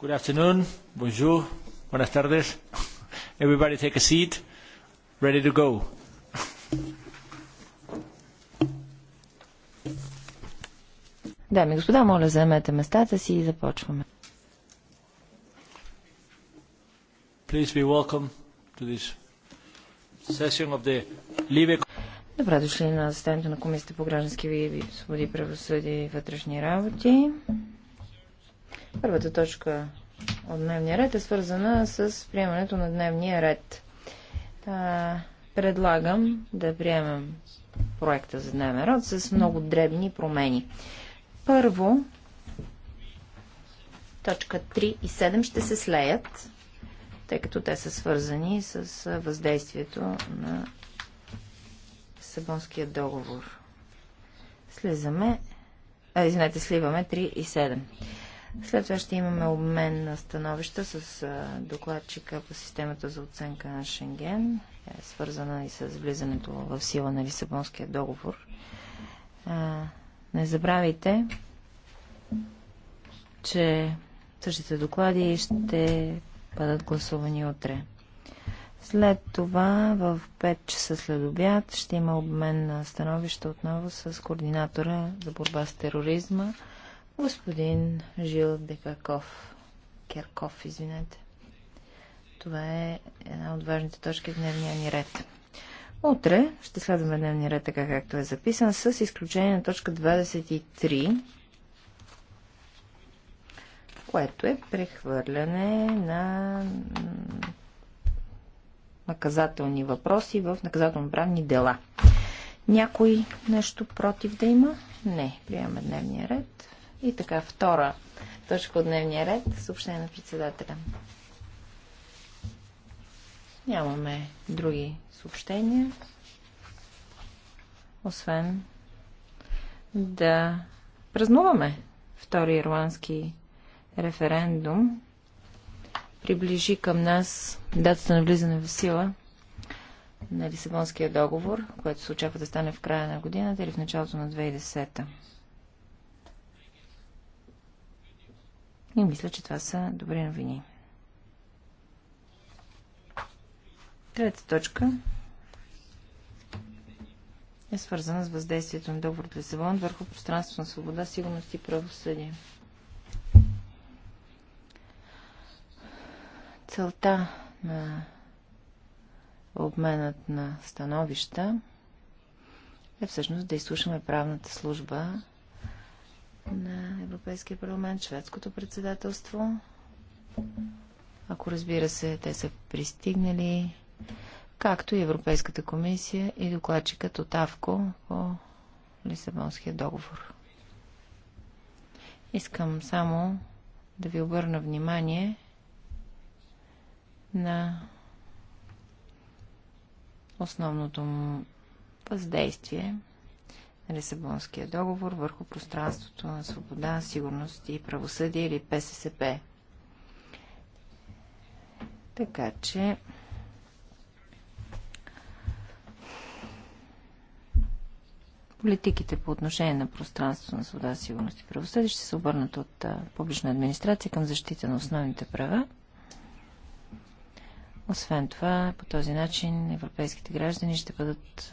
Good afternoon, bonjour, buenas tardes. Everybody take a seat, ready to go. Дами и господа, моля заемете местата си и започваме. Please be welcome to this session of the Libe Добре дошли на заседанието на Комисията по граждански и свободи, правосъдие и вътрешни работи. Първата точка от дневния ред е свързана с приемането на дневния ред. А, предлагам да приемем проекта за дневен ред с много дребни промени. Първо, точка 3 и 7 ще се слеят, тъй като те са свързани с въздействието на Сабонския договор. Слизаме, а, извинете, сливаме 3 и 7. След това ще имаме обмен на становища с докладчика по системата за оценка на Шенген. Тя е свързана и с влизането в сила на Лисабонския договор. Не забравяйте, че същите доклади ще бъдат гласувани утре. След това в 5 часа след обяд ще има обмен на становища отново с координатора за борба с тероризма господин Жил Декаков. Керков, извинете. Това е една от важните точки в дневния ни ред. Утре ще следваме дневния ред така както е записан, с изключение на точка 23, което е прехвърляне на наказателни въпроси в наказателно-правни дела. Някой нещо против да има? Не. Приемаме дневния ред. И така, втора точка от дневния ред, съобщение на председателя. Нямаме други съобщения, освен да празнуваме втори ирландски референдум. Приближи към нас датата на влизане в сила на Лисабонския договор, което се очаква да стане в края на годината или в началото на 2010. -та. И мисля, че това са добри новини. Трета точка е свързана с въздействието на договор от Лисабон върху пространството на свобода, сигурност и правосъдие. Целта на обменът на становища е всъщност да изслушаме правната служба на Европейския парламент, шведското председателство. Ако разбира се, те са пристигнали, както и Европейската комисия и докладчикът от АВКО по Лисабонския договор. Искам само да ви обърна внимание на основното му въздействие Лисабонския договор върху пространството на свобода, сигурност и правосъдие или ПССП. Така че политиките по отношение на пространството на свобода, сигурност и правосъдие ще се обърнат от публична администрация към защита на основните права. Освен това, по този начин европейските граждани ще бъдат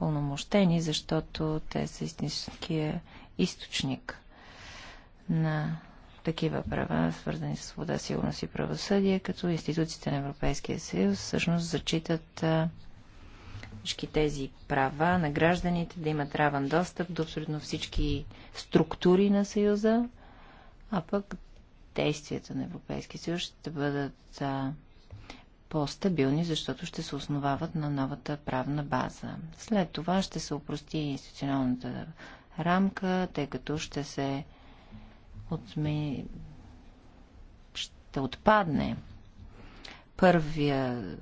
пълномощени, защото те са истинския източник на такива права, свързани с свобода, сигурност и правосъдие, като институциите на Европейския съюз всъщност зачитат всички тези права на гражданите да имат равен достъп до абсолютно всички структури на Съюза, а пък действията на Европейския съюз ще бъдат по-стабилни, защото ще се основават на новата правна база. След това ще се опрости институционалната рамка, тъй като ще се отме... ще отпадне първия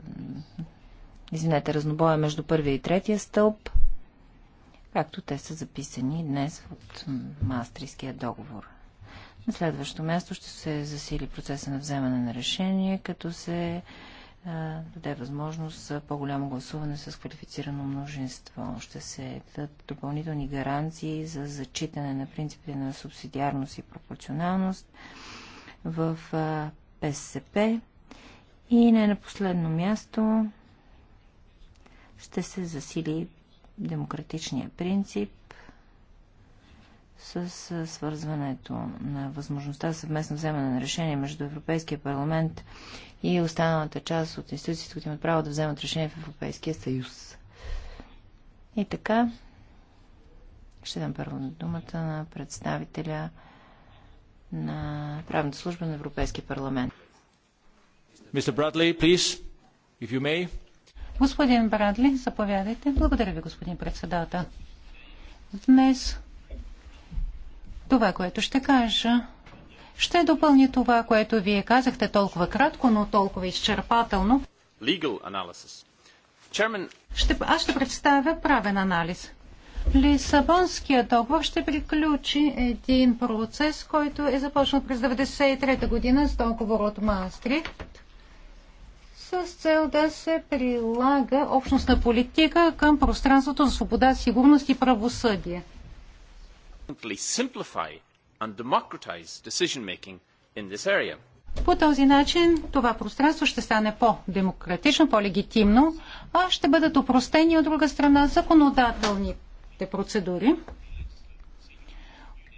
извинете, разнобоя между първия и третия стълб, както те са записани днес от Мастрийския договор. На следващо място ще се засили процеса на вземане на решение, като се даде възможност за по-голямо гласуване с квалифицирано множество. Ще се дадат допълнителни гаранции за зачитане на принципите на субсидиарност и пропорционалност в ПСП. И не на последно място ще се засили демократичния принцип с свързването на възможността съвместно вземане на решение между Европейския парламент и останалата част от институциите, които имат право да вземат решение в Европейския съюз. И така, ще дам първо на думата на представителя на правната служба на Европейския парламент. Мистер Брадли, please, if you may. Господин Брадли, заповядайте. Благодаря ви, господин председател. Днес това, което ще кажа, ще допълни това, което вие казахте толкова кратко, но толкова изчерпателно. Chairman... Ще, аз ще представя правен анализ. Лисабонският договор ще приключи един процес, който е започнал през 1993 година с договор от Маастрит с цел да се прилага общностна политика към пространството за свобода, сигурност и правосъдие and democratize decision making in this area. По този начин това пространство ще стане по-демократично, по-легитимно, а ще бъдат упростени от друга страна законодателните процедури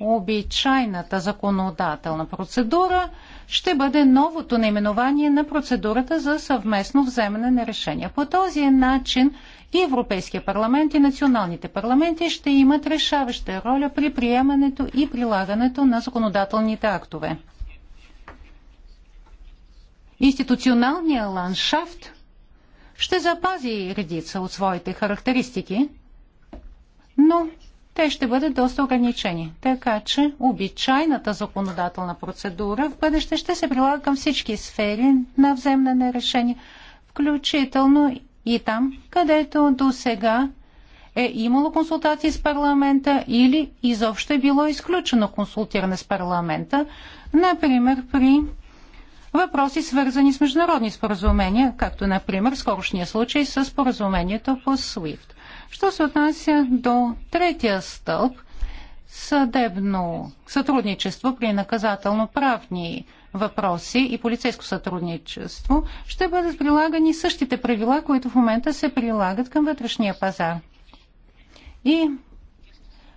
обичайната законодателна процедура ще бъде новото наименование на процедурата за съвместно вземане на решения. По този начин и Европейския парламент и националните парламенти ще имат решаваща роля при приемането и прилагането на законодателните актове. Институционалният ландшафт ще запази редица от своите характеристики, но те ще бъдат доста ограничени. Така че обичайната законодателна процедура в бъдеще ще се прилага към всички сфери на вземане на решение, включително и там, където до сега е имало консултации с парламента или изобщо е било изключено консултиране с парламента, например при въпроси свързани с международни споразумения, както например скорошния случай с споразумението по SWIFT. Що се отнася до третия стълб, съдебно сътрудничество при наказателно-правни въпроси и полицейско сътрудничество, ще бъдат прилагани същите правила, които в момента се прилагат към вътрешния пазар. И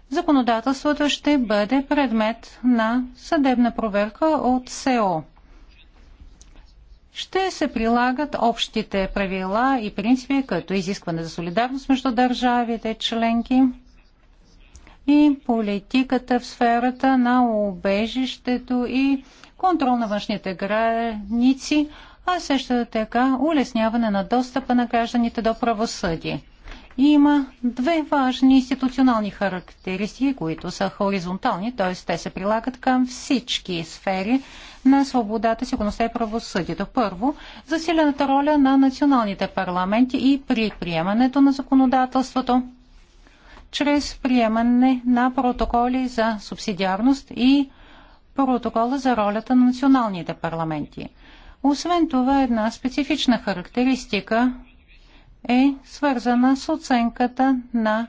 законодателството ще бъде предмет на съдебна проверка от СЕО ще се прилагат общите правила и принципи, като изискване за солидарност между държавите членки и политиката в сферата на убежището и контрол на външните граници, а също така улесняване на достъпа на гражданите до правосъдие. Има две важни институционални характеристики, които са хоризонтални, т.е. те се прилагат към всички сфери на свободата, сигурността и правосъдието. Първо, засилената роля на националните парламенти и при приемането на законодателството чрез приемане на протоколи за субсидиарност и протокола за ролята на националните парламенти. Освен това, една специфична характеристика е свързана с оценката на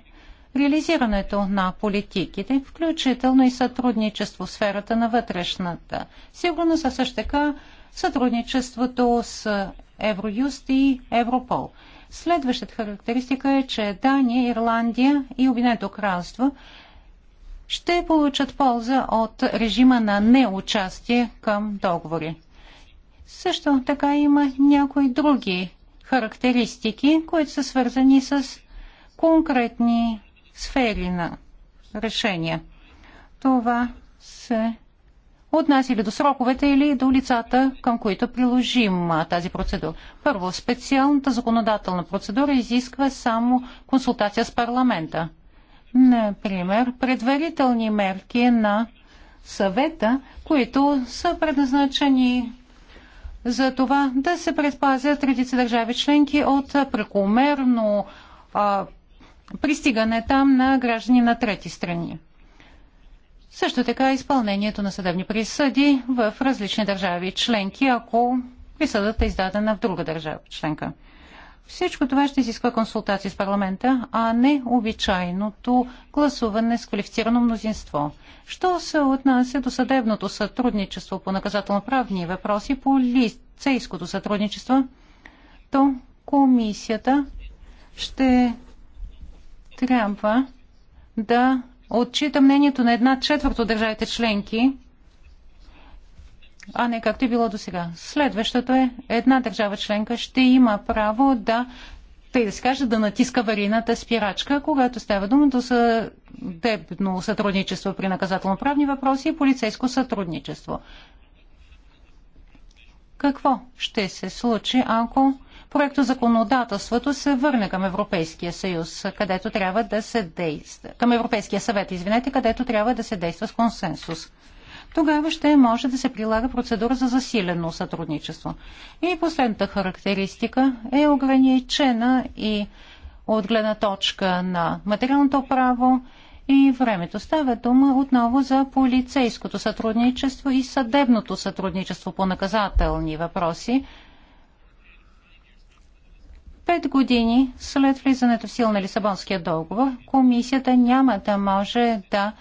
реализирането на политиките, включително и сътрудничество в сферата на вътрешната. Сигурно са също така сътрудничеството с Евроюст и Европол. Следващата характеристика е, че Дания, Ирландия и Обединеното кралство ще получат полза от режима на неучастие към договори. Също така има някои други характеристики, които са свързани с конкретни сфери на решения. Това се отнася или до сроковете, или до лицата, към които приложим тази процедура. Първо, специалната законодателна процедура изисква само консултация с парламента. Например, предварителни мерки на съвета, които са предназначени за това да се предпазят редици държави членки от прекомерно а, пристигане там на граждани на трети страни. Също така изпълнението на съдебни присъди в различни държави членки, ако присъдата е издадена в друга държава членка. Всичко това ще изисква консултации с парламента, а не обичайното гласуване с квалифицирано мнозинство. Що се отнася до съдебното сътрудничество по наказателно-правни въпроси по лицейското сътрудничество, то комисията ще трябва да отчита мнението на една четвърта от държавите членки, а не както е било до сега. Следващото е една държава членка ще има право да тъй да се каже, да натиска варината спирачка, когато става дума до съдебно сътрудничество при наказателно-правни въпроси и полицейско сътрудничество. Какво ще се случи, ако проекто законодателството се върне към Европейския съюз, където трябва да се действа, към Европейския съвет, извинете, където трябва да се действа с консенсус. Тогава ще може да се прилага процедура за засилено сътрудничество. И последната характеристика е ограничена и от гледна точка на материалното право и времето. Става дума отново за полицейското сътрудничество и съдебното сътрудничество по наказателни въпроси, Пет години след влизането в сил на Лисабонския договор, комисията няма да може да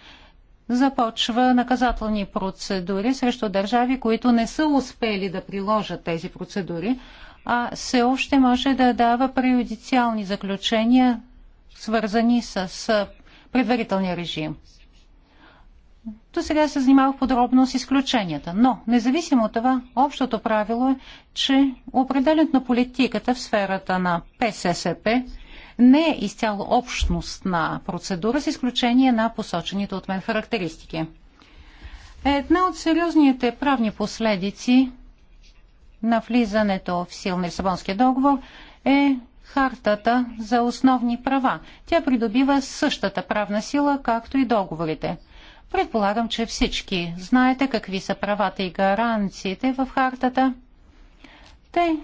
започва наказателни процедури срещу държави, които не са успели да приложат тези процедури, а все още може да дава преюдициални заключения, свързани с предварителния режим. До сега се занимавах подробно с изключенията, но независимо от това, общото правило е, че определенето на политиката в сферата на ПССП не е изцяло общност на процедура, с изключение на посочените от мен характеристики. Една от сериозните правни последици на влизането в сил на Лисабонския договор е хартата за основни права. Тя придобива същата правна сила, както и договорите – Предполагам, че всички знаете какви са правата и гаранциите в хартата. Те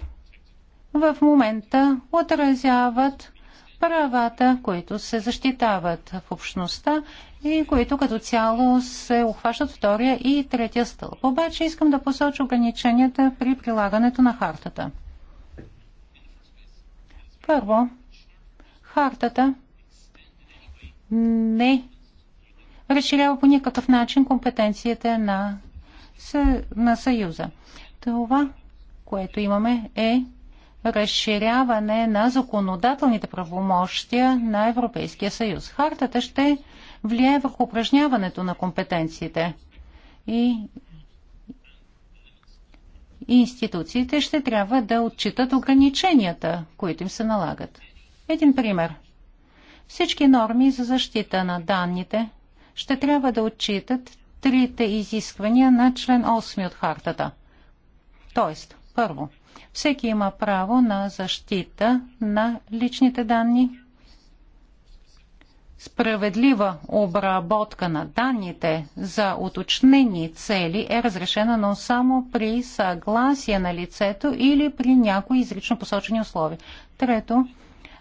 в момента отразяват правата, които се защитават в общността и които като цяло се охващат втория и третия стълб. Обаче искам да посоча ограниченията при прилагането на хартата. Първо, хартата не разширява по никакъв начин компетенциите на, на Съюза. Това, което имаме е разширяване на законодателните правомощия на Европейския съюз. Хартата ще влияе върху упражняването на компетенциите и институциите ще трябва да отчитат ограниченията, които им се налагат. Един пример. Всички норми за защита на данните ще трябва да отчитат трите изисквания на член 8 от хартата. Тоест, първо, всеки има право на защита на личните данни, справедлива обработка на данните за уточнени цели е разрешена, но само при съгласие на лицето или при някои изрично посочени условия. Трето,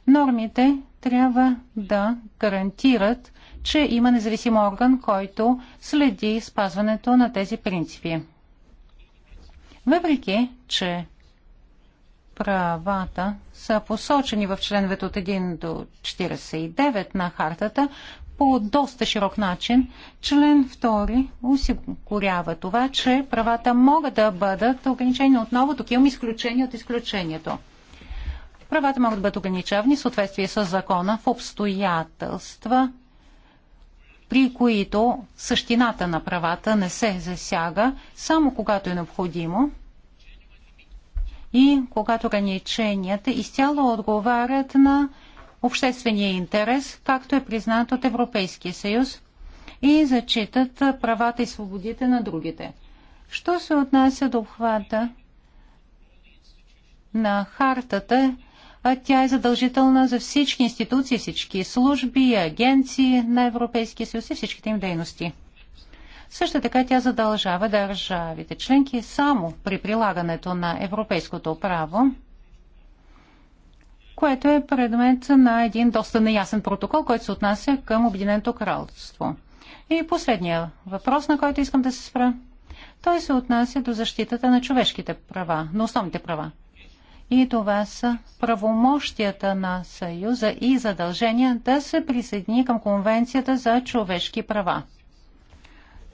нормите трябва да гарантират че има независим орган, който следи спазването на тези принципи. Въпреки, че правата са посочени в членовете от 1 до 49 на хартата по доста широк начин. Член 2 осигурява това, че правата могат да бъдат ограничени отново, тук имам изключение от изключението. Правата могат да бъдат ограничавани в съответствие с закона в обстоятелства, при които същината на правата не се засяга, само когато е необходимо и когато ограниченията изцяло отговарят на обществения интерес, както е признат от Европейския съюз и зачитат правата и свободите на другите. Що се отнася до обхвата на хартата тя е задължителна за всички институции, всички служби, агенции на Европейския съюз и всичките им дейности. Също така тя задължава държавите членки само при прилагането на европейското право, което е предмет на един доста неясен протокол, който се отнася към Обединеното кралство. И последния въпрос, на който искам да се спра, той се отнася до защитата на човешките права, на основните права. И това са правомощията на Съюза и задължения да се присъедини към Конвенцията за човешки права.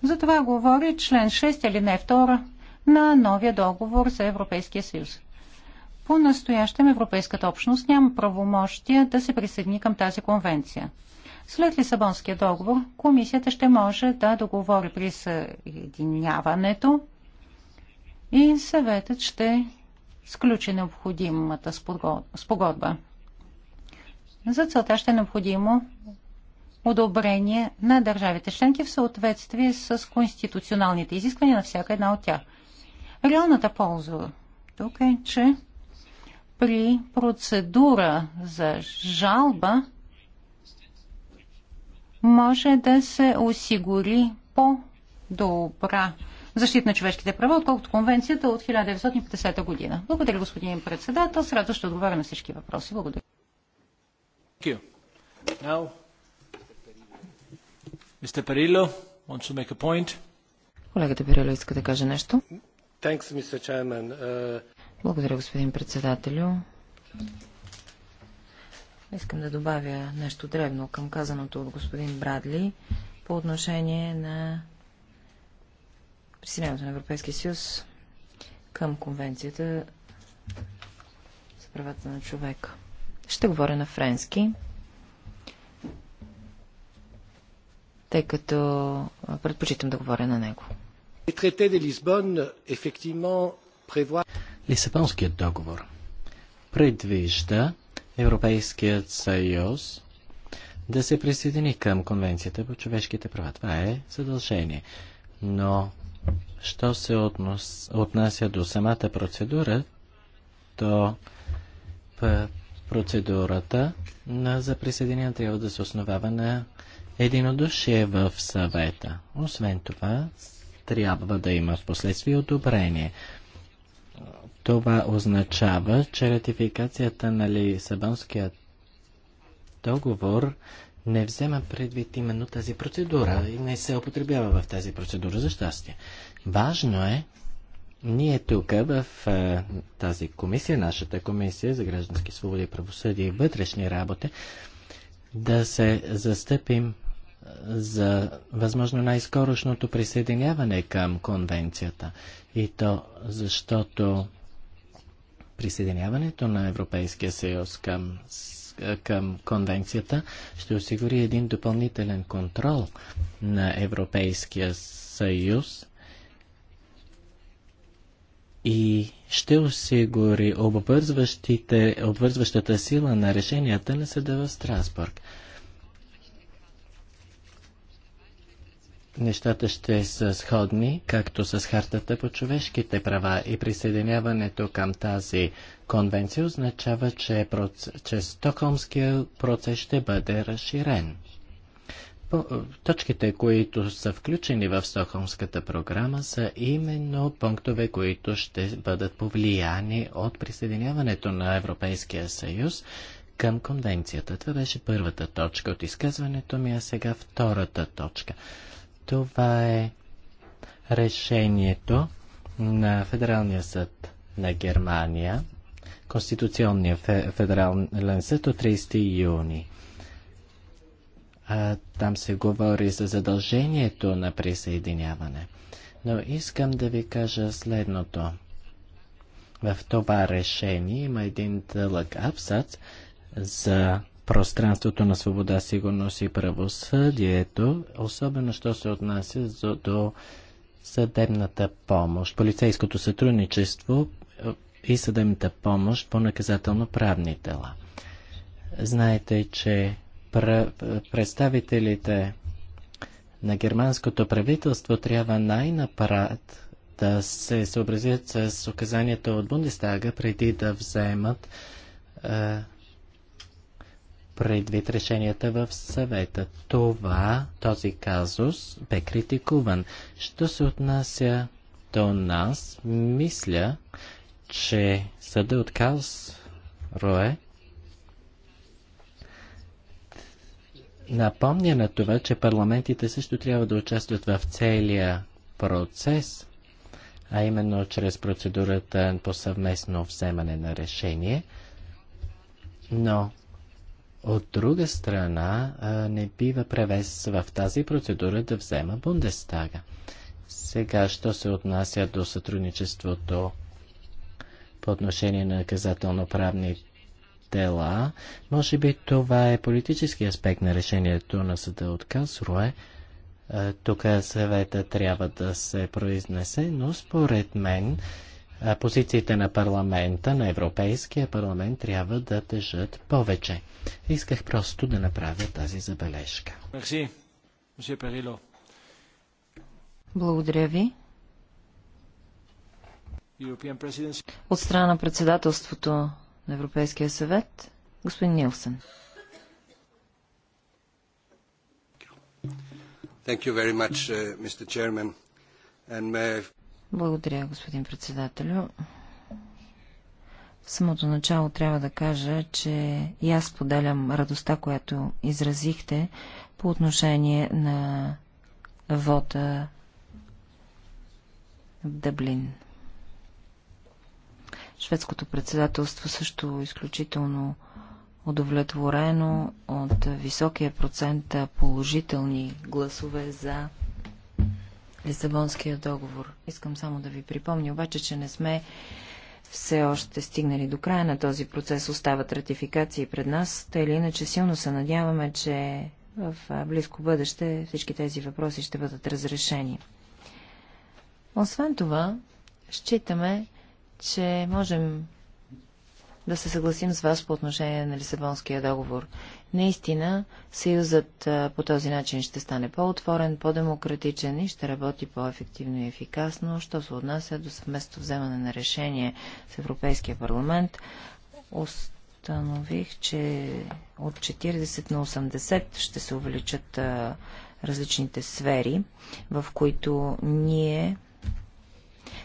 За това говори член 6 или не 2 на новия договор за Европейския съюз. По-настоящем Европейската общност няма правомощия да се присъедини към тази конвенция. След Лисабонския договор комисията ще може да договори присъединяването и съветът ще сключи необходимата спогодба. За целта ще е необходимо одобрение на държавите членки в съответствие с конституционалните изисквания на всяка една от тях. Реалната полза тук е, че при процедура за жалба може да се осигури по-добра защита на човешките права, отколкото конвенцията от 1950 година. Благодаря, господин председател. С радост ще отговаря на всички въпроси. Благодаря. Now, Mr. Perillo wants to make a point. Колегата Пирило иска да каже нещо. Thanks, Mr. Chairman. Uh... Благодаря, господин председателю. Искам да добавя нещо древно към казаното от господин Брадли по отношение на присъединяването на Европейския съюз към конвенцията за правата на човека. Ще говоря на френски, тъй като предпочитам да говоря на него. Лисабонският договор предвижда Европейският съюз да се присъедини към Конвенцията по човешките права. Това е задължение. Но Що се относ, отнася до самата процедура, то процедурата на, за присъединение трябва да се основава на единодушие в съвета. Освен това, трябва да има в последствие одобрение. Това означава, че ратификацията на Лисабонския договор не взема предвид именно тази процедура и не се употребява в тази процедура, за щастие. Важно е ние тук в е, тази комисия, нашата комисия за граждански свободи, правосъдие и вътрешни работи, да се застъпим за възможно най-скорошното присъединяване към конвенцията. И то защото присъединяването на Европейския съюз към към конвенцията ще осигури един допълнителен контрол на Европейския съюз и ще осигури обвързващата сила на решенията на съда в Страсбург. нещата ще са сходни, както с Хартата по човешките права и присъединяването към тази конвенция означава, че, проц... че Стокхолмския процес ще бъде разширен. По... Точките, които са включени в Стокхолмската програма, са именно пунктове, които ще бъдат повлияни от присъединяването на Европейския съюз към конвенцията. Това беше първата точка от изказването ми, а сега втората точка. Това е решението на Федералния съд на Германия, Конституционния федерален съд от 30 юни. А, там се говори за задължението на присъединяване. Но искам да ви кажа следното. В това решение има един дълъг абзац за пространството на свобода, сигурност и правосъдието, особено що се отнася за, до съдебната помощ, полицейското сътрудничество е, и съдебната помощ по наказателно-правни дела. Знаете, че представителите на германското правителство трябва най-напред да се съобразят с указанията от Бундестага преди да вземат е, предвид решенията в съвета. Това, този казус бе критикуван. Що се отнася до нас, мисля, че съда от Калс Рое напомня на това, че парламентите също трябва да участват в целия процес, а именно чрез процедурата по съвместно вземане на решение, но от друга страна, не бива превес в тази процедура да взема Бундестага. Сега, що се отнася до сътрудничеството по отношение на наказателно-правни дела, може би това е политически аспект на решението на съда от Касруе. Тук съвета трябва да се произнесе, но според мен позициите на парламента, на Европейския парламент трябва да тежат повече. Исках просто да направя тази забележка. Благодаря ви. От страна на председателството на Европейския съвет, господин Нилсен. Much, uh, And, uh... Благодаря, господин председателю. В самото начало трябва да кажа, че и аз поделям радостта, която изразихте по отношение на вота в Дъблин. Шведското председателство също изключително удовлетворено от високия процент положителни гласове за Лисабонския договор. Искам само да ви припомня обаче, че не сме все още стигнали до края на този процес. Остават ратификации пред нас. Тъй или иначе силно се надяваме, че в близко бъдеще всички тези въпроси ще бъдат разрешени. Освен това, считаме, че можем да се съгласим с вас по отношение на Лисабонския договор. Наистина, съюзът по този начин ще стане по-отворен, по-демократичен и ще работи по-ефективно и ефикасно, що се отнася до съвместно вземане на решение с Европейския парламент. Установих, че от 40 на 80 ще се увеличат различните сфери, в които ние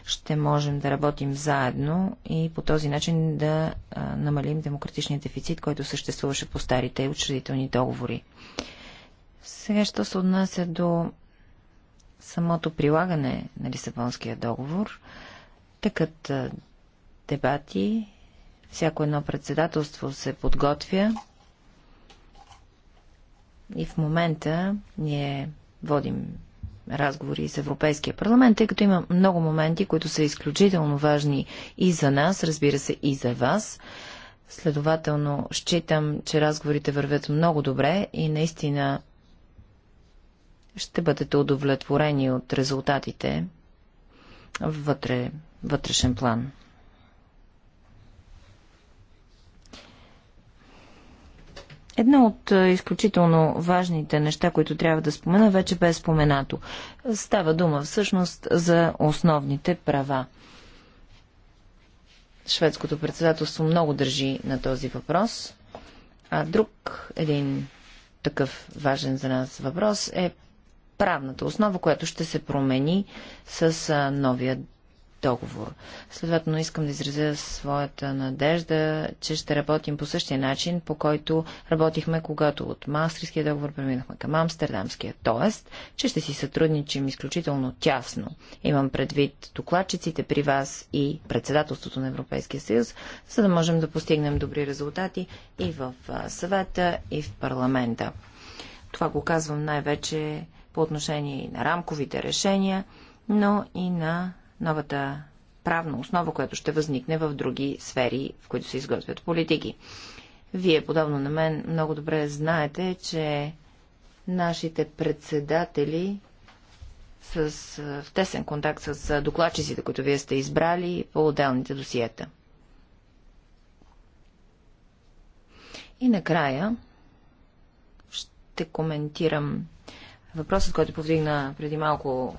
ще можем да работим заедно и по този начин да намалим демократичния дефицит, който съществуваше по старите учредителни договори. Сега, що се отнася до самото прилагане на Лисабонския договор, тъкат дебати, всяко едно председателство се подготвя и в момента ние водим разговори с Европейския парламент, тъй като има много моменти, които са изключително важни и за нас, разбира се, и за вас. Следователно, считам, че разговорите вървят много добре и наистина ще бъдете удовлетворени от резултатите вътре, вътрешен план. Едно от е, изключително важните неща, които трябва да спомена, вече бе споменато. Става дума всъщност за основните права. Шведското председателство много държи на този въпрос. А друг един такъв важен за нас въпрос е правната основа, която ще се промени с новия договор. Следователно искам да изразя своята надежда, че ще работим по същия начин, по който работихме, когато от Мастриския договор преминахме към Амстердамския. Тоест, че ще си сътрудничим изключително тясно. Имам предвид докладчиците при вас и председателството на Европейския съюз, за да можем да постигнем добри резултати и в съвета, и в парламента. Това го казвам най-вече по отношение и на рамковите решения, но и на новата правна основа, която ще възникне в други сфери, в които се изготвят политики. Вие, подобно на мен, много добре знаете, че нашите председатели с, в тесен контакт с докладчиците, които вие сте избрали по отделните досиета. И накрая ще коментирам въпросът, който повдигна преди малко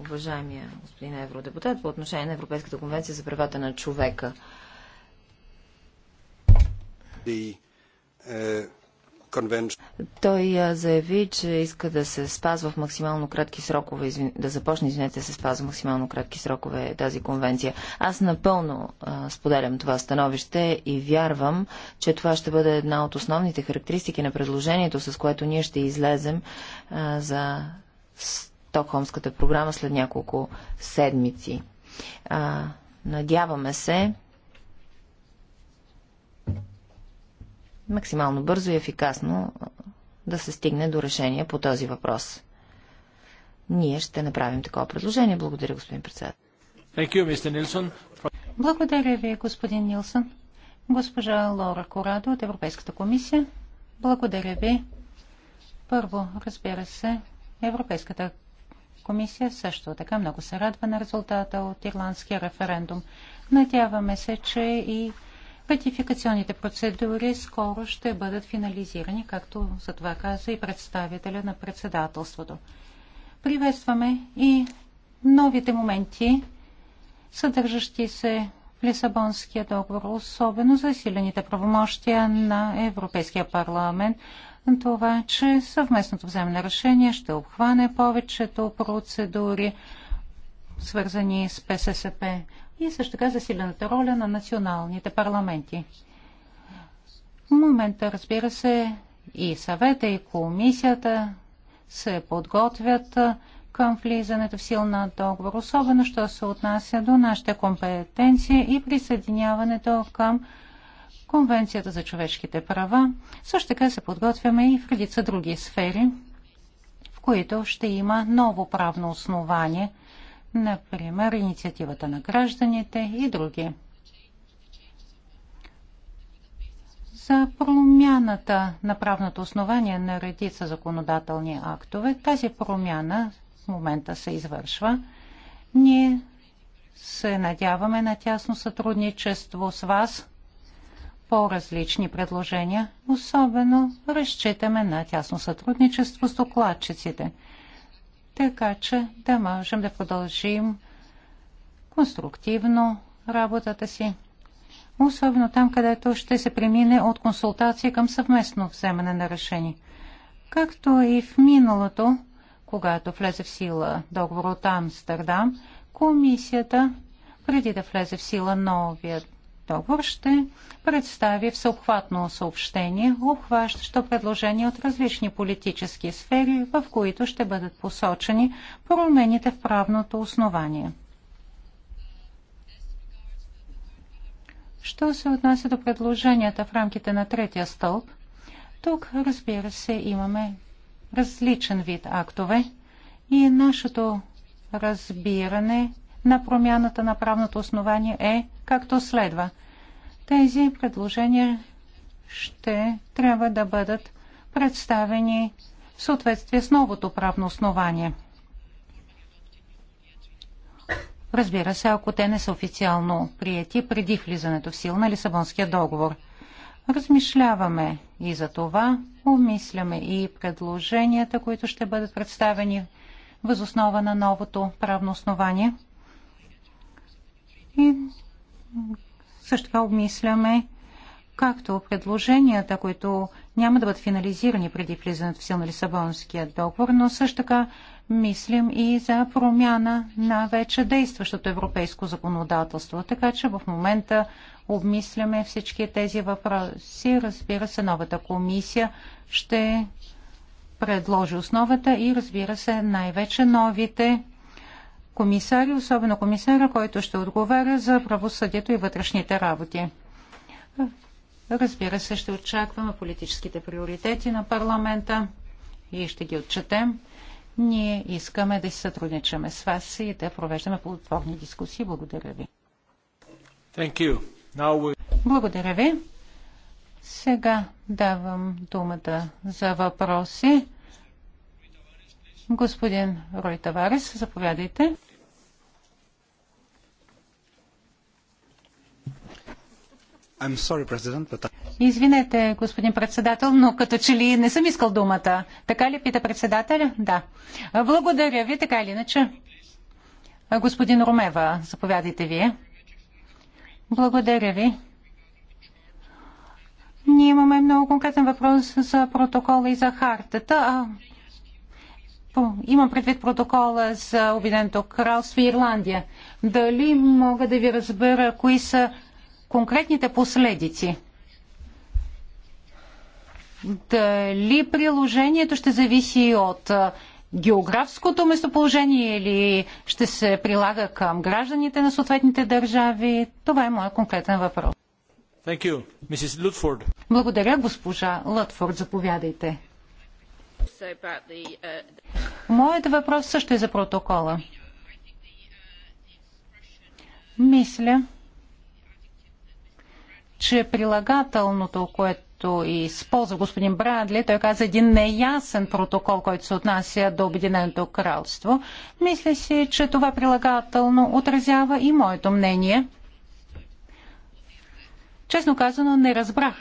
уважаемия господин евродепутат по отношение на Европейската конвенция за правата на човека. Е, той заяви, че иска да се спазва в максимално кратки срокове, извин... да започне, извинете, да се спазва в максимално кратки срокове тази конвенция. Аз напълно а, споделям това становище и вярвам, че това ще бъде една от основните характеристики на предложението, с което ние ще излезем а, за Стокхолмската програма след няколко седмици. А, надяваме се максимално бързо и ефикасно да се стигне до решение по този въпрос. Ние ще направим такова предложение. Благодаря, господин председател. You, Благодаря ви, господин Нилсън. Госпожа Лора Корадо от Европейската комисия. Благодаря ви. Първо, разбира се, Европейската комисия също така много се радва на резултата от ирландския референдум. Надяваме се, че и ратификационните процедури скоро ще бъдат финализирани, както за това каза и представителя на председателството. Приветстваме и новите моменти, съдържащи се в Лисабонския договор, особено засилените правомощия на Европейския парламент е това, че съвместното вземане решение ще обхване повечето процедури, свързани с ПССП и също така засилената роля на националните парламенти. В момента, разбира се, и съвета, и комисията се подготвят към влизането в сил на договор, особено що се отнася до нашите компетенции и присъединяването към Конвенцията за човешките права. Също така се подготвяме и в редица други сфери, в които ще има ново правно основание, например инициативата на гражданите и други. За промяната на правното основание на редица законодателни актове, тази промяна в момента се извършва. Ние се надяваме на тясно сътрудничество с вас по-различни предложения. Особено разчитаме на тясно сътрудничество с докладчиците, така че да можем да продължим конструктивно работата си. Особено там, където ще се премине от консултация към съвместно вземане на решение. Както и в миналото, когато влезе в сила договор от Амстердам, комисията, преди да влезе в сила новият договор, ще представи всеобхватно съобщение, обхващащо предложения от различни политически сфери, в които ще бъдат посочени промените в правното основание. Що се отнася до предложенията в рамките на третия стълб, тук, разбира се, имаме различен вид актове и нашето разбиране на промяната на правното основание е както следва. Тези предложения ще трябва да бъдат представени в съответствие с новото правно основание. Разбира се, ако те не са официално прияти преди влизането в сила на Лисабонския договор. Размишляваме и за това, обмисляме и предложенията, които ще бъдат представени възоснова на новото правно основание – и също така обмисляме както предложенията, които няма да бъдат финализирани преди влизането в сил на Лисабонския договор, но също така мислим и за промяна на вече действащото европейско законодателство. Така че в момента обмисляме всички тези въпроси. Разбира се, новата комисия ще предложи основата и разбира се най-вече новите комисари, особено комисара, който ще отговаря за правосъдието и вътрешните работи. Разбира се, ще очакваме политическите приоритети на парламента и ще ги отчетем. Ние искаме да си сътрудничаме с вас и да провеждаме плодотворни дискусии. Благодаря ви. We... Благодаря ви. Сега давам думата за въпроси. Господин Рой Таварес, заповядайте. Извинете, господин председател, но като че ли не съм искал думата. Така ли пита председателя? Да. Благодаря ви, така или иначе. Господин Ромева, заповядайте вие. Благодаря ви. Ние имаме много конкретен въпрос за протокола и за хартата. Имам предвид протокола за Обединеното кралство и Ирландия. Дали мога да ви разбера кои са конкретните последици. Дали приложението ще зависи от географското местоположение или ще се прилага към гражданите на съответните държави? Това е моят конкретен въпрос. Благодаря, госпожа Лътфорд. Заповядайте. Моят въпрос също е за протокола. Мисля, че прилагателното, което използва господин Брадли, той каза един неясен протокол, който се отнася до Обединеното кралство. Мисля си, че това прилагателно отразява и моето мнение. Честно казано, не разбрах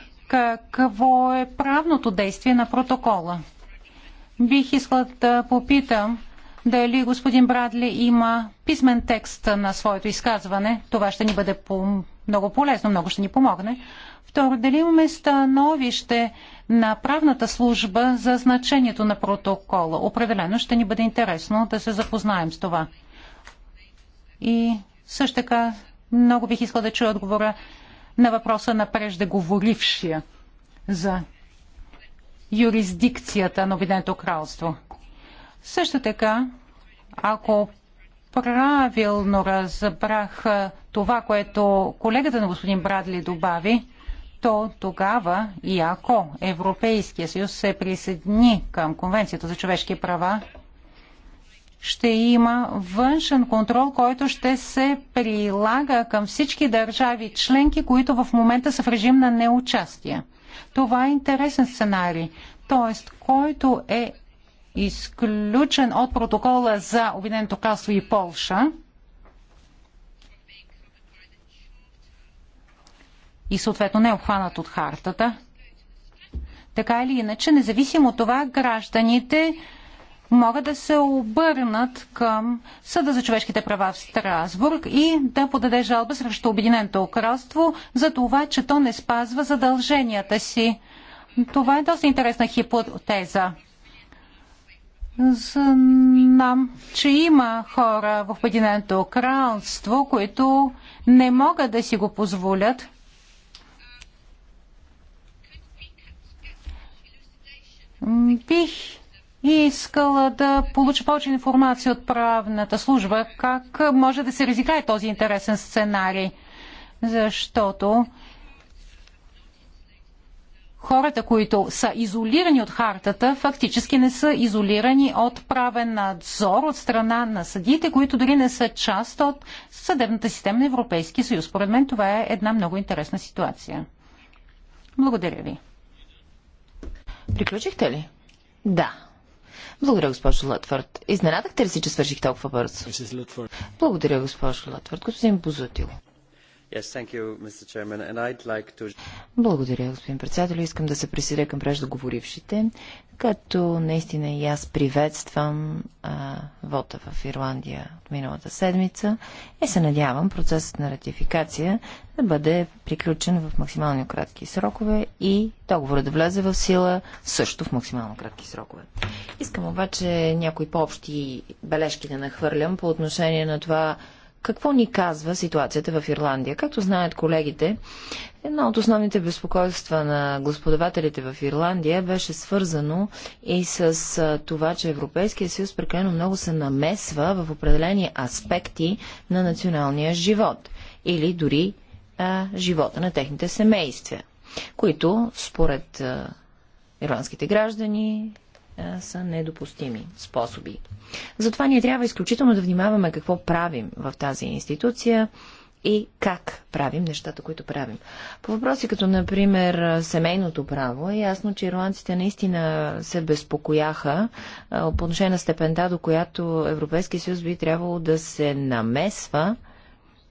какво е правното действие на протокола. Бих искал да попитам дали господин Брадли има писмен текст на своето изказване. Това ще ни бъде по много полезно, много ще ни помогне. Второ, дали имаме становище на правната служба за значението на протокола? Определено ще ни бъде интересно да се запознаем с това. И също така много бих искал да чуя отговора на въпроса на преждеговорившия за юрисдикцията на Обединеното кралство. Също така, ако правилно разбрах това, което колегата на господин Брадли добави, то тогава и ако Европейския съюз се присъедини към Конвенцията за човешки права, ще има външен контрол, който ще се прилага към всички държави членки, които в момента са в режим на неучастие. Това е интересен сценарий, т.е. който е изключен от протокола за Обединеното кралство и Полша – и съответно не е обхванат от хартата. Така или иначе, независимо от това, гражданите могат да се обърнат към Съда за човешките права в Страсбург и да подаде жалба срещу Обединеното кралство за това, че то не спазва задълженията си. Това е доста интересна хипотеза. Знам, че има хора в Обединеното кралство, които не могат да си го позволят. Бих искала да получа повече информация от правната служба, как може да се разиграе този интересен сценарий, защото хората, които са изолирани от хартата, фактически не са изолирани от правен надзор от страна на съдиите, които дори не са част от съдебната система на Европейския съюз. Поред мен това е една много интересна ситуация. Благодаря ви. Приключихте ли? Да. Благодаря, госпожо Лътвард. Изненадахте ли си, че свърших толкова бързо? Благодаря, госпожо Лътвард. Господин Бузутил. Благодаря, господин председател. Искам да се присъединя към преждоговорившите, като наистина и аз приветствам а, вота в Ирландия от миналата седмица и се надявам процесът на ратификация да бъде приключен в максимално кратки срокове и договорът да влезе в сила също в максимално кратки срокове. Искам обаче някои по-общи бележки да нахвърлям по отношение на това, какво ни казва ситуацията в Ирландия? Както знаят колегите, една от основните безпокойства на господавателите в Ирландия беше свързано и с това, че Европейския съюз прекалено много се намесва в определени аспекти на националния живот или дори а, живота на техните семейства, които според а, ирландските граждани е, са недопустими способи. Затова ние трябва изключително да внимаваме какво правим в тази институция и как правим нещата, които правим. По въпроси като, например, семейното право, е ясно, че ирландците наистина се безпокояха е, по отношение на степента, до която Европейския съюз би трябвало да се намесва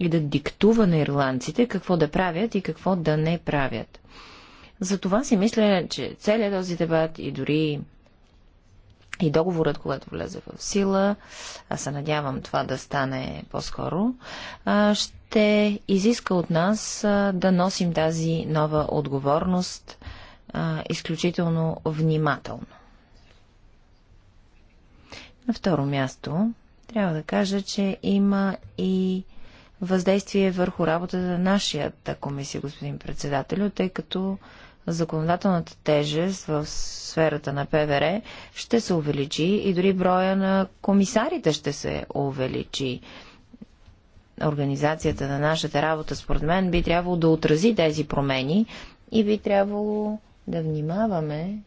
и да диктува на ирландците какво да правят и какво да не правят. За това си мисля, че целият този дебат и дори и договорът, когато влезе в сила, аз се надявам това да стане по-скоро, ще изиска от нас да носим тази нова отговорност изключително внимателно. На второ място трябва да кажа, че има и въздействие върху работата на нашата комисия, господин председател, тъй като законодателната тежест в сферата на ПВР ще се увеличи и дори броя на комисарите ще се увеличи. Организацията на нашата работа, според мен, би трябвало да отрази тези промени и би трябвало да внимаваме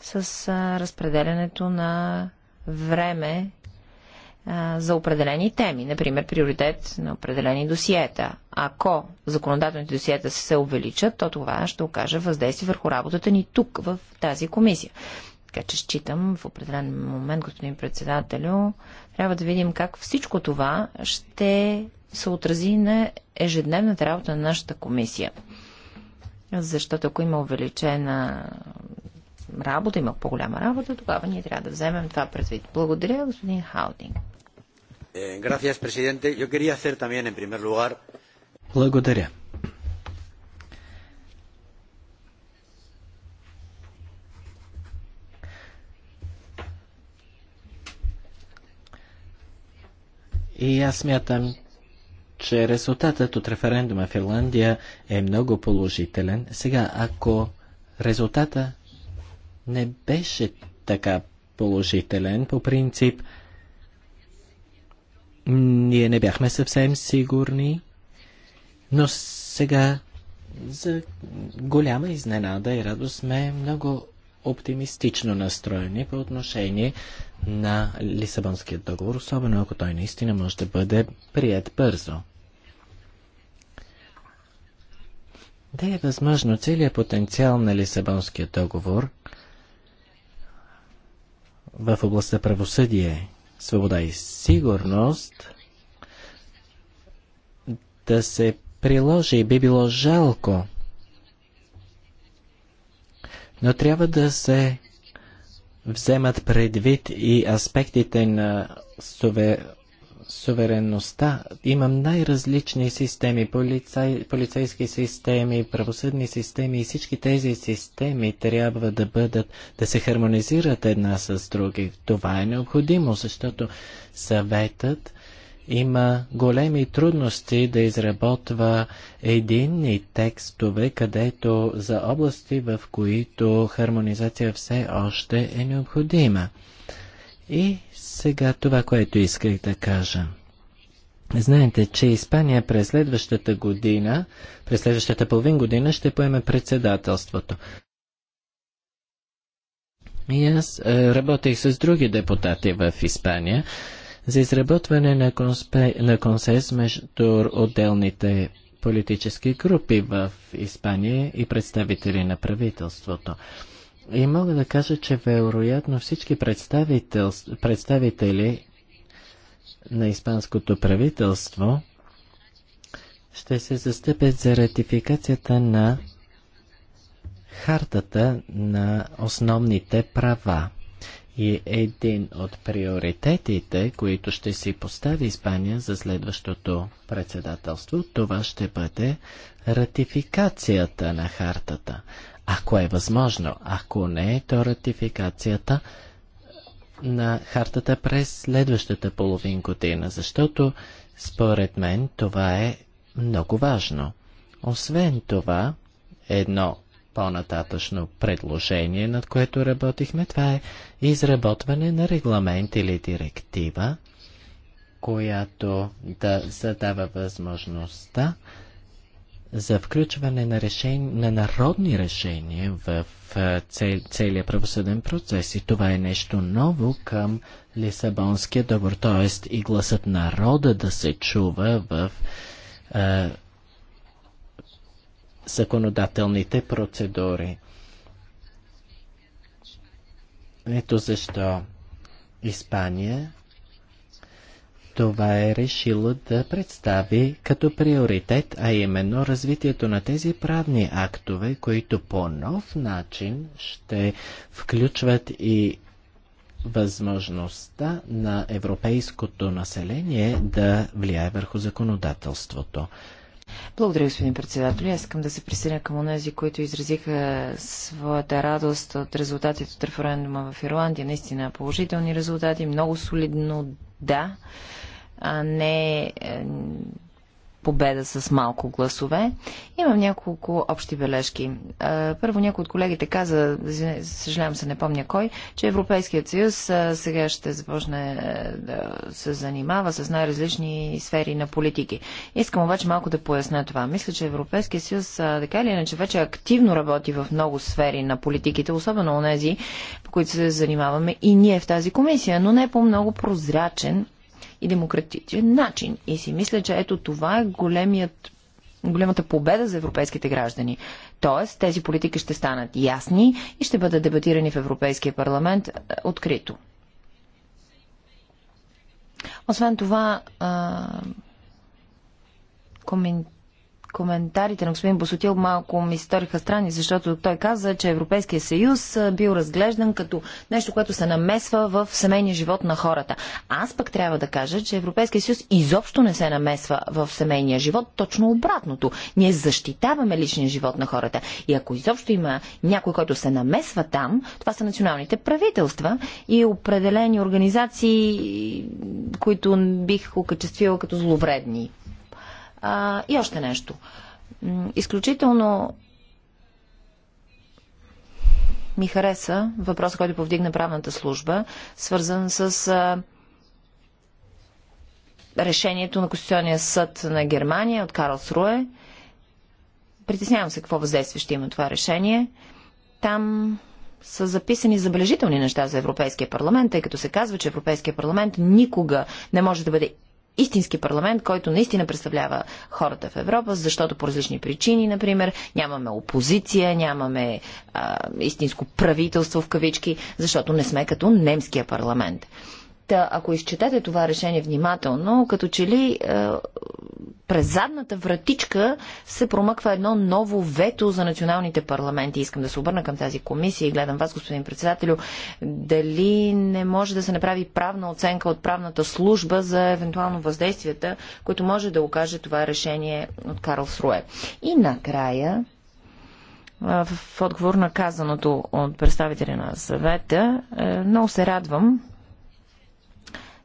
с разпределянето на време за определени теми, например приоритет на определени досиета. Ако законодателните досиета се увеличат, то това ще окаже въздействие върху работата ни тук, в тази комисия. Така че считам в определен момент, господин председателю, трябва да видим как всичко това ще се отрази на ежедневната работа на нашата комисия. Защото ако има увеличена работа, има по-голяма работа, тогава ние трябва да вземем това предвид. Благодаря, господин Хаудинг. Eh, gracias, presidente. Yo quería hacer también, en primer lugar... Благодаря. И аз смятам, че резултатът от референдума в Ирландия е много положителен. Сега, ако резултата не беше така положителен, по принцип, ние не бяхме съвсем сигурни, но сега за голяма изненада и радост сме много оптимистично настроени по отношение на Лисабонския договор, особено ако той наистина може да бъде прият бързо. Да е възможно целият потенциал на Лисабонския договор в областта правосъдие свобода и сигурност да се приложи и би било жалко. Но трябва да се вземат предвид и аспектите на, суве суверенността. Имам най-различни системи, полицай, полицейски системи, правосъдни системи и всички тези системи трябва да бъдат, да се хармонизират една с други. Това е необходимо, защото съветът има големи трудности да изработва единни текстове, където за области, в които хармонизация все още е необходима. И сега това, което исках да кажа. Знаете, че Испания през следващата година, през следващата половин година ще поеме председателството. И аз е, работех с други депутати в Испания за изработване на, конспе, на консенс между отделните политически групи в Испания и представители на правителството. И мога да кажа, че вероятно всички представител... представители на испанското правителство ще се застъпят за ратификацията на хартата на основните права. И един от приоритетите, които ще си постави Испания за следващото председателство, това ще бъде ратификацията на хартата ако е възможно. Ако не, то ратификацията на хартата през следващата половин година, защото според мен това е много важно. Освен това, едно по-нататъчно предложение, над което работихме, това е изработване на регламент или директива, която да задава възможността за включване на, решен... на народни решения в цел... целият правосъден процес. И това е нещо ново към Лисабонския договор, т.е. и гласът народа да се чува в а... законодателните процедури. Ето защо Испания това е решила да представи като приоритет, а именно развитието на тези правни актове, които по нов начин ще включват и възможността на европейското население да влияе върху законодателството. Благодаря, господин председател. Аз искам да се присъединя към онези, които изразиха своята радост от резултатите от референдума в Ирландия. Наистина положителни резултати, много солидно да а не е, победа с малко гласове. Имам няколко общи бележки. Първо някой от колегите каза, съжалявам се, не помня кой, че Европейският съюз сега ще започне е, да се занимава с най-различни сфери на политики. Искам обаче малко да поясня това. Мисля, че Европейският съюз така или иначе вече активно работи в много сфери на политиките, особено у нези, по които се занимаваме и ние в тази комисия, но не по много прозрачен и демократичен начин. И си мисля, че ето това е големият големата победа за европейските граждани. Тоест, тези политики ще станат ясни и ще бъдат дебатирани в Европейския парламент открито. Освен това, а, коментарите на господин Босотил малко ми сториха странни, защото той каза, че Европейския съюз бил разглеждан като нещо, което се намесва в семейния живот на хората. Аз пък трябва да кажа, че Европейския съюз изобщо не се намесва в семейния живот, точно обратното. Ние защитаваме личния живот на хората. И ако изобщо има някой, който се намесва там, това са националните правителства и определени организации, които бих окачествила като зловредни а, и още нещо. Изключително ми хареса въпрос, който повдигна правната служба, свързан с а, решението на Конституционния съд на Германия от Карл Сруе. Притеснявам се какво въздействие ще има това решение. Там са записани забележителни неща за Европейския парламент, тъй като се казва, че Европейския парламент никога не може да бъде истински парламент, който наистина представлява хората в Европа, защото по различни причини, например, нямаме опозиция, нямаме а, истинско правителство в кавички, защото не сме като немския парламент. Та, ако изчетете това решение внимателно, като че ли е, през задната вратичка се промъква едно ново вето за националните парламенти. Искам да се обърна към тази комисия и гледам вас, господин председателю, дали не може да се направи правна оценка от правната служба за евентуално въздействията, които може да окаже това решение от Карл Сруе. И накрая, е, в отговор на казаното от представителя на съвета, е, много се радвам,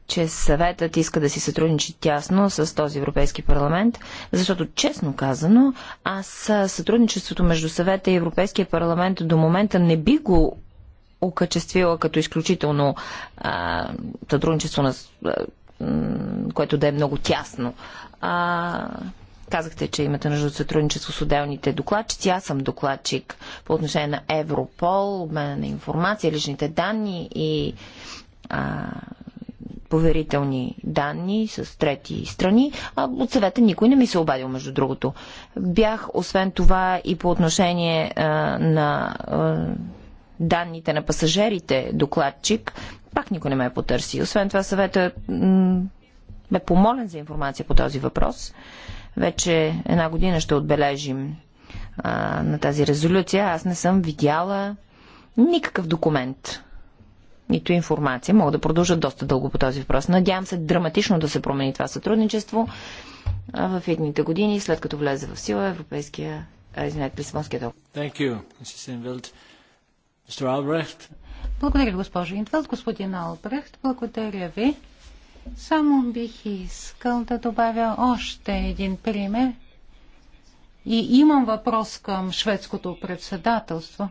че съветът иска да си сътрудничи тясно с този Европейски парламент, защото честно казано, аз сътрудничеството между съвета и Европейския парламент до момента не би го окачествила като изключително а, сътрудничество, на, а, което да е много тясно. А, Казахте, че имате нужда от сътрудничество с отделните докладчици. Аз съм докладчик по отношение на Европол, обмена на информация, личните данни и а, поверителни данни с трети страни, а от съвета никой не ми се е обадил, между другото. Бях, освен това, и по отношение а, на а, данните на пасажирите докладчик, пак никой не ме е потърси. Освен това, съвета бе помолен за информация по този въпрос. Вече една година ще отбележим а, на тази резолюция. Аз не съм видяла никакъв документ нито информация. Мога да продължа доста дълго по този въпрос. Надявам се драматично да се промени това сътрудничество в едните години, след като влезе в сила Европейския, извинете, Лисабонския договор. Благодаря, госпожо Инфелд. Господин Албрехт, благодаря ви. Само бих искал да добавя още един пример. И имам въпрос към шведското председателство,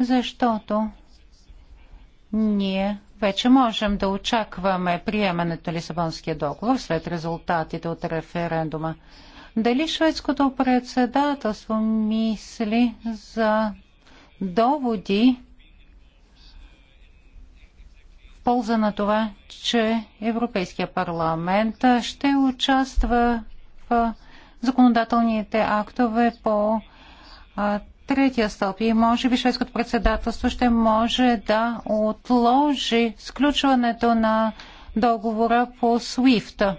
защото ние вече можем да очакваме приемането на Лисабонския договор след резултатите от референдума. Дали шведското председателство мисли за доводи в полза на това, че Европейския парламент ще участва в законодателните актове по третия стълб и може би шведското председателство ще може да отложи сключването на договора по SWIFT.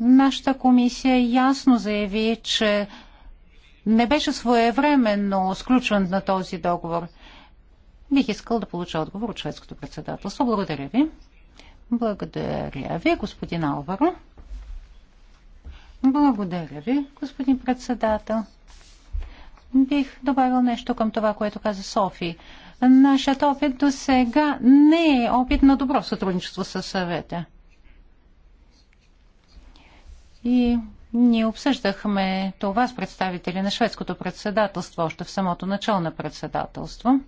Нашата комисия ясно заяви, че не беше своевременно сключван на този договор. Бих искал да получа отговор от шведското председателство. Благодаря ви. Благодаря ви, господин Алваро. Благодаря ви, господин председател. Бих добавил нещо към това, което каза Софи. Нашият опит до сега не е опит на добро сътрудничество с съвета. И ние обсъждахме това с представители на шведското председателство още в самото начало на председателство.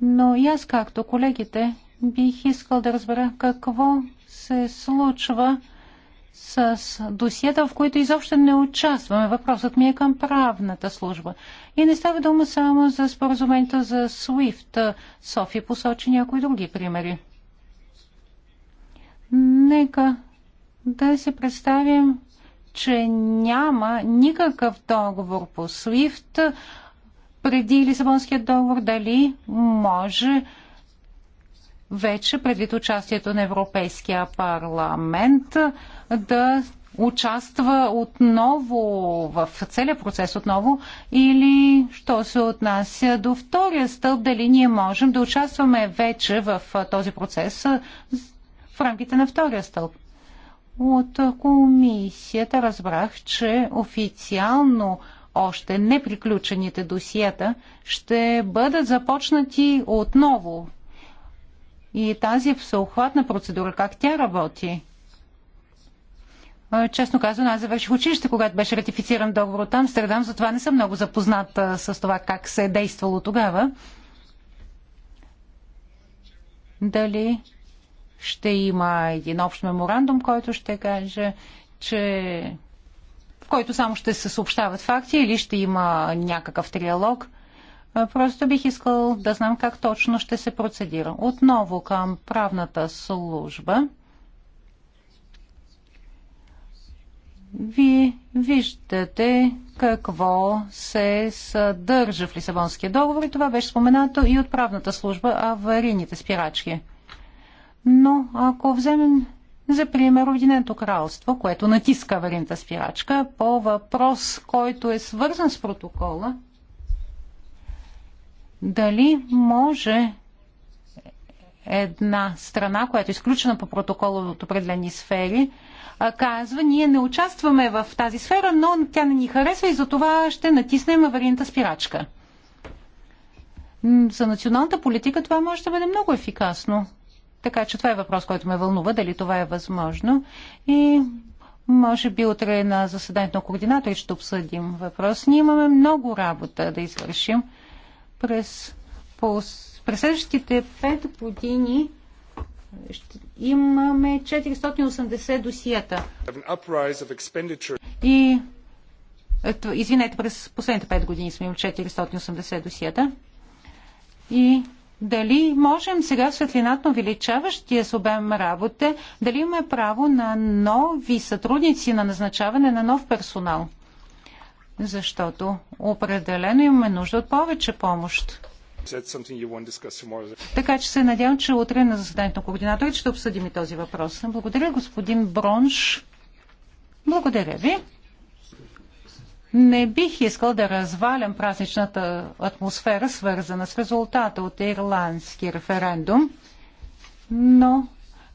Но и аз, както колегите, бих искал да разбера какво се случва с досиета, в които изобщо не участваме. Въпросът ми е към правната служба. И не става дума само за споразумението за SWIFT. Софи посочи някои други примери. Нека да си представим, че няма никакъв договор по SWIFT преди Лисабонският договор, дали може вече предвид участието на Европейския парламент да участва отново в целия процес отново или що се отнася до втория стълб, дали ние можем да участваме вече в този процес в рамките на втория стълб. От комисията разбрах, че официално още неприключените досиета ще бъдат започнати отново и тази всеохватна процедура, как тя работи? Честно казано, аз завърших училище, когато беше ратифициран договор от Амстердам, затова не съм много запозната с това как се е действало тогава. Дали ще има един общ меморандум, който ще каже, че в който само ще се съобщават факти или ще има някакъв триалог – Просто бих искал да знам как точно ще се процедира. Отново към правната служба. Вие виждате какво се съдържа в Лисабонския договор и това беше споменато и от правната служба аварийните спирачки. Но ако вземем за пример Обединеното кралство, което натиска аварийната спирачка по въпрос, който е свързан с протокола, дали може една страна, която е изключена по протокола от определени сфери, казва, ние не участваме в тази сфера, но тя не ни харесва и за това ще натиснем аварийната спирачка. За националната политика това може да бъде много ефикасно. Така че това е въпрос, който ме вълнува, дали това е възможно. И може би утре на заседанието на координатори ще обсъдим въпрос. Ние имаме много работа да извършим. През, по, през следващите 5 години имаме 480 досията. И Извинете, през последните 5 години сме имали 480 досията. И дали можем сега в светлината на увеличаващия с обем работа, дали имаме право на нови сътрудници, на назначаване на нов персонал? защото определено имаме нужда от повече помощ. Така че се надявам, че утре на заседанието на координаторите ще обсъдим и този въпрос. Благодаря, господин Бронш. Благодаря ви. Не бих искал да развалям празничната атмосфера, свързана с резултата от ирландски референдум, но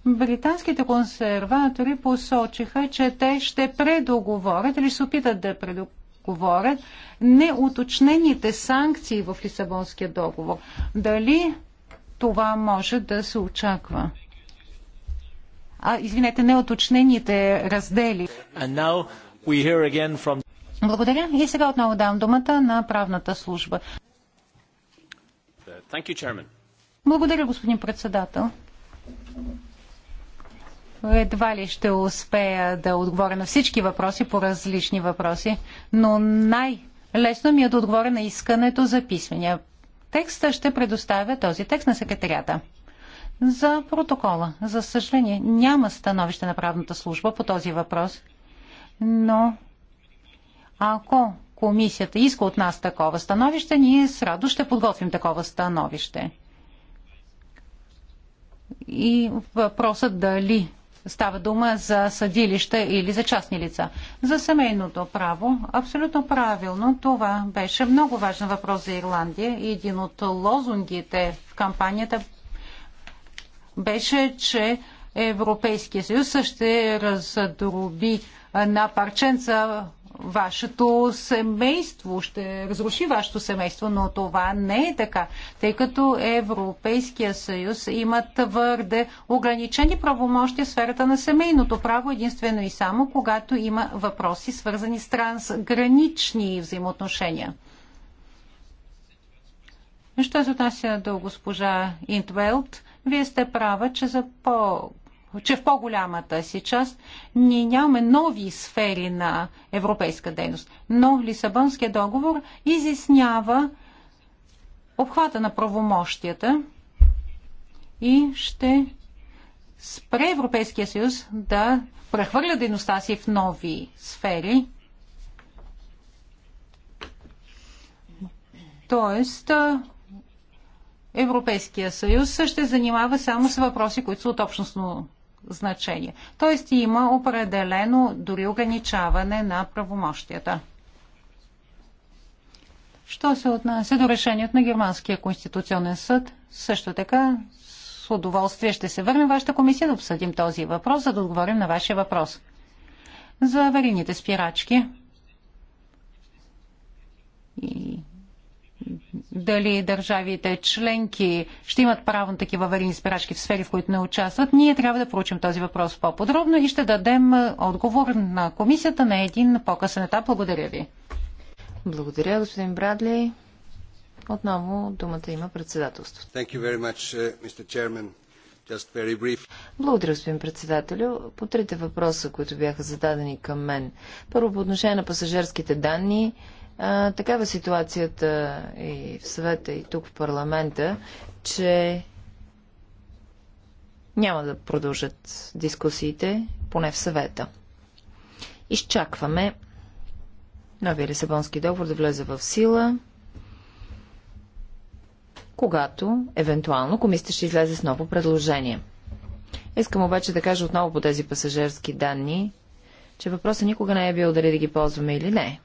британските консерватори посочиха, че те ще предоговорят или се опитат да предоговорят говорят, уточнените санкции в Лисабонския договор. Дали това може да се очаква? А, извинете, уточнените раздели. From... Благодаря. И сега отново давам думата на правната служба. You, Благодаря, господин председател едва ли ще успея да отговоря на всички въпроси по различни въпроси, но най-лесно ми е да отговоря на искането за писмения текста. Ще предоставя този текст на секретарията. За протокола, за съжаление, няма становище на правната служба по този въпрос, но ако комисията иска от нас такова становище, ние с радо ще подготвим такова становище. И въпросът дали става дума за съдилища или за частни лица. За семейното право, абсолютно правилно, това беше много важен въпрос за Ирландия и един от лозунгите в кампанията беше, че Европейския съюз ще раздроби на парченца вашето семейство, ще разруши вашето семейство, но това не е така, тъй като Европейския съюз има твърде ограничени правомощи в сферата на семейното право, единствено и само когато има въпроси свързани с трансгранични взаимоотношения. Що се отнася до госпожа Интвелт, вие сте права, че за по че в по-голямата си част ние нямаме нови сфери на европейска дейност. Но Лисабонския договор изяснява обхвата на правомощията и ще спре Европейския съюз да прехвърля дейността си в нови сфери. Тоест, Европейския съюз ще занимава само с въпроси, които са от общностно значение. Тоест има определено дори ограничаване на правомощията. Що се отнася до решението на Германския конституционен съд, също така с удоволствие ще се върнем в вашата комисия да обсъдим този въпрос, за да отговорим на вашия въпрос. За аварийните спирачки и дали държавите членки ще имат право на такива аварийни спирачки в сфери, в които не участват, ние трябва да проучим този въпрос по-подробно и ще дадем отговор на комисията на един по-късен етап. Благодаря ви. Благодаря, господин Брадли. Отново думата има председателство. Uh, Благодаря, господин председателю. По трите въпроса, които бяха зададени към мен. Първо, по отношение на пасажирските данни, а, такава е ситуацията и в съвета, и тук в парламента, че няма да продължат дискусиите, поне в съвета. Изчакваме новия Лисабонски договор да влезе в сила, когато, евентуално, комисията ще излезе с ново предложение. Искам обаче да кажа отново по тези пасажирски данни, че въпросът никога не е бил дали да ги ползваме или не.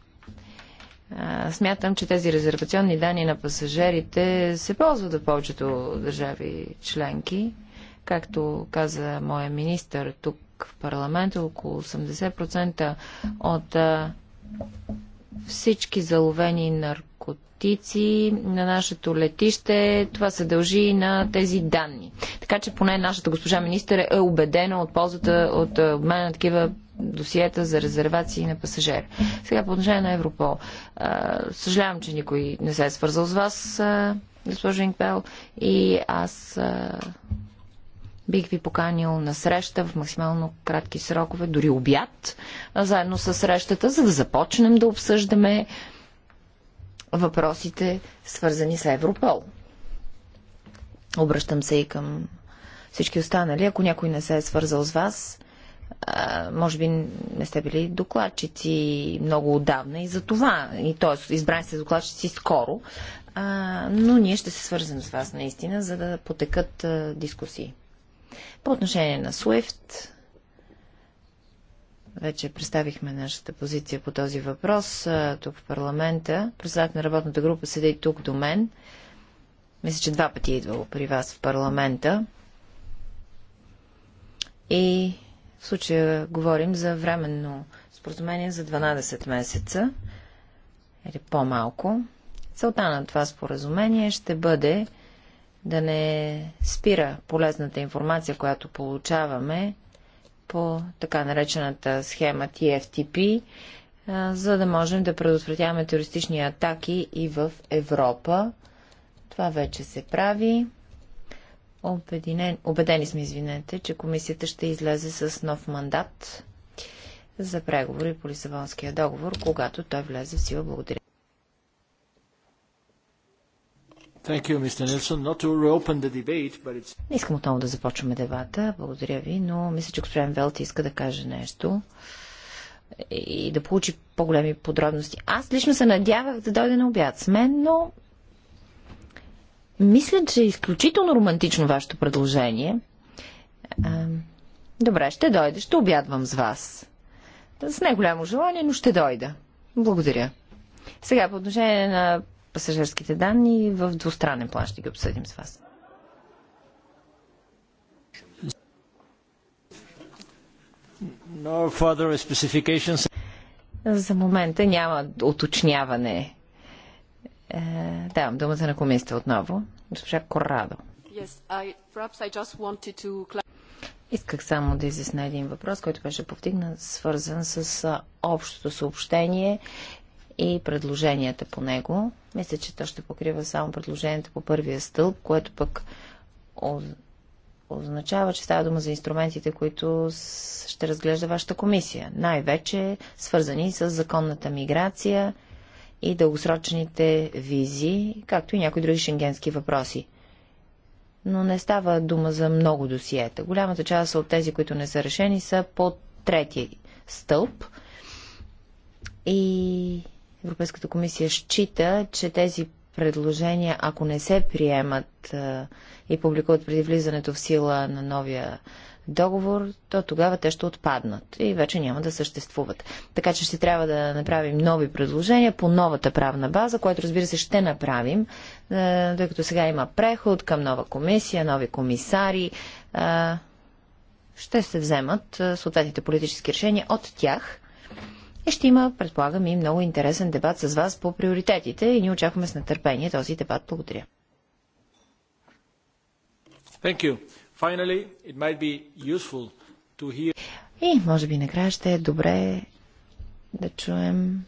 Смятам, че тези резервационни данни на пасажирите се ползват в повечето държави членки. Както каза моя министър тук в парламента, около 80% от всички заловени наркотици на нашето летище. Това се дължи и на тези данни. Така че поне нашата госпожа министър е убедена от ползата от обмена на такива досиета за резервации на пасажери. Сега по отношение на Европол. съжалявам, че никой не се е свързал с вас, госпожо Ингпел, и аз бих ви поканил на среща в максимално кратки срокове, дори обяд, заедно с срещата, за да започнем да обсъждаме въпросите, свързани с Европол. Обръщам се и към всички останали. Ако някой не се е свързал с вас, може би не сте били докладчици много отдавна и за това. И т.е. избрани сте докладчици скоро, но ние ще се свързем с вас наистина, за да потекат дискусии. По отношение на SWIFT, вече представихме нашата позиция по този въпрос тук в парламента. Председател на работната група седи тук до мен. Мисля, че два пъти е идвало при вас в парламента. И в случая говорим за временно споразумение за 12 месеца или по-малко. Целта на това споразумение ще бъде да не спира полезната информация, която получаваме по така наречената схема TFTP, за да можем да предотвратяваме терористични атаки и в Европа. Това вече се прави. Обединен... Обедени сме, извинете, че комисията ще излезе с нов мандат за преговори по Лисабонския договор, когато той влезе в сила. Благодаря. You, Не искам отново да започваме дебата, благодаря ви, но мисля, че господин Велт иска да каже нещо и да получи по-големи подробности. Аз лично се надявах да дойде на обяд с мен, но мисля, че е изключително романтично вашето предложение. Добре, ще дойде, ще обядвам с вас. С най-голямо желание, но ще дойда. Благодаря. Сега по отношение на пасажирските данни в двустранен план ще ги обсъдим с вас. No further specifications. За момента няма уточняване. Е, давам думата на комисията отново. Госпожа Корадо. Yes, I, I just to... Исках само да изясня един въпрос, който беше повдигнат, свързан с общото съобщение и предложенията по него. Мисля, че то ще покрива само предложенията по първия стълб, което пък означава, че става дума за инструментите, които ще разглежда вашата комисия. Най-вече свързани с законната миграция и дългосрочните визи, както и някои други шенгенски въпроси. Но не става дума за много досиета. Голямата част от тези, които не са решени, са по третия стълб. И Европейската комисия счита, че тези предложения, ако не се приемат и публикуват преди влизането в сила на новия договор, то тогава те ще отпаднат и вече няма да съществуват. Така че ще трябва да направим нови предложения по новата правна база, което разбира се ще направим, тъй като сега има преход към нова комисия, нови комисари. Ще се вземат съответните политически решения от тях е, ще има, предполагам, и много интересен дебат с вас по приоритетите и ние очакваме с нетърпение този дебат. Благодаря. Finally, hear... И може би накрая ще е добре да чуем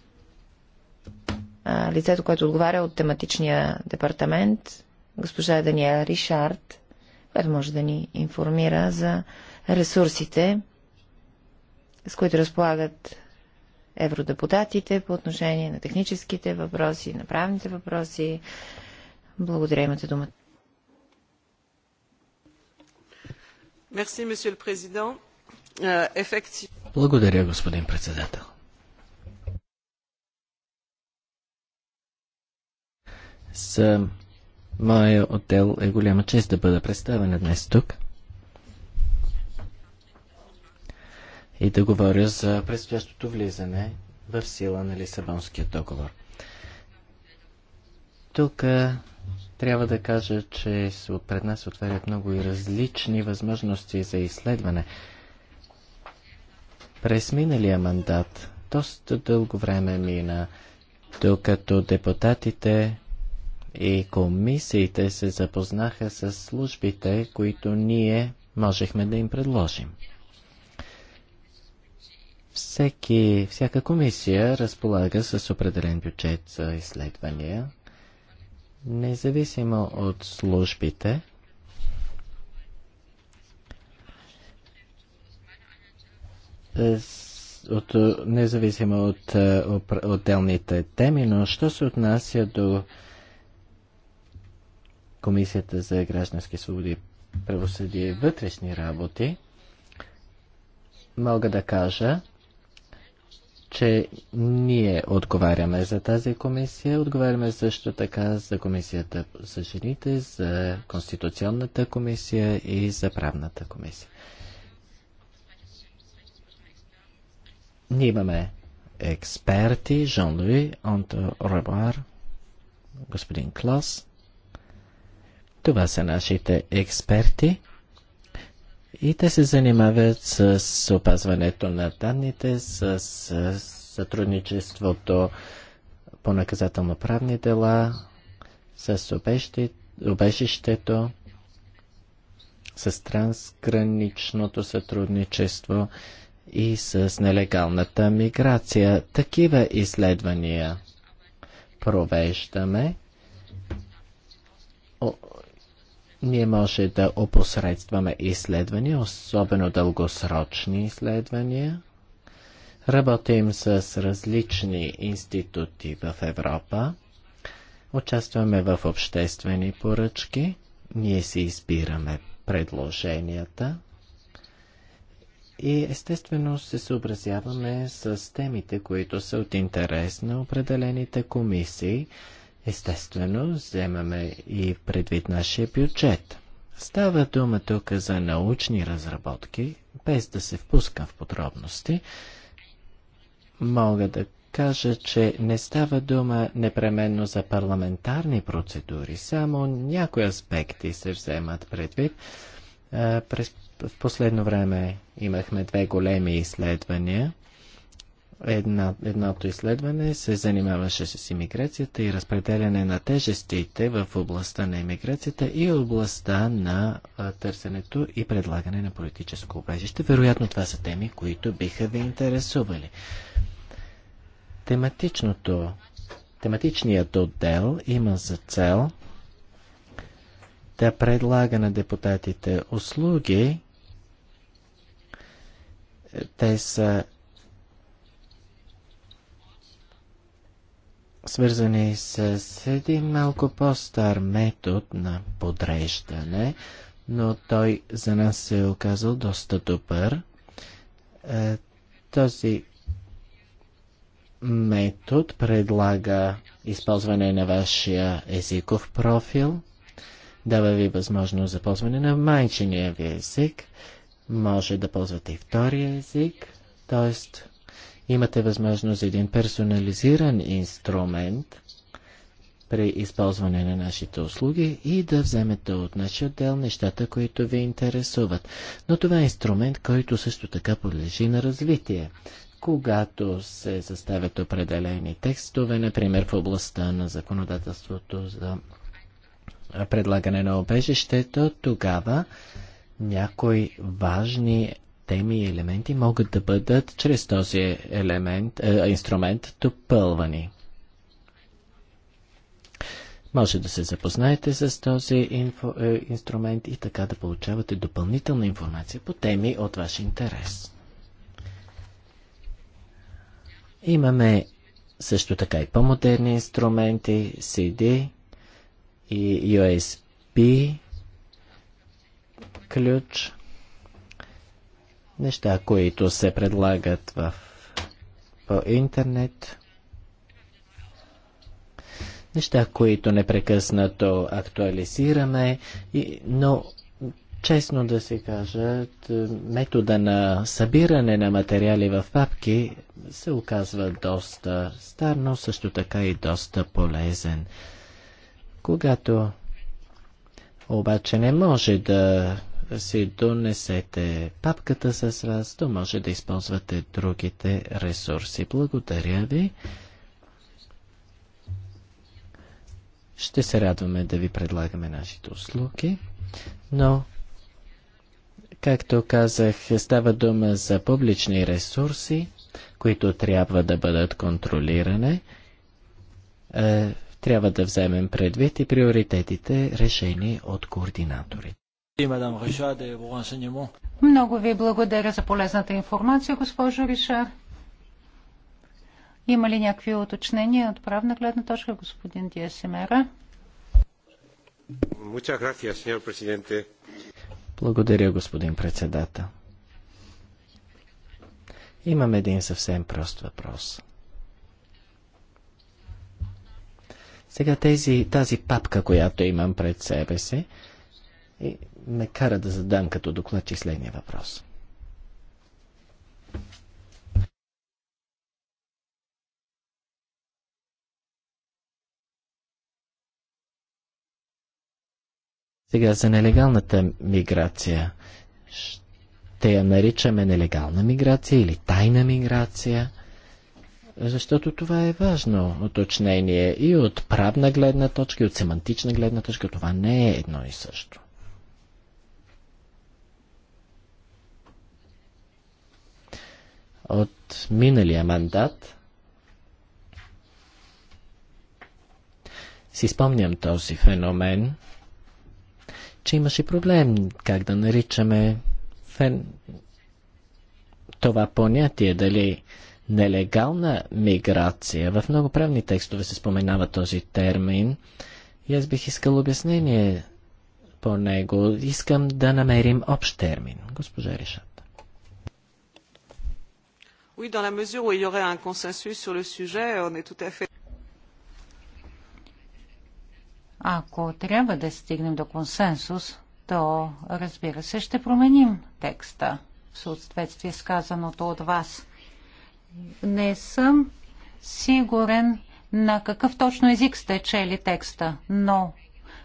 а, лицето, което отговаря от тематичния департамент, госпожа Даниела Ришард, която може да ни информира за ресурсите, с които разполагат евродепутатите по отношение на техническите въпроси, на правните въпроси. Благодаря, имате думата. Euh, Благодаря, господин председател. С моя отдел е голяма чест да бъда представена днес тук. и да говоря за предстоящото влизане в сила на Лисабонския договор. Тук трябва да кажа, че пред нас отварят много и различни възможности за изследване. През миналия мандат доста дълго време мина, докато депутатите и комисиите се запознаха с службите, които ние можехме да им предложим. Всеки, всяка комисия разполага с определен бюджет за изследвания, независимо от службите. От, независимо от, е, отделните теми, но що се отнася до Комисията за граждански свободи, правосъдие и вътрешни работи, мога да кажа, че ние отговаряме за тази комисия, отговаряме също така за комисията за жените, за Конституционната комисия и за правната комисия. Ние имаме експерти, Жан-Луи, Анто Ребар, господин Клас. Това са нашите експерти – и те се занимават с опазването на данните, с, сътрудничеството по наказателно-правни дела, с обежището, с трансграничното сътрудничество и с нелегалната миграция. Такива изследвания провеждаме. Ние може да опосредстваме изследвания, особено дългосрочни изследвания. Работим с различни институти в Европа. Участваме в обществени поръчки. Ние си избираме предложенията. И естествено се съобразяваме с темите, които са от интерес на определените комисии. Естествено, вземаме и предвид нашия бюджет. Става дума тук за научни разработки, без да се впускам в подробности. Мога да кажа, че не става дума непременно за парламентарни процедури, само някои аспекти се вземат предвид. През, в последно време имахме две големи изследвания – Една, едното изследване се занимаваше с иммиграцията и разпределяне на тежестите в областта на иммиграцията и областта на търсенето и предлагане на политическо убежище. Вероятно това са теми, които биха ви интересували. Тематичното, тематичният отдел има за цел да предлага на депутатите услуги. Те са свързани с един малко по-стар метод на подреждане, но той за нас се е оказал доста добър. Е, този метод предлага използване на вашия езиков профил, дава ви възможност за ползване на майчиния ви език, може да ползвате и втория език, т.е. Имате възможност за един персонализиран инструмент при използване на нашите услуги и да вземете от нашия отдел нещата, които ви интересуват. Но това е инструмент, който също така подлежи на развитие когато се съставят определени текстове, например в областта на законодателството за предлагане на обежището, тогава някои важни теми и елементи могат да бъдат чрез този елемент, е, инструмент допълвани. Може да се запознаете с този инфо, е, инструмент и така да получавате допълнителна информация по теми от ваш интерес. Имаме също така и по-модерни инструменти, CD и USB ключ – неща, които се предлагат в, по интернет, неща, които непрекъснато актуализираме, и, но честно да се кажат, е, метода на събиране на материали в папки се оказва доста стар, но също така и доста полезен. Когато обаче не може да си донесете папката с вас, то може да използвате другите ресурси. Благодаря ви. Ще се радваме да ви предлагаме нашите услуги, но, както казах, става дума за публични ресурси, които трябва да бъдат контролирани. Е, трябва да вземем предвид и приоритетите, решени от координаторите. Много ви благодаря за полезната информация, госпожо Ришар. Има ли някакви уточнения от правна гледна точка, господин Диасемера? Благодаря, господин председател. Имам един съвсем прост въпрос. Сега тези, тази папка, която имам пред себе си, ме кара да задам като докладчик следния въпрос. Сега за нелегалната миграция. Ще я наричаме нелегална миграция или тайна миграция, защото това е важно уточнение и от правна гледна точка, и от семантична гледна точка. Това не е едно и също. от миналия мандат. Си спомням този феномен, че имаше проблем как да наричаме фен... това понятие, дали нелегална миграция. В много правни текстове се споменава този термин и аз бих искал обяснение по него. Искам да намерим общ термин, госпожа Риша. Oui, dans la mesure où il y aurait un consensus sur le sujet, on est tout à fait. Ако трябва да стигнем до консенсус, то, разбира се, ще променим текста в съответствие с казаното от вас. Не съм сигурен на какъв точно език сте чели текста, но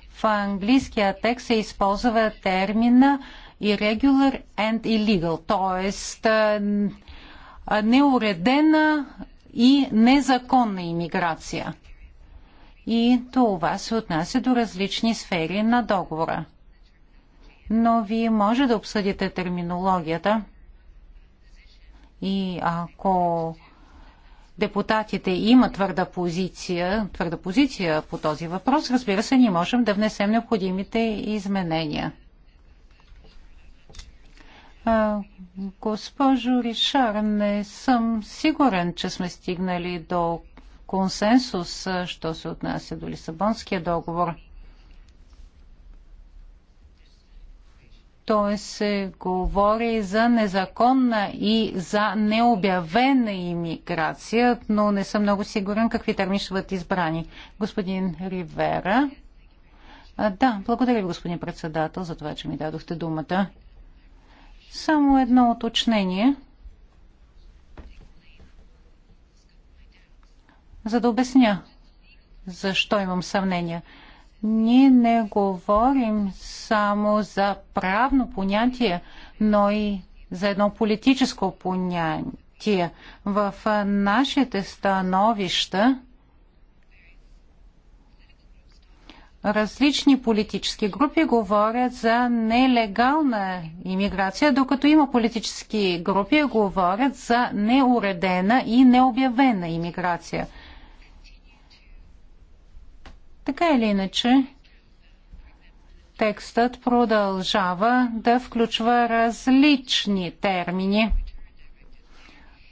в английския текст се използва термина irregular and illegal, т.е неуредена и незаконна иммиграция. И това се отнася до различни сфери на договора. Но вие може да обсъдите терминологията и ако депутатите има твърда позиция, твърда позиция по този въпрос, разбира се, ние можем да внесем необходимите изменения. А, Госпожо Ришар, не съм сигурен, че сме стигнали до консенсус, що се отнася до Лисабонския договор. Той се говори за незаконна и за необявена иммиграция, но не съм много сигурен какви термини ще бъдат избрани. Господин Ривера. А, да, благодаря ви, господин председател, за това, че ми дадохте думата. Само едно уточнение. За да обясня защо имам съмнение. Ние не говорим само за правно понятие, но и за едно политическо понятие. В нашите становища различни политически групи говорят за нелегална иммиграция, докато има политически групи говорят за неуредена и необявена иммиграция. Така или иначе, текстът продължава да включва различни термини.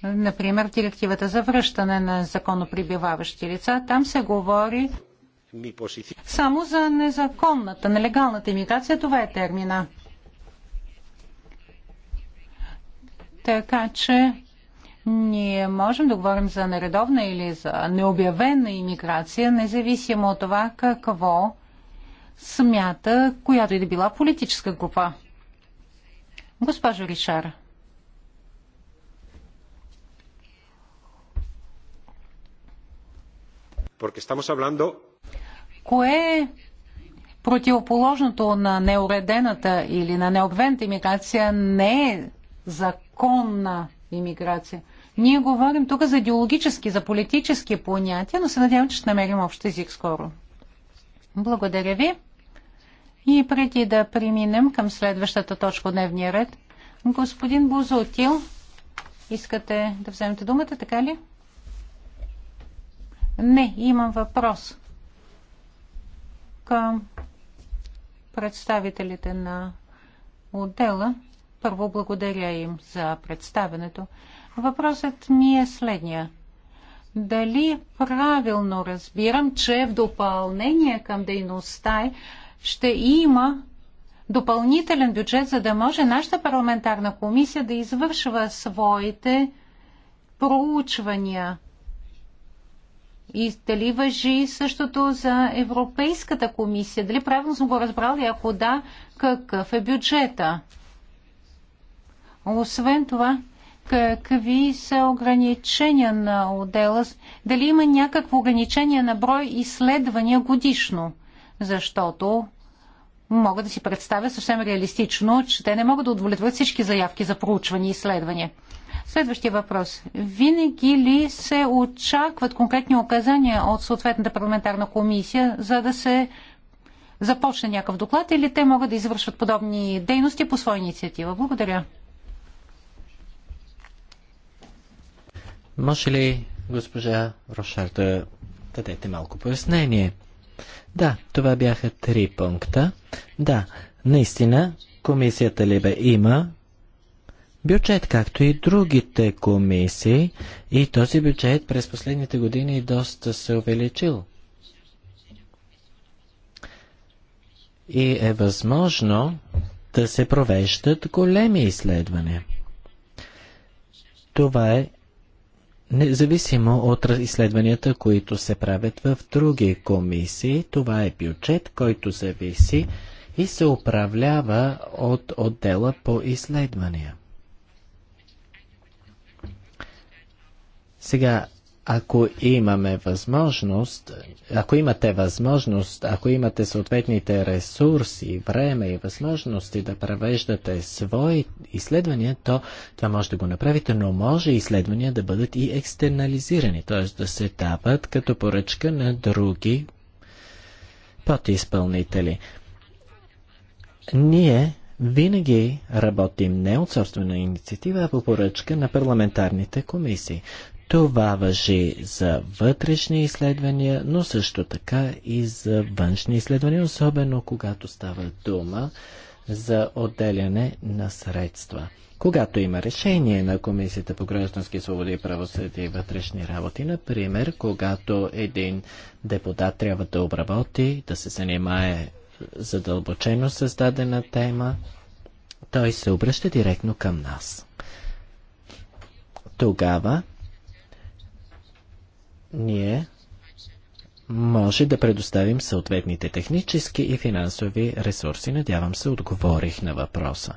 Например, директивата за връщане на законоприбиваващи лица, там се говори само за незаконната, нелегалната иммиграция, това е термина. Така че ние можем да говорим за нередовна или за необявена имиграция, независимо от това какво смята, която и да била политическа група. Госпожо Ришар. Porque estamos hablando Кое е противоположното на неуредената или на необвената иммиграция не е законна иммиграция. Ние говорим тук за идеологически, за политически понятия, но се надявам, че ще намерим общ език скоро. Благодаря ви. И преди да преминем към следващата точка от дневния ред, господин Бузотил, искате да вземете думата, така ли? Не, имам въпрос представителите на отдела. Първо благодаря им за представенето. Въпросът ми е следния. Дали правилно разбирам, че в допълнение към дейността ще има допълнителен бюджет, за да може нашата парламентарна комисия да извършва своите проучвания – и дали въжи същото за Европейската комисия? Дали правилно съм го разбрали? Ако да, какъв е бюджета? Освен това, какви са ограничения на отдела? Дали има някакво ограничение на брой изследвания годишно? Защото мога да си представя съвсем реалистично, че те не могат да удовлетворят всички заявки за проучване и изследвания. Следващия въпрос. Винаги ли се очакват конкретни указания от съответната парламентарна комисия, за да се започне някакъв доклад или те могат да извършват подобни дейности по своя инициатива? Благодаря. Може ли госпожа Рошар да дадете малко пояснение? Да, това бяха три пункта. Да, наистина, комисията Либе има бюджет, както и другите комисии. И този бюджет през последните години доста се увеличил. И е възможно да се провеждат големи изследвания. Това е независимо от изследванията, които се правят в други комисии. Това е бюджет, който зависи и се управлява от отдела по изследвания. Сега, ако имаме възможност, ако имате възможност, ако имате съответните ресурси, време и възможности да превеждате свои изследвания, то това може да го направите, но може изследвания да бъдат и екстернализирани, т.е. да се дават като поръчка на други подизпълнители. Ние винаги работим не от собствена инициатива, а по поръчка на парламентарните комисии. Това въжи за вътрешни изследвания, но също така и за външни изследвания, особено когато става дума за отделяне на средства. Когато има решение на Комисията по граждански свободи и правосъдие и вътрешни работи, например, когато един депутат трябва да обработи, да се занимае задълбочено с дадена тема, той се обръща директно към нас. Тогава ние може да предоставим съответните технически и финансови ресурси. Надявам се, отговорих на въпроса.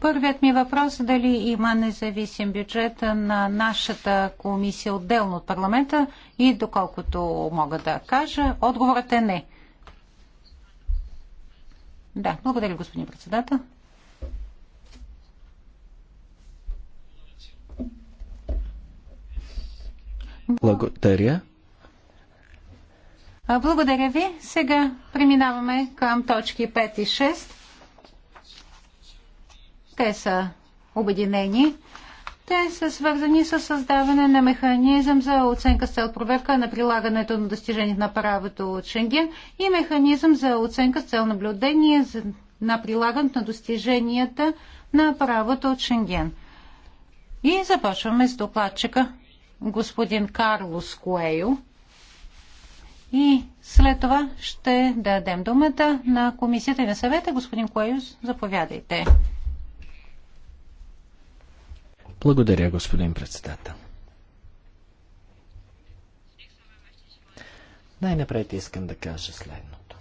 Първият ми въпрос е дали има независим бюджет на нашата комисия отделно от парламента и доколкото мога да кажа, отговорът е не. Да, благодаря, господин председател. Благодаря. Благодаря ви. Сега преминаваме към точки 5 и 6. Те са обединени. Те са свързани с създаване на механизъм за оценка с цел проверка на прилагането на достижението на правото от Шенген и механизъм за оценка с цел наблюдение на прилагането на достиженията на правото от Шенген. И започваме с докладчика господин Карлос Куейо. И след това ще дадем думата на комисията и на съвета. Господин Куейо, заповядайте. Благодаря, господин председател. Най-напред искам да кажа следното.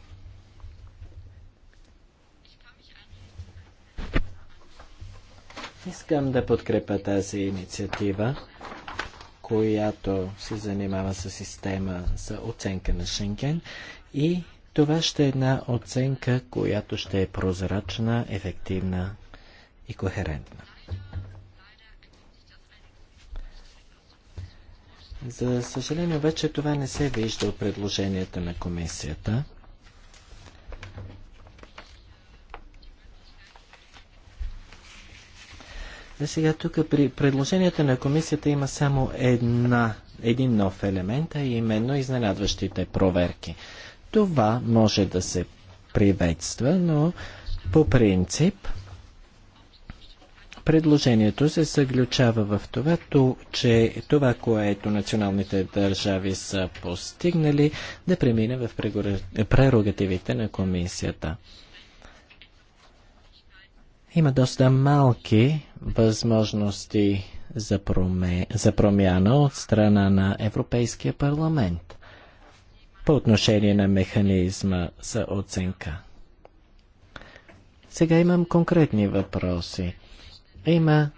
Искам да подкрепя тази инициатива която се занимава с система за оценка на Шенген и това ще е една оценка, която ще е прозрачна, ефективна и кохерентна. За съжаление, вече това не се вижда от предложенията на комисията. Е, сега тук при предложенията на комисията има само една, един нов елемент, а именно изненадващите проверки. Това може да се приветства, но по принцип Предложението се съглючава в това, че това, което националните държави са постигнали, да премине в прерогативите на комисията. Има доста малки възможности за, проме... за промяна от страна на Европейския парламент по отношение на механизма за оценка. Сега имам конкретни въпроси. Има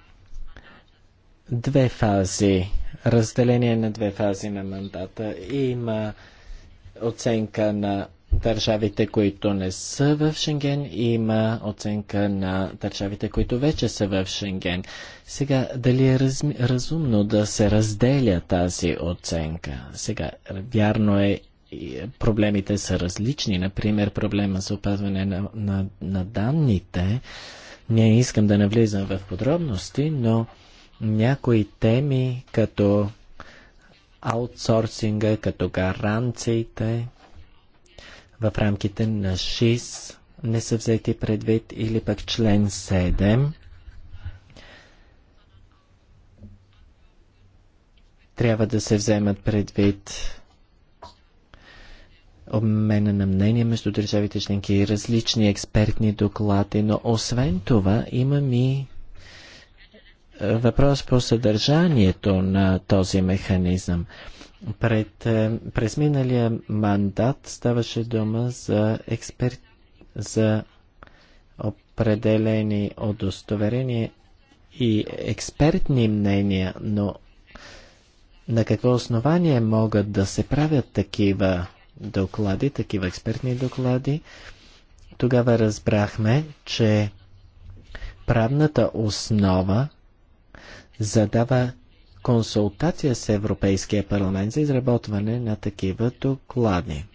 две фази, разделение на две фази на мандата. Има оценка на държавите, които не са в Шенген, и има оценка на държавите, които вече са в Шенген. Сега, дали е раз, разумно да се разделя тази оценка? Сега, вярно е, проблемите са различни. Например, проблема за опазване на, на, на данните. Не искам да навлизам в подробности, но някои теми, като аутсорсинга, като гаранциите, в рамките на 6 не са взети предвид или пък член 7 трябва да се вземат предвид обмена на мнения между държавите членки и различни експертни доклади, но освен това имам и е, въпрос по съдържанието на този механизъм. Пред, е, през миналия мандат ставаше дума за, експерт, за определени удостоверения и експертни мнения, но на какво основание могат да се правят такива доклади, такива експертни доклади? Тогава разбрахме, че правната основа задава консултация с Европейския парламент за изработване на такива доклади.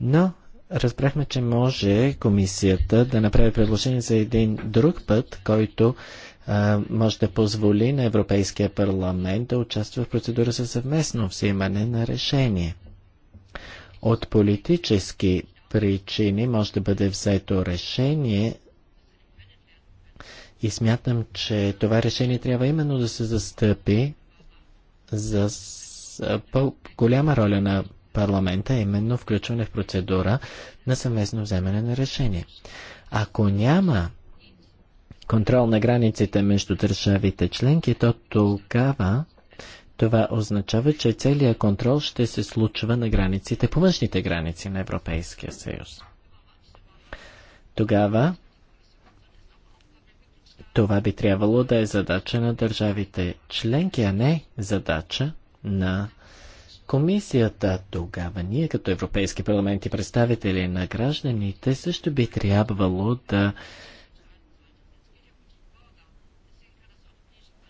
Но разбрахме, че може комисията да направи предложение за един друг път, който а, може да позволи на Европейския парламент да участва в процедура за съвместно взимане на решение. От политически причини може да бъде взето решение и смятам, че това решение трябва именно да се застъпи за по-голяма роля на парламента, именно включване в процедура на съвместно вземане на решение. Ако няма контрол на границите между държавите членки, то тогава това означава, че целият контрол ще се случва на границите, по външните граници на Европейския съюз. Тогава това би трябвало да е задача на държавите членки, а не задача на комисията. Тогава ние като Европейски парламент и представители на гражданите също би трябвало да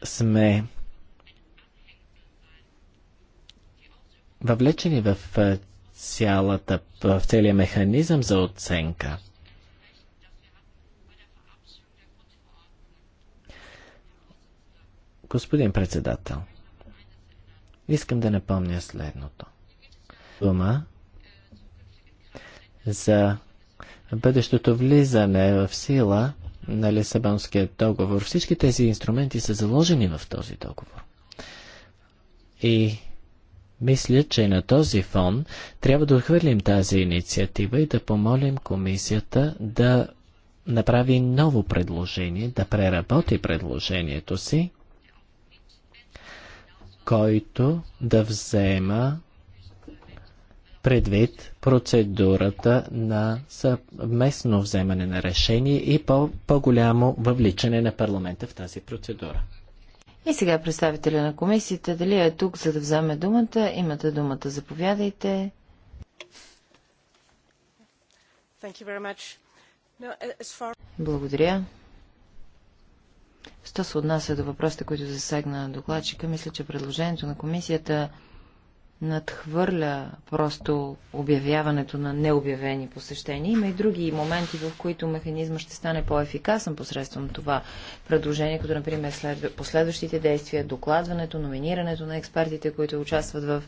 сме въвлечени в цялата, в целия механизъм за оценка. Господин председател, искам да напомня следното. Дума за бъдещото влизане в сила на Лисабонския договор. Всички тези инструменти са заложени в този договор. И мисля, че на този фон трябва да отхвърлим тази инициатива и да помолим комисията да направи ново предложение, да преработи предложението си който да взема предвид процедурата на съвместно вземане на решение и по- по-голямо въвличане на парламента в тази процедура. И сега представителя на комисията, дали е тук, за да вземе думата. Имате думата, заповядайте. Благодаря. Що се отнася до въпросите, които засегна докладчика, мисля, че предложението на комисията надхвърля просто обявяването на необявени посещения. Има и други моменти, в които механизма ще стане по-ефикасен посредством това предложение, като например след... последващите действия, докладването, номинирането на експертите, които участват в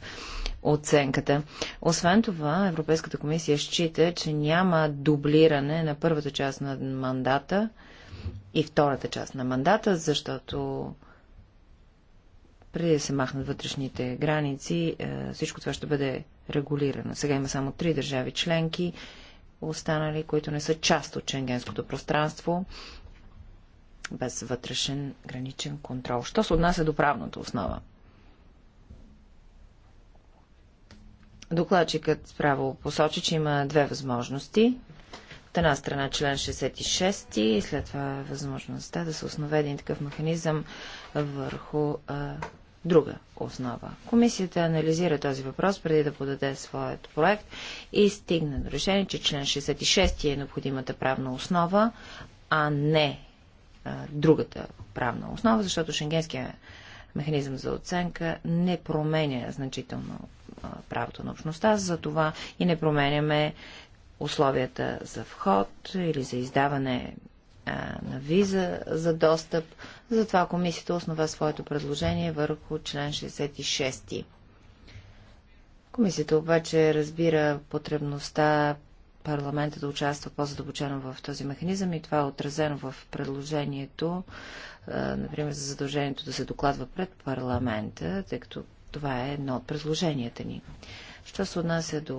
оценката. Освен това, Европейската комисия счита, че няма дублиране на първата част на мандата, и втората част на мандата, защото преди да се махнат вътрешните граници, е, всичко това ще бъде регулирано. Сега има само три държави членки, останали, които не са част от шенгенското пространство, без вътрешен граничен контрол. Що се отнася до правната основа? Докладчикът справо посочи, че има две възможности от една страна член 66 и след това е възможността да се основе един такъв механизъм върху а, друга основа. Комисията анализира този въпрос преди да подаде своят проект и стигна до решение, че член 66 е необходимата правна основа, а не а, другата правна основа, защото Шенгенския механизъм за оценка не променя значително правото на общността, за това и не променяме условията за вход или за издаване а, на виза за достъп. Затова комисията основа своето предложение върху член 66. Комисията обаче разбира потребността парламента да участва по-задълбочено в този механизъм и това е отразено в предложението, а, например, за задължението да се докладва пред парламента, тъй като това е едно от предложенията ни. Що се отнася до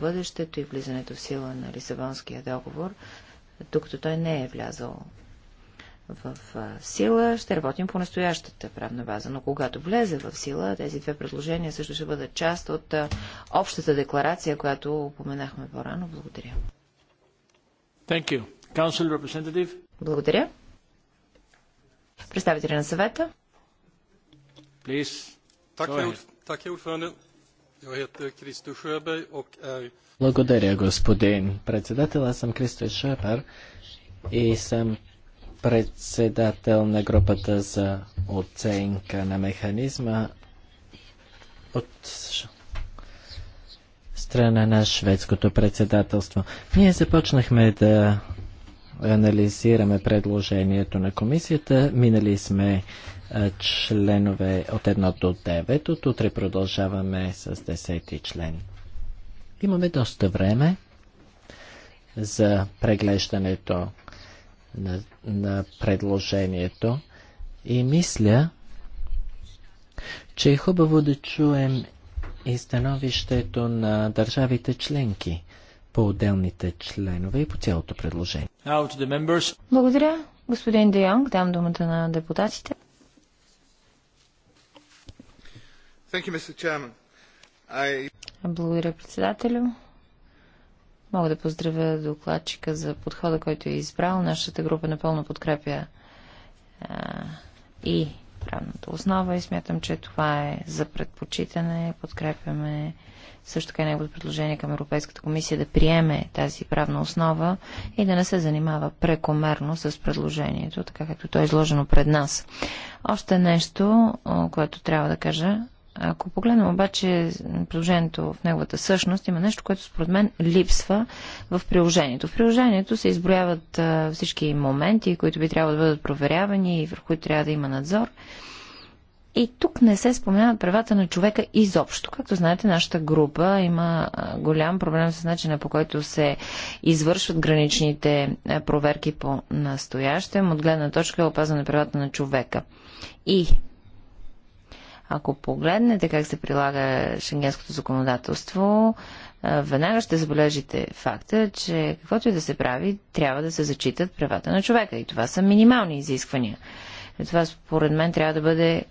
бъдещето и влизането в сила на Лисабонския договор, докато той не е влязал в сила, ще работим по настоящата правна база. Но когато влезе в сила, тези две предложения също ще бъдат част от общата декларация, която упоменахме по-рано. Благодаря. Thank you. Council representative. Благодаря. Представители на съвета. Please. Go ahead. Благодаря, господин председател. Аз съм Кристо Шепер и съм председател на групата за оценка на механизма от страна на шведското председателство. Ние започнахме да анализираме предложението на комисията. Минали сме е, членове от 1 до 9. От утре продължаваме с 10 член. Имаме доста време за преглеждането на, на предложението и мисля, че е хубаво да чуем и становището на държавите членки по отделните членове и по цялото предложение. Благодаря, господин Де Йонг. Дам думата на депутатите. Благодаря, председателю. Мога да поздравя докладчика за подхода, който е избрал. Нашата група напълно подкрепя и правната основа и смятам, че това е за предпочитане. Подкрепяме също така неговото предложение към Европейската комисия да приеме тази правна основа и да не се занимава прекомерно с предложението, така както то е изложено пред нас. Още нещо, което трябва да кажа, ако погледнем обаче приложението в неговата същност, има нещо, което според мен липсва в приложението. В приложението се изброяват всички моменти, които би трябвало да бъдат проверявани и върху които трябва да има надзор. И тук не се споменават правата на човека изобщо. Както знаете, нашата група има голям проблем с начина по който се извършват граничните проверки по настоящем от гледна точка е опазване правата на човека. И ако погледнете как се прилага шенгенското законодателство, веднага ще забележите факта, че каквото и да се прави, трябва да се зачитат правата на човека. И това са минимални изисквания. И това според мен трябва да бъде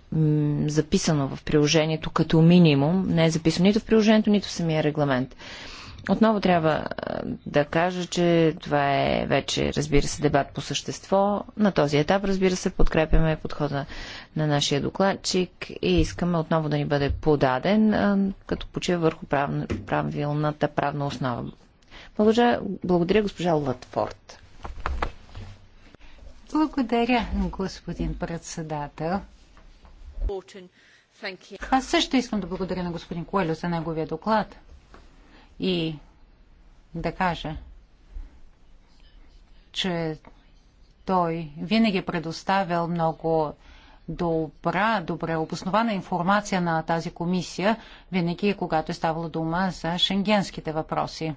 записано в приложението като минимум. Не е записано нито в приложението, нито в самия регламент. Отново трябва да кажа, че това е вече, разбира се, дебат по същество. На този етап, разбира се, подкрепяме подхода на нашия докладчик и искаме отново да ни бъде подаден, като почива върху правилната правна основа. Благодаря, благодаря госпожа Латфорд. Благодаря, господин председател. Аз също искам да благодаря на господин Коелю за неговия доклад и да кажа, че той винаги е предоставял много добра, добре обоснована информация на тази комисия, винаги когато е ставало дума за шенгенските въпроси.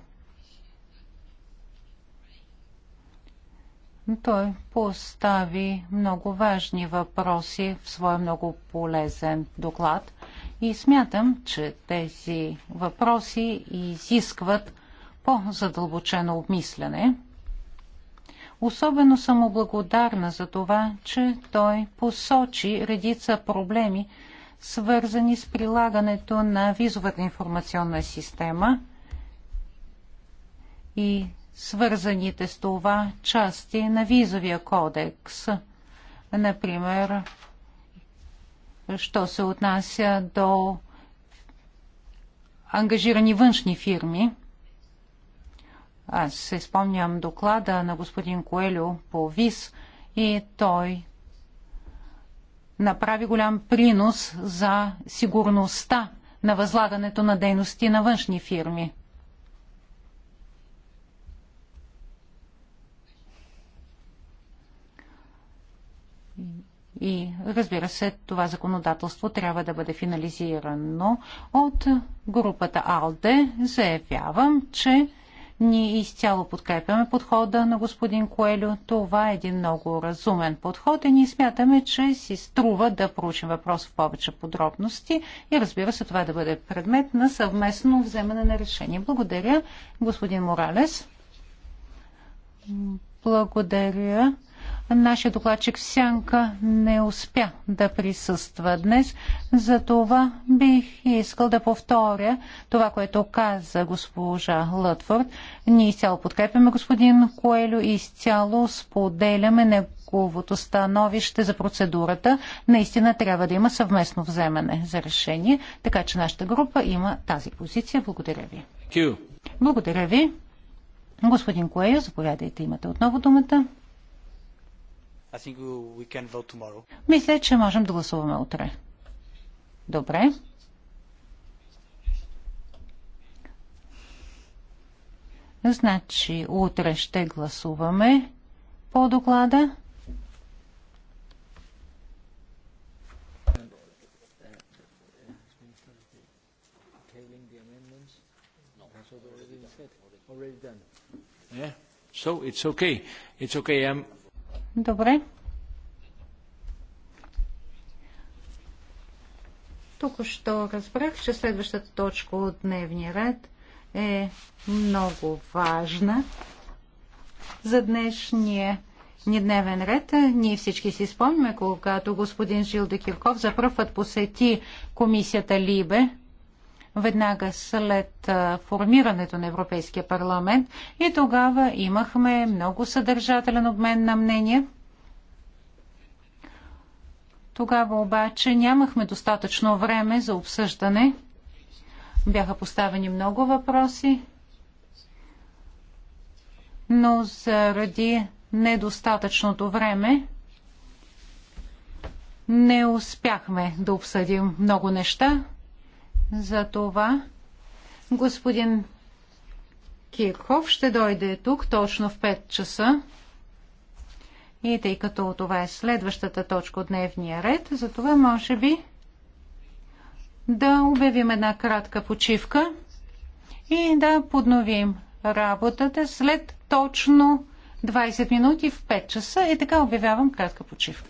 Той постави много важни въпроси в своя много полезен доклад. И смятам, че тези въпроси изискват по-задълбочено обмисляне. Особено съм благодарна за това, че той посочи редица проблеми, свързани с прилагането на визовата информационна система и свързаните с това части на визовия кодекс, например що се отнася до ангажирани външни фирми. Аз се спомням доклада на господин Коелю по ВИС и той направи голям принос за сигурността на възлагането на дейности на външни фирми – И разбира се, това законодателство трябва да бъде финализирано от групата АЛДЕ. Заявявам, че ние изцяло подкрепяме подхода на господин Коелю. Това е един много разумен подход и ние смятаме, че си струва да проучим въпрос в повече подробности и разбира се това да бъде предмет на съвместно вземане на решение. Благодаря, господин Моралес. Благодаря. Нашия докладчик в Сянка не успя да присъства днес. За това бих искал да повторя това, което каза госпожа Лътфорд. Ние изцяло подкрепяме господин Коелю и изцяло споделяме неговото становище за процедурата. Наистина трябва да има съвместно вземане за решение, така че нашата група има тази позиция. Благодаря ви. Благодаря ви. Господин Коелю, заповядайте, имате отново думата. Мисля, че можем да гласуваме утре. Добре. Значи, утре ще гласуваме по доклада. Yeah. So it's okay. It's okay. I'm Добре. Тук що разбрах, че следващата точка от дневния ред е много важна за днешния ни дневен ред. Ние всички си спомняме, когато господин Жилде Декирков за първ път посети комисията Либе – веднага след формирането на Европейския парламент и тогава имахме много съдържателен обмен на мнения. Тогава обаче нямахме достатъчно време за обсъждане. Бяха поставени много въпроси, но заради недостатъчното време не успяхме да обсъдим много неща. За това господин Кирхов ще дойде тук точно в 5 часа. И тъй като това е следващата точка от дневния ред, за това може би да обявим една кратка почивка и да подновим работата след точно 20 минути в 5 часа. И така обявявам кратка почивка.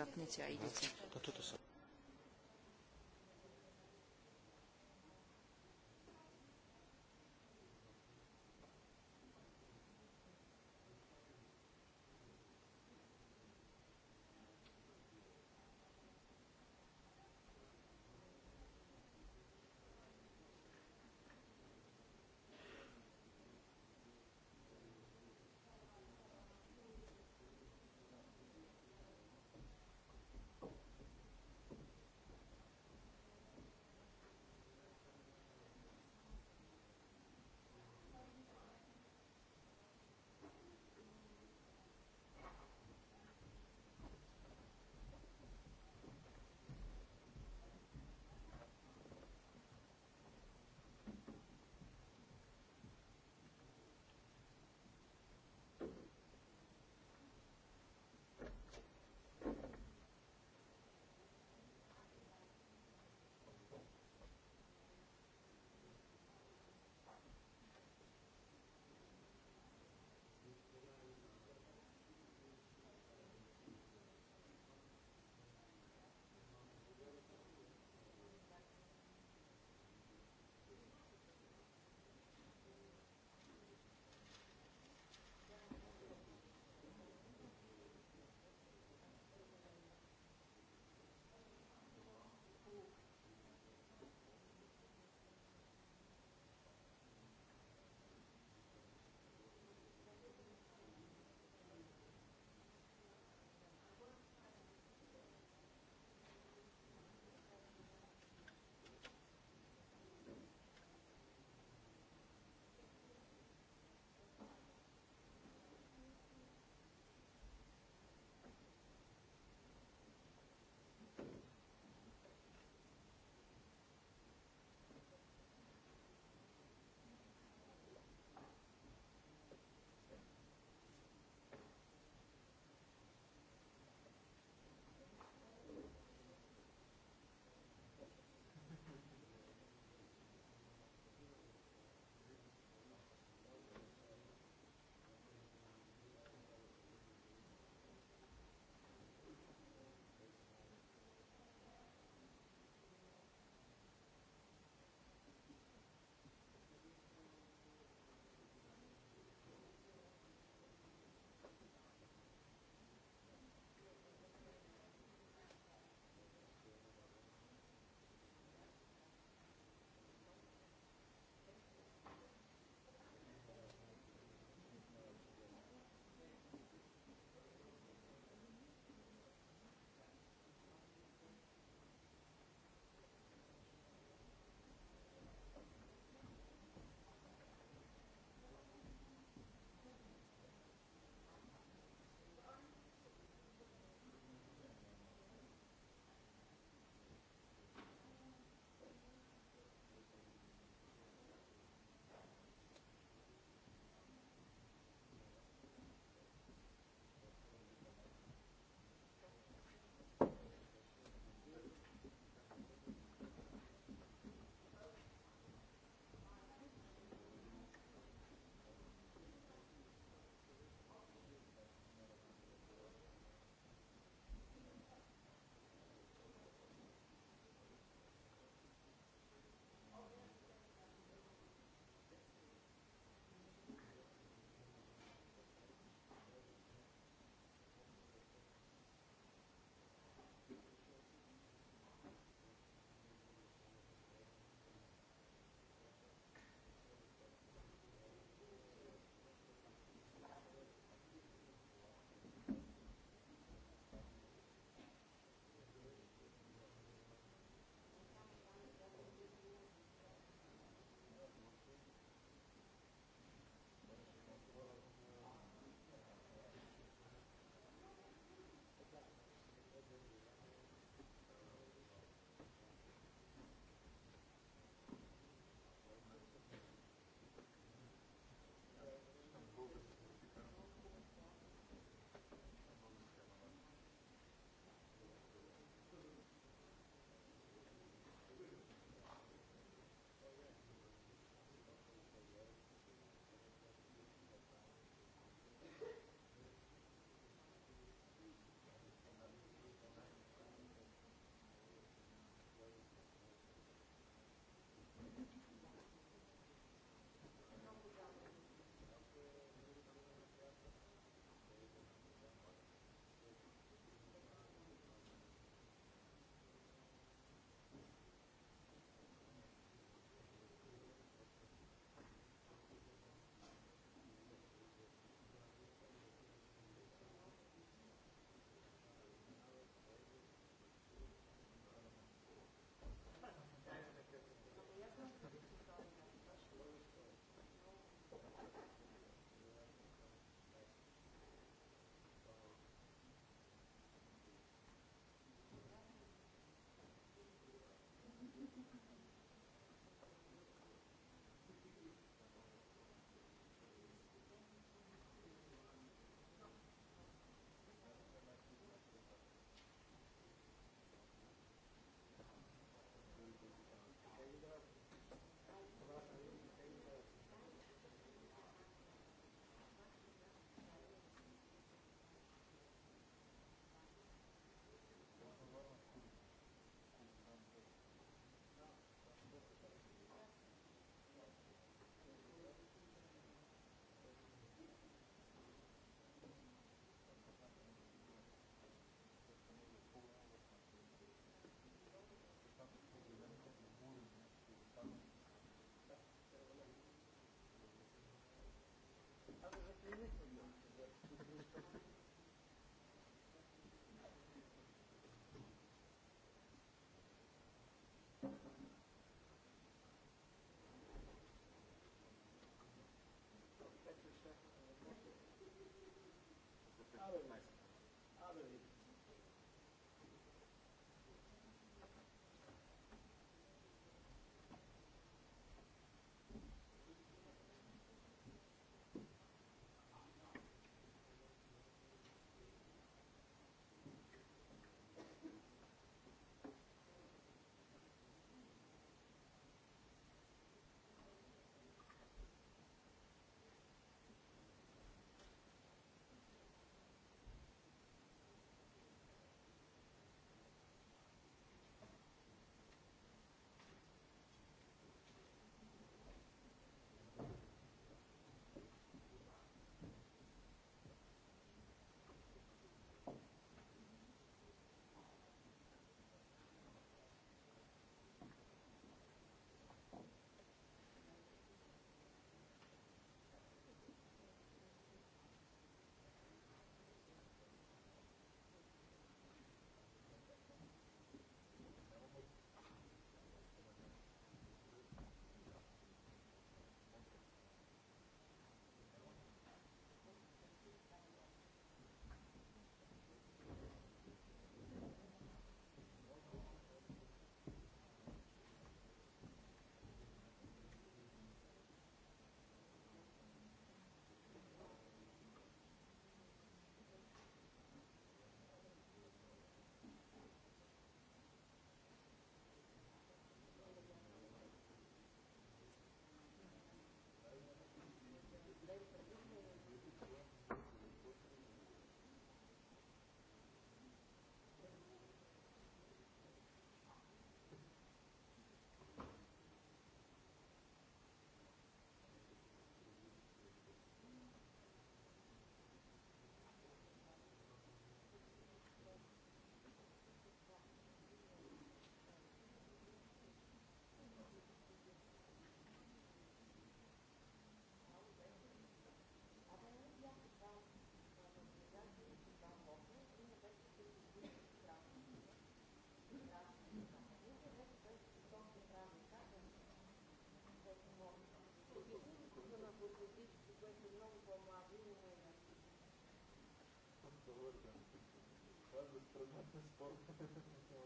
zapnięcia i decyzji. Това е безпредметен спор. Това е безпредметен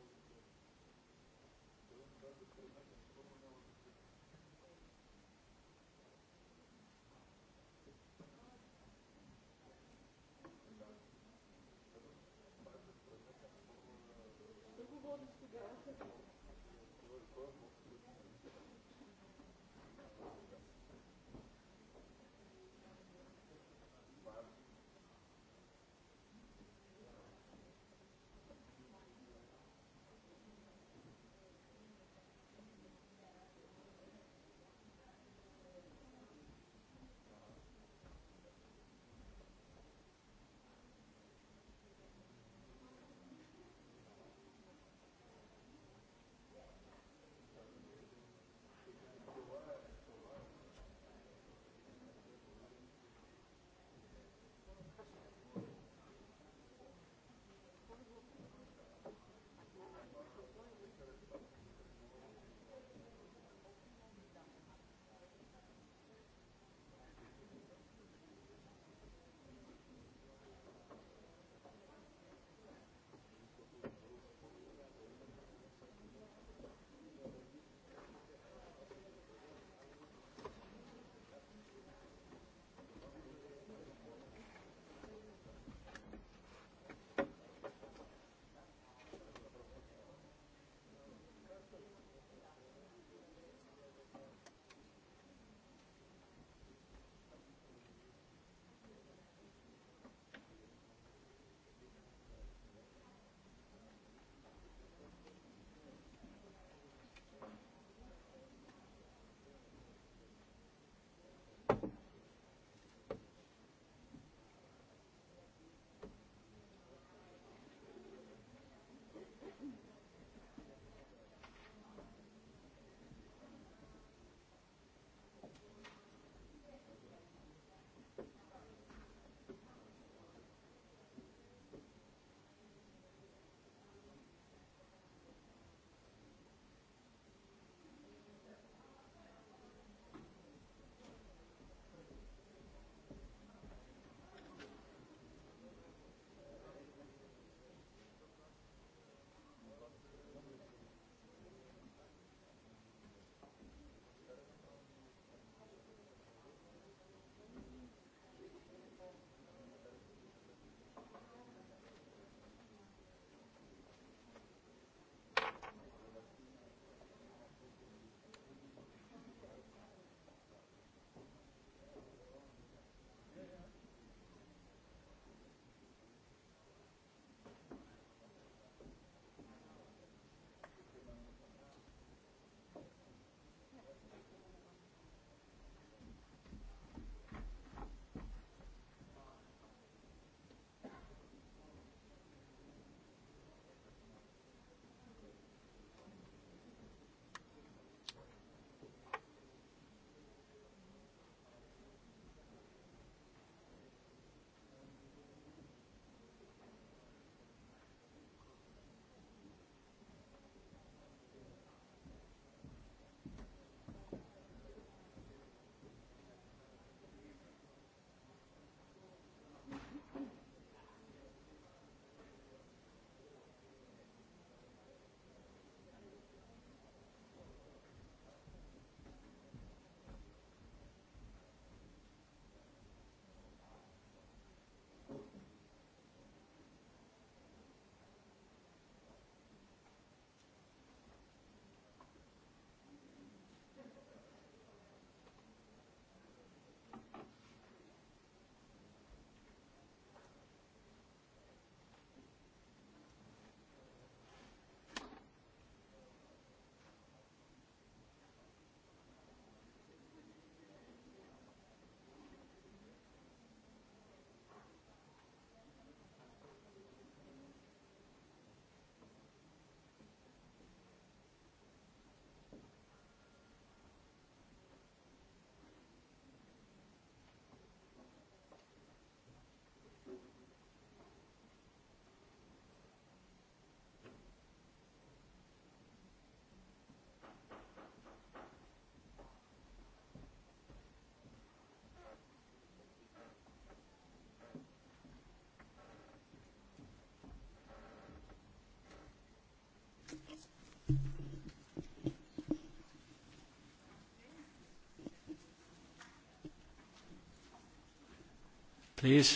Please,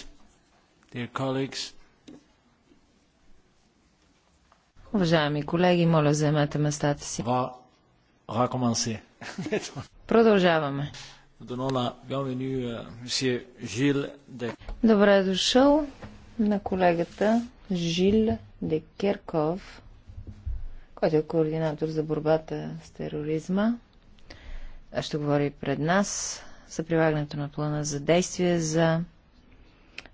dear colleagues. Уважаеми колеги, моля заемете местата си. Продължаваме. Euh, Добре е дошъл на колегата Жил Декерков, който е координатор за борбата с тероризма. Ще говори пред нас за прилагането на плана за действие за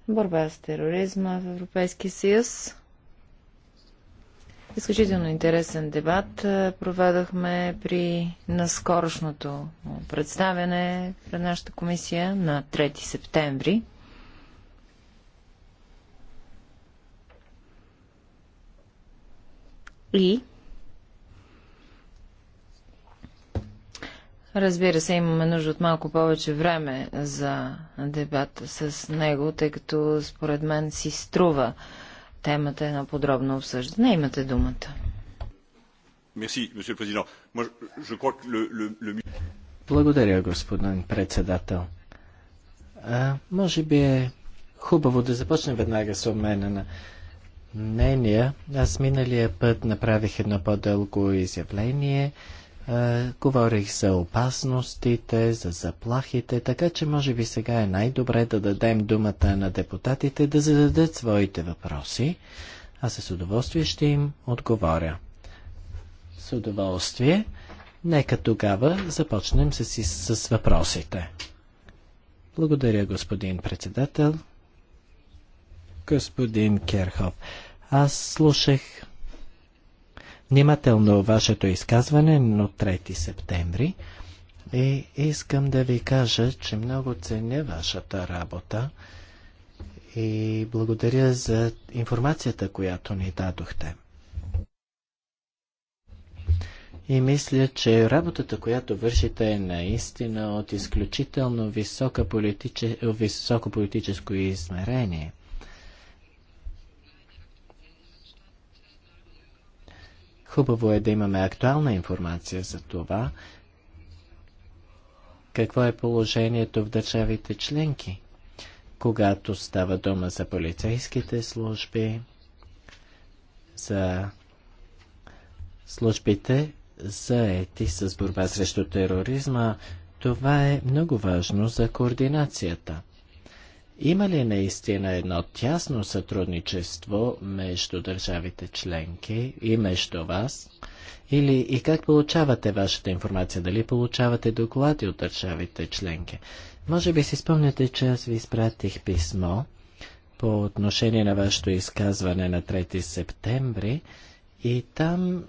борба с тероризма в Европейския съюз. Изключително интересен дебат проведахме при наскорошното представяне пред нашата комисия на 3 септември. И Разбира се, имаме нужда от малко повече време за дебат с него, тъй като според мен си струва темата е на подробно обсъждане. Имате думата. Благодаря, господин председател. А, може би е хубаво да започнем веднага с обмена на мнения. Аз миналия път направих едно по-дълго изявление. Е, говорих за опасностите, за заплахите, така че може би сега е най-добре да дадем думата на депутатите да зададат своите въпроси. Аз с удоволствие ще им отговоря. С удоволствие. Нека тогава започнем с, с, с въпросите. Благодаря, господин председател. Господин Керхов, аз слушах внимателно вашето изказване, на 3 септември. И искам да ви кажа, че много ценя вашата работа и благодаря за информацията, която ни дадохте. И мисля, че работата, която вършите е наистина от изключително високо, политиче, високо политическо измерение – Хубаво е да имаме актуална информация за това, какво е положението в държавите членки, когато става дума за полицейските служби, за службите заети с борба срещу тероризма. Това е много важно за координацията – има ли наистина едно тясно сътрудничество между държавите членки и между вас? Или и как получавате вашата информация? Дали получавате доклади от държавите членки? Може би си спомняте, че аз ви изпратих писмо по отношение на вашето изказване на 3 септември и там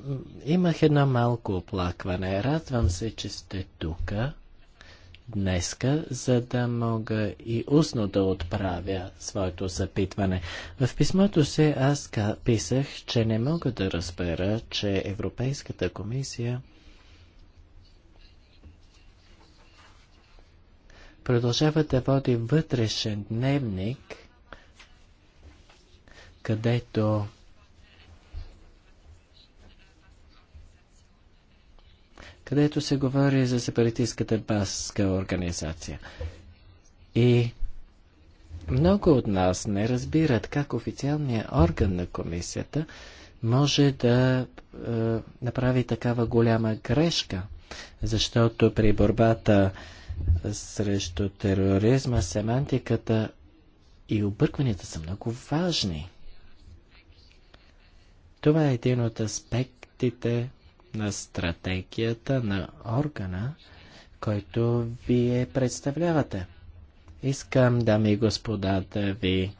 имах едно малко оплакване. Радвам се, че сте тука днеска, за да мога и устно да отправя своето запитване. В писмото си аз писах, че не мога да разбера, че Европейската комисия продължава да води вътрешен дневник, където където се говори за сепаратистската баска организация. И много от нас не разбират как официалният орган на комисията може да е, направи такава голяма грешка, защото при борбата срещу тероризма, семантиката и объркванията са много важни. Това е един от аспектите на стратегията на органа, който вие представлявате. Искам, дами и господа, да ви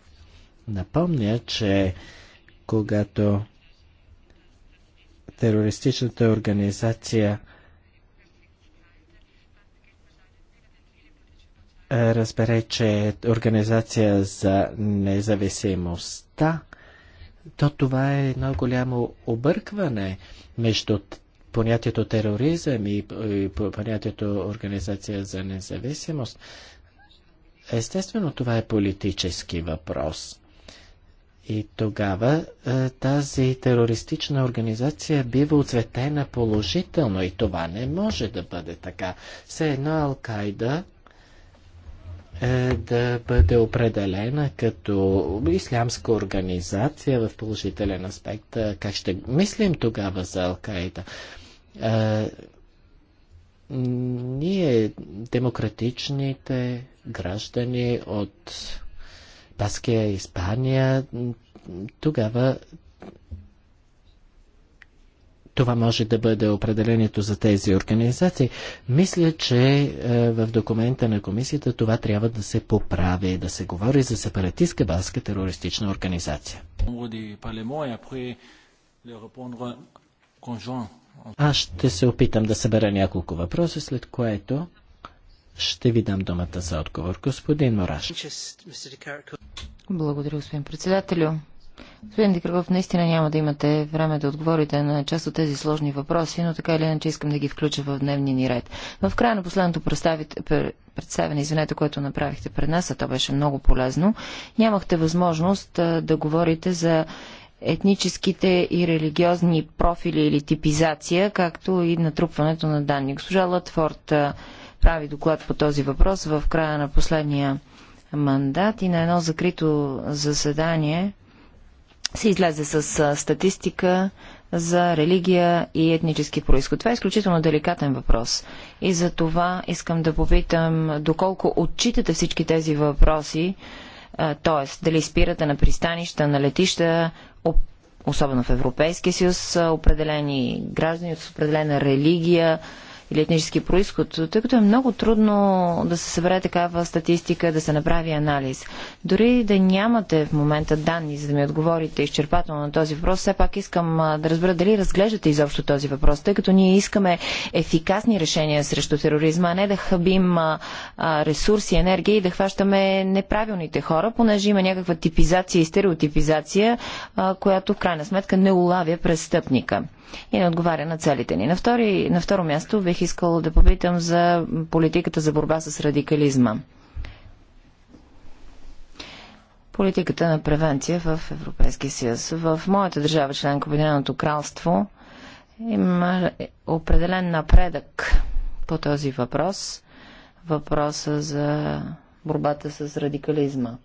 напомня, че когато терористичната организация разбере, че е организация за независимостта, то това е едно голямо объркване между понятието тероризъм и, и понятието организация за независимост. Естествено, това е политически въпрос. И тогава е, тази терористична организация бива оцветена положително и това не може да бъде така. Все едно Алкайда е, да бъде определена като ислямска организация в положителен аспект. Е, как ще мислим тогава за Алкаида? Е, ние, демократичните граждани от Баския, Испания, тогава това може да бъде определението за тези организации. Мисля, че е, в документа на комисията това трябва да се поправи, да се говори за сепаратистка баска терористична организация. Аз ще се опитам да събера няколко въпроса, след което ще ви дам думата за отговор. Господин Мораш. Благодаря, господин председателю. Господин Дикръгов, наистина няма да имате време да отговорите на част от тези сложни въпроси, но така или иначе искам да ги включа в дневния ни ред. В края на последното представяне, извинете, което направихте пред нас, а то беше много полезно, нямахте възможност да говорите за етническите и религиозни профили или типизация, както и натрупването на данни. Госпожа Латфорд прави доклад по този въпрос в края на последния мандат и на едно закрито заседание се излезе с статистика за религия и етнически происход. Това е изключително деликатен въпрос. И за това искам да попитам доколко отчитате всички тези въпроси, т.е. дали спирате на пристанища, на летища, особено в Европейския съюз, определени граждани с определена религия, или етнически происход, тъй като е много трудно да се събере такава статистика, да се направи анализ. Дори да нямате в момента данни, за да ми отговорите изчерпателно на този въпрос, все пак искам да разбера дали разглеждате изобщо този въпрос, тъй като ние искаме ефикасни решения срещу тероризма, а не да хабим ресурси, енергия и да хващаме неправилните хора, понеже има някаква типизация и стереотипизация, която в крайна сметка не улавя престъпника и не отговаря на целите ни. На, втори, на второ място бих искал да попитам за политиката за борба с радикализма. Политиката на превенция в Европейския съюз. В моята държава, член Обединеното кралство, има определен напредък по този въпрос. Въпроса за борбата с радикализма.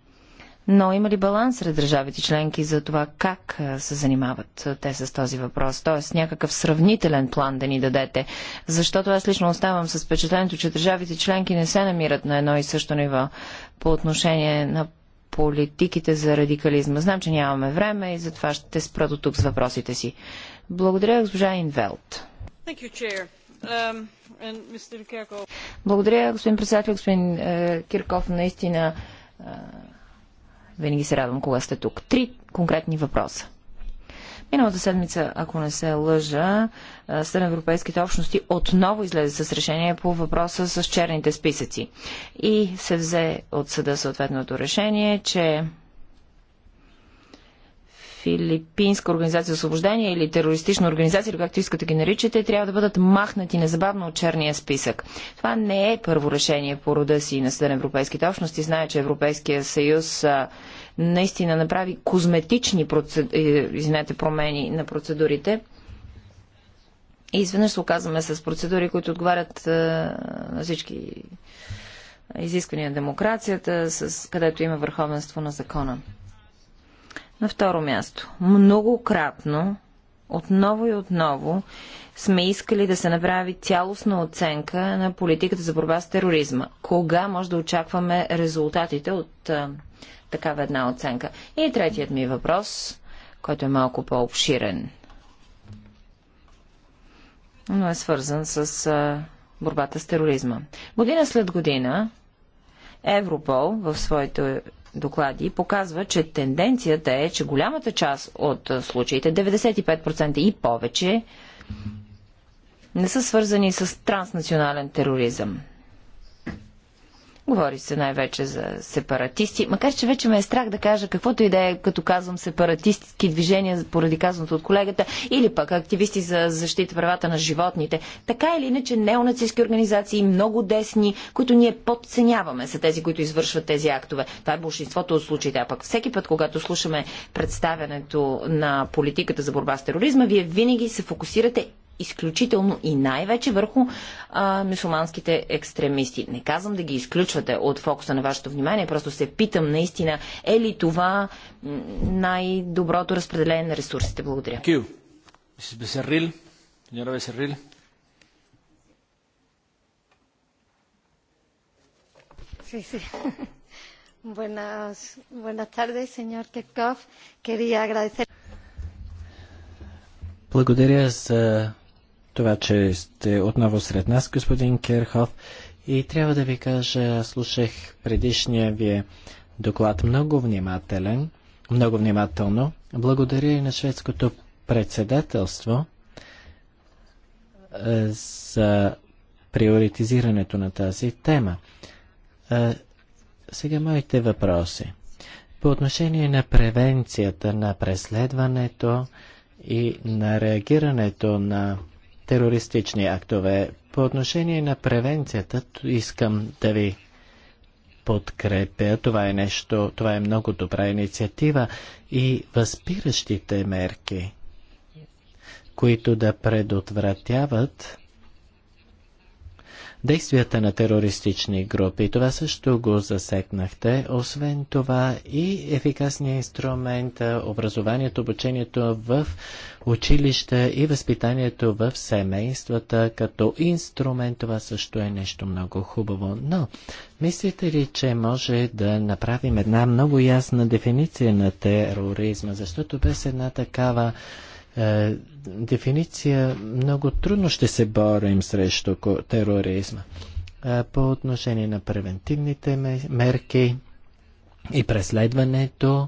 Но има ли баланс сред държавите членки за това как се занимават те с този въпрос? Тоест някакъв сравнителен план да ни дадете. Защото аз лично оставам с впечатлението, че държавите членки не се намират на едно и също ниво по отношение на политиките за радикализма. Знам, че нямаме време и затова ще спра до тук с въпросите си. Благодаря, госпожа Инвелт. Um, Благодаря, господин председател, господин е, Кирков. Наистина е, винаги се радвам, кога сте тук. Три конкретни въпроса. Миналата седмица, ако не се лъжа, Съд Европейските общности отново излезе с решение по въпроса с черните списъци. И се взе от съда съответното решение, че филипинска организация за освобождение или терористична организация, или както искате ги наричате, трябва да бъдат махнати незабавно от черния списък. Това не е първо решение по рода си на Съда Европейските общности. Знае, че Европейския съюз наистина направи козметични процед... Е, извинете, промени на процедурите. И изведнъж се оказваме с процедури, които отговарят на всички изисквания на демокрацията, с, където има върховенство на закона. На второ място, многократно, отново и отново, сме искали да се направи цялостна оценка на политиката за борба с тероризма. Кога може да очакваме резултатите от а, такава една оценка? И третият ми въпрос, който е малко по-обширен, но е свързан с а, борбата с тероризма. Година след година Европол в своите доклади показва, че тенденцията е, че голямата част от случаите, 95% и повече, не са свързани с транснационален тероризъм. Говори се най-вече за сепаратисти, макар че вече ме е страх да кажа каквото идея, като казвам сепаратистски движения, поради казаното от колегата, или пък активисти за защита правата на животните. Така или иначе неонацистски организации, много десни, които ние подценяваме, са тези, които извършват тези актове. Това е большинството от случаите. А пък всеки път, когато слушаме представянето на политиката за борба с тероризма, вие винаги се фокусирате изключително и най-вече върху а, мусулманските екстремисти. Не казвам да ги изключвате от фокуса на вашето внимание, просто се питам наистина е ли това най-доброто разпределение на ресурсите. Благодаря. Благодаря за това, че сте отново сред нас, господин Керхов. И трябва да ви кажа, слушах предишния ви доклад много внимателен, много внимателно. Благодаря и на шведското председателство е, за приоритизирането на тази тема. Е, сега моите въпроси. По отношение на превенцията, на преследването и на реагирането на терористични актове. По отношение на превенцията, искам да ви подкрепя. Това е нещо, това е много добра инициатива и възпиращите мерки, които да предотвратяват действията на терористични групи. Това също го засекнахте. Освен това и ефикасния инструмент, образованието, обучението в училища и възпитанието в семействата като инструмент, това също е нещо много хубаво. Но, мислите ли, че може да направим една много ясна дефиниция на тероризма, защото без една такава е, дефиниция много трудно ще се борим срещу тероризма. По отношение на превентивните мерки и преследването,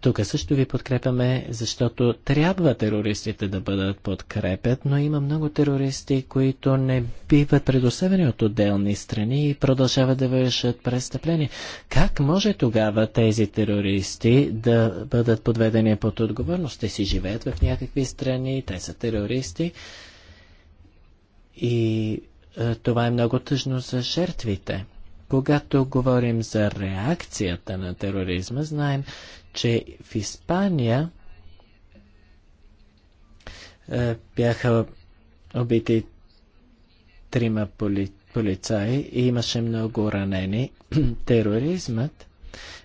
тук също ви подкрепяме, защото трябва терористите да бъдат подкрепят, но има много терористи, които не биват предоставени от отделни страни и продължават да вършат престъпления. Как може тогава тези терористи да бъдат подведени под отговорност? Те си живеят в някакви страни, те са терористи и е, това е много тъжно за жертвите. Когато говорим за реакцията на тероризма, знаем, че в Испания е, бяха убити трима поли, полицаи и имаше много ранени. Тероризмът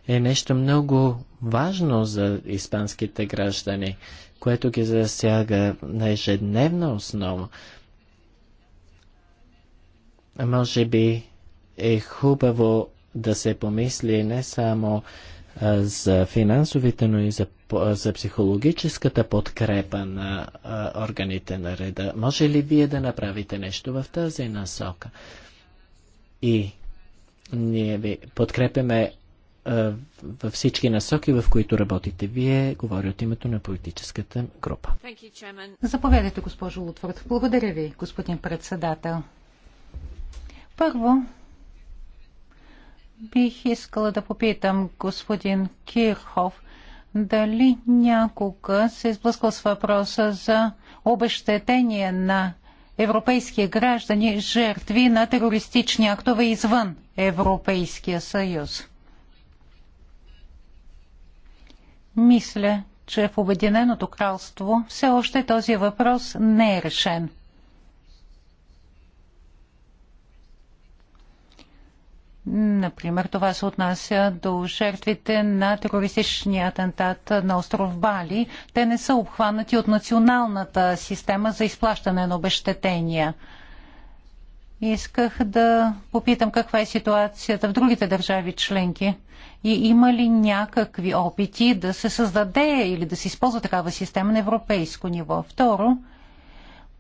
е нещо много важно за испанските граждани, което ги засяга на ежедневна основа. Може би е хубаво да се помисли не само за финансовите, но и за, за психологическата подкрепа на а, органите на реда. Може ли вие да направите нещо в тази насока? И ние ви подкрепяме във всички насоки, в които работите. Вие говори от името на политическата група. Заповядайте, госпожо Лутвард. Благодаря ви, господин председател. Първо, Бих искала да попитам господин Кирхов дали някога се изблъсква е с въпроса за обещетение на европейски граждани, жертви на терористични актове извън Европейския съюз. Мисля, че в Обединеното кралство все още този въпрос не е решен. Например, това се отнася до жертвите на терористичния атентат на остров Бали. Те не са обхванати от националната система за изплащане на обещетения. Исках да попитам каква е ситуацията в другите държави членки и има ли някакви опити да се създаде или да се използва такава система на европейско ниво. Второ,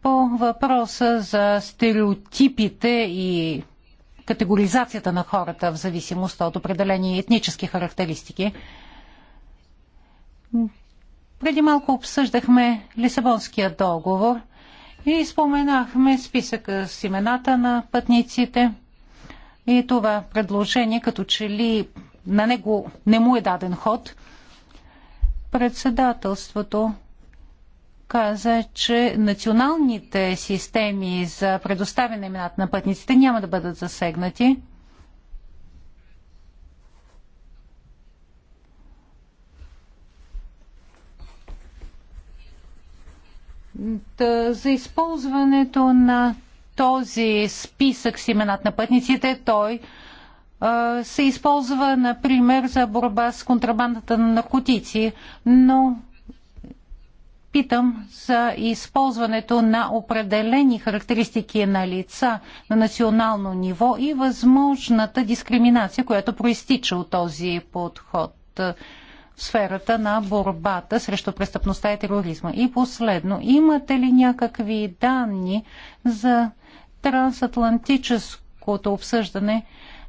по въпроса за стереотипите и категоризацията на хората в зависимост от определени етнически характеристики. Преди малко обсъждахме Лисабонския договор и споменахме списъка с имената на пътниците. И това предложение, като че ли на него не му е даден ход, председателството каза, че националните системи за предоставяне имената на пътниците няма да бъдат засегнати. За използването на този списък с имената на пътниците, той се използва, например, за борба с контрабандата на наркотици, но питам за използването на определени характеристики на лица на национално ниво и възможната дискриминация, която проистича от този подход е, в сферата на борбата срещу престъпността и тероризма. И последно, имате ли някакви данни за трансатлантическото обсъждане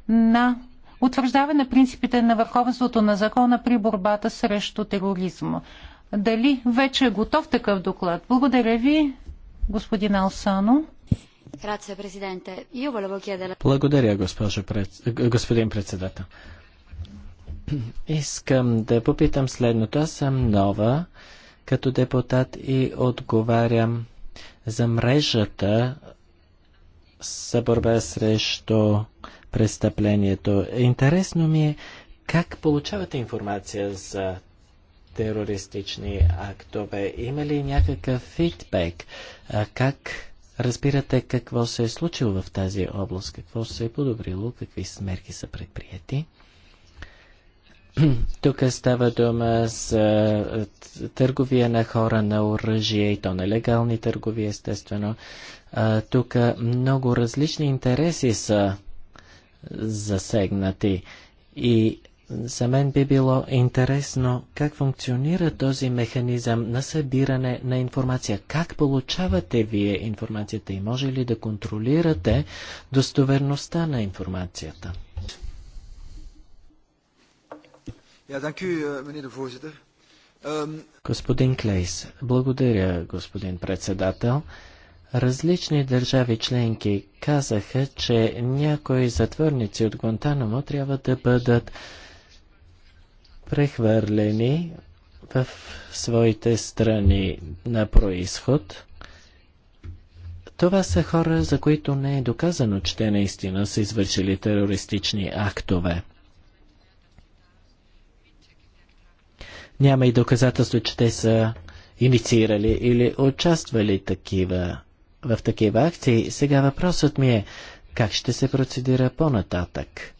на утвърждаване на принципите на върховенството на закона при борбата срещу тероризма дали вече е готов такъв доклад. Благодаря ви, господин Алсано. Благодаря, госпожо, господин председател. Искам да попитам следното. Аз съм нова като депутат и отговарям за мрежата за борба срещу престъплението. Интересно ми е как получавате информация за терористични актове. Има ли някакъв фидбек? Как разбирате какво се е случило в тази област? Какво се е подобрило? Какви мерки са предприяти? Тук става дума за търговия на хора на оръжие и то нелегални търгови, естествено. Тук много различни интереси са засегнати и за мен би било интересно как функционира този механизъм на събиране на информация. Как получавате вие информацията и може ли да контролирате достоверността на информацията? Eh, ehm, господин Клейс, благодаря, господин председател. Различни държави членки казаха, че някои затворници от Гонтанамо трябва да бъдат прехвърлени в своите страни на происход. Това са хора, за които не е доказано, че те наистина са извършили терористични актове. Няма и доказателство, че те са инициирали или участвали такива, в такива акции. Сега въпросът ми е, как ще се процедира по-нататък?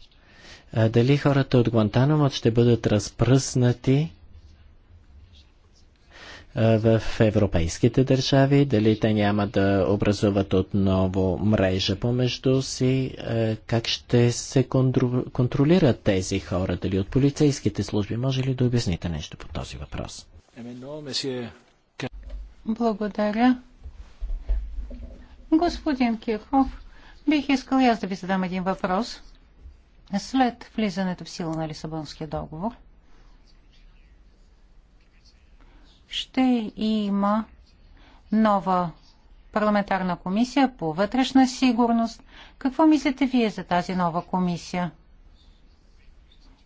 дали хората от Гуантанамо ще бъдат разпръснати в европейските държави, дали те няма да образуват отново мрежа помежду си, как ще се контролират тези хора, дали от полицейските служби. Може ли да обясните нещо по този въпрос? Благодаря. Господин Кирхов, бих искал аз да ви задам един въпрос. След влизането в сила на Лисабонския договор ще има нова парламентарна комисия по вътрешна сигурност. Какво мислите вие за тази нова комисия?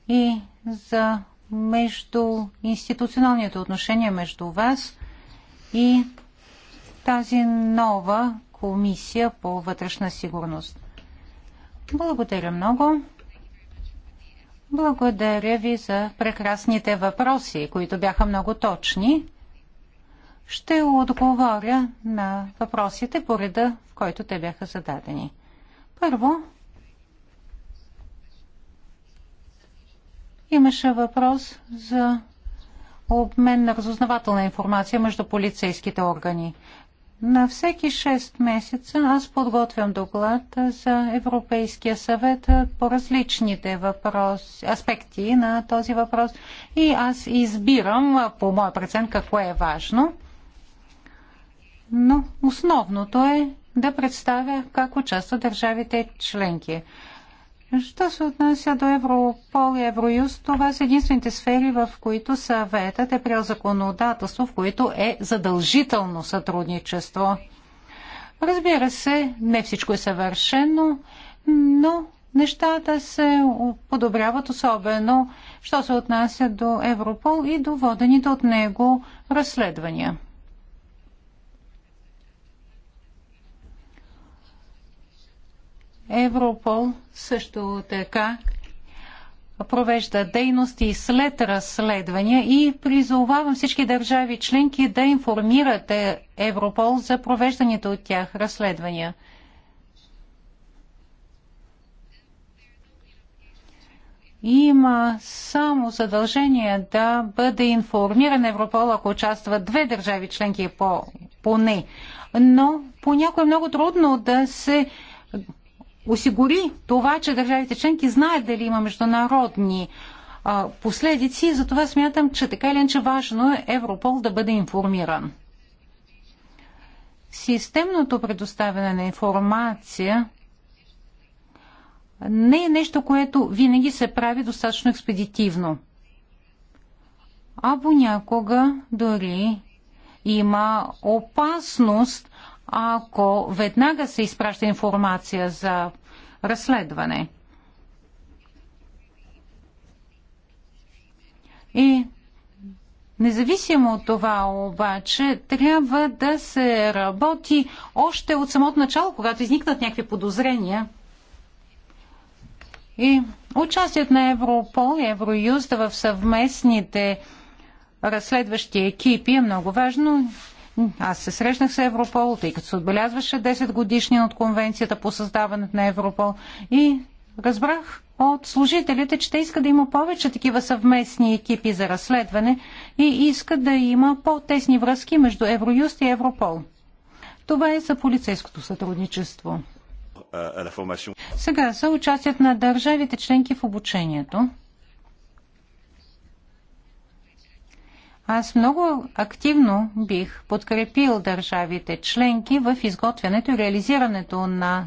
И за между институционалните отношения между вас и тази нова комисия по вътрешна сигурност. Благодаря много. Благодаря ви за прекрасните въпроси, които бяха много точни. Ще отговоря на въпросите по реда, в който те бяха зададени. Първо, имаше въпрос за обмен на разузнавателна информация между полицейските органи. На всеки 6 месеца аз подготвям доклад за Европейския съвет по различните въпрос, аспекти на този въпрос и аз избирам по моя преценка кое е важно. Но основното е да представя как участват държавите членки. Що се отнася до Европол и Евроюз, това са единствените сфери, в които съветът е приял законодателство, в които е задължително сътрудничество. Разбира се, не всичко е съвършено, но нещата се подобряват особено, що се отнася до Европол и до водените от него разследвания. Европол също така провежда дейности след разследвания и призовавам всички държави членки да информират Европол за провежданите от тях разследвания. Има само задължение да бъде информиран Европол, ако участват две държави членки по, поне. Но понякога е много трудно да се осигури това, че държавите членки знаят дали има международни а, последици затова смятам, че така или иначе важно е Европол да бъде информиран. Системното предоставяне на информация не е нещо, което винаги се прави достатъчно експедитивно. А понякога дори има опасност ако веднага се изпраща информация за разследване. И Независимо от това обаче, трябва да се работи още от самото начало, когато изникнат някакви подозрения. И участието на Европол и Евроюст в съвместните разследващи екипи е много важно. Аз се срещнах с Европол, тъй като се отбелязваше 10 годишни от конвенцията по създаването на Европол и разбрах от служителите, че те искат да има повече такива съвместни екипи за разследване и искат да има по-тесни връзки между Евроюст и Европол. Това е за полицейското сътрудничество. Сега за участието на държавите членки в обучението. Аз много активно бих подкрепил държавите членки в изготвянето и реализирането на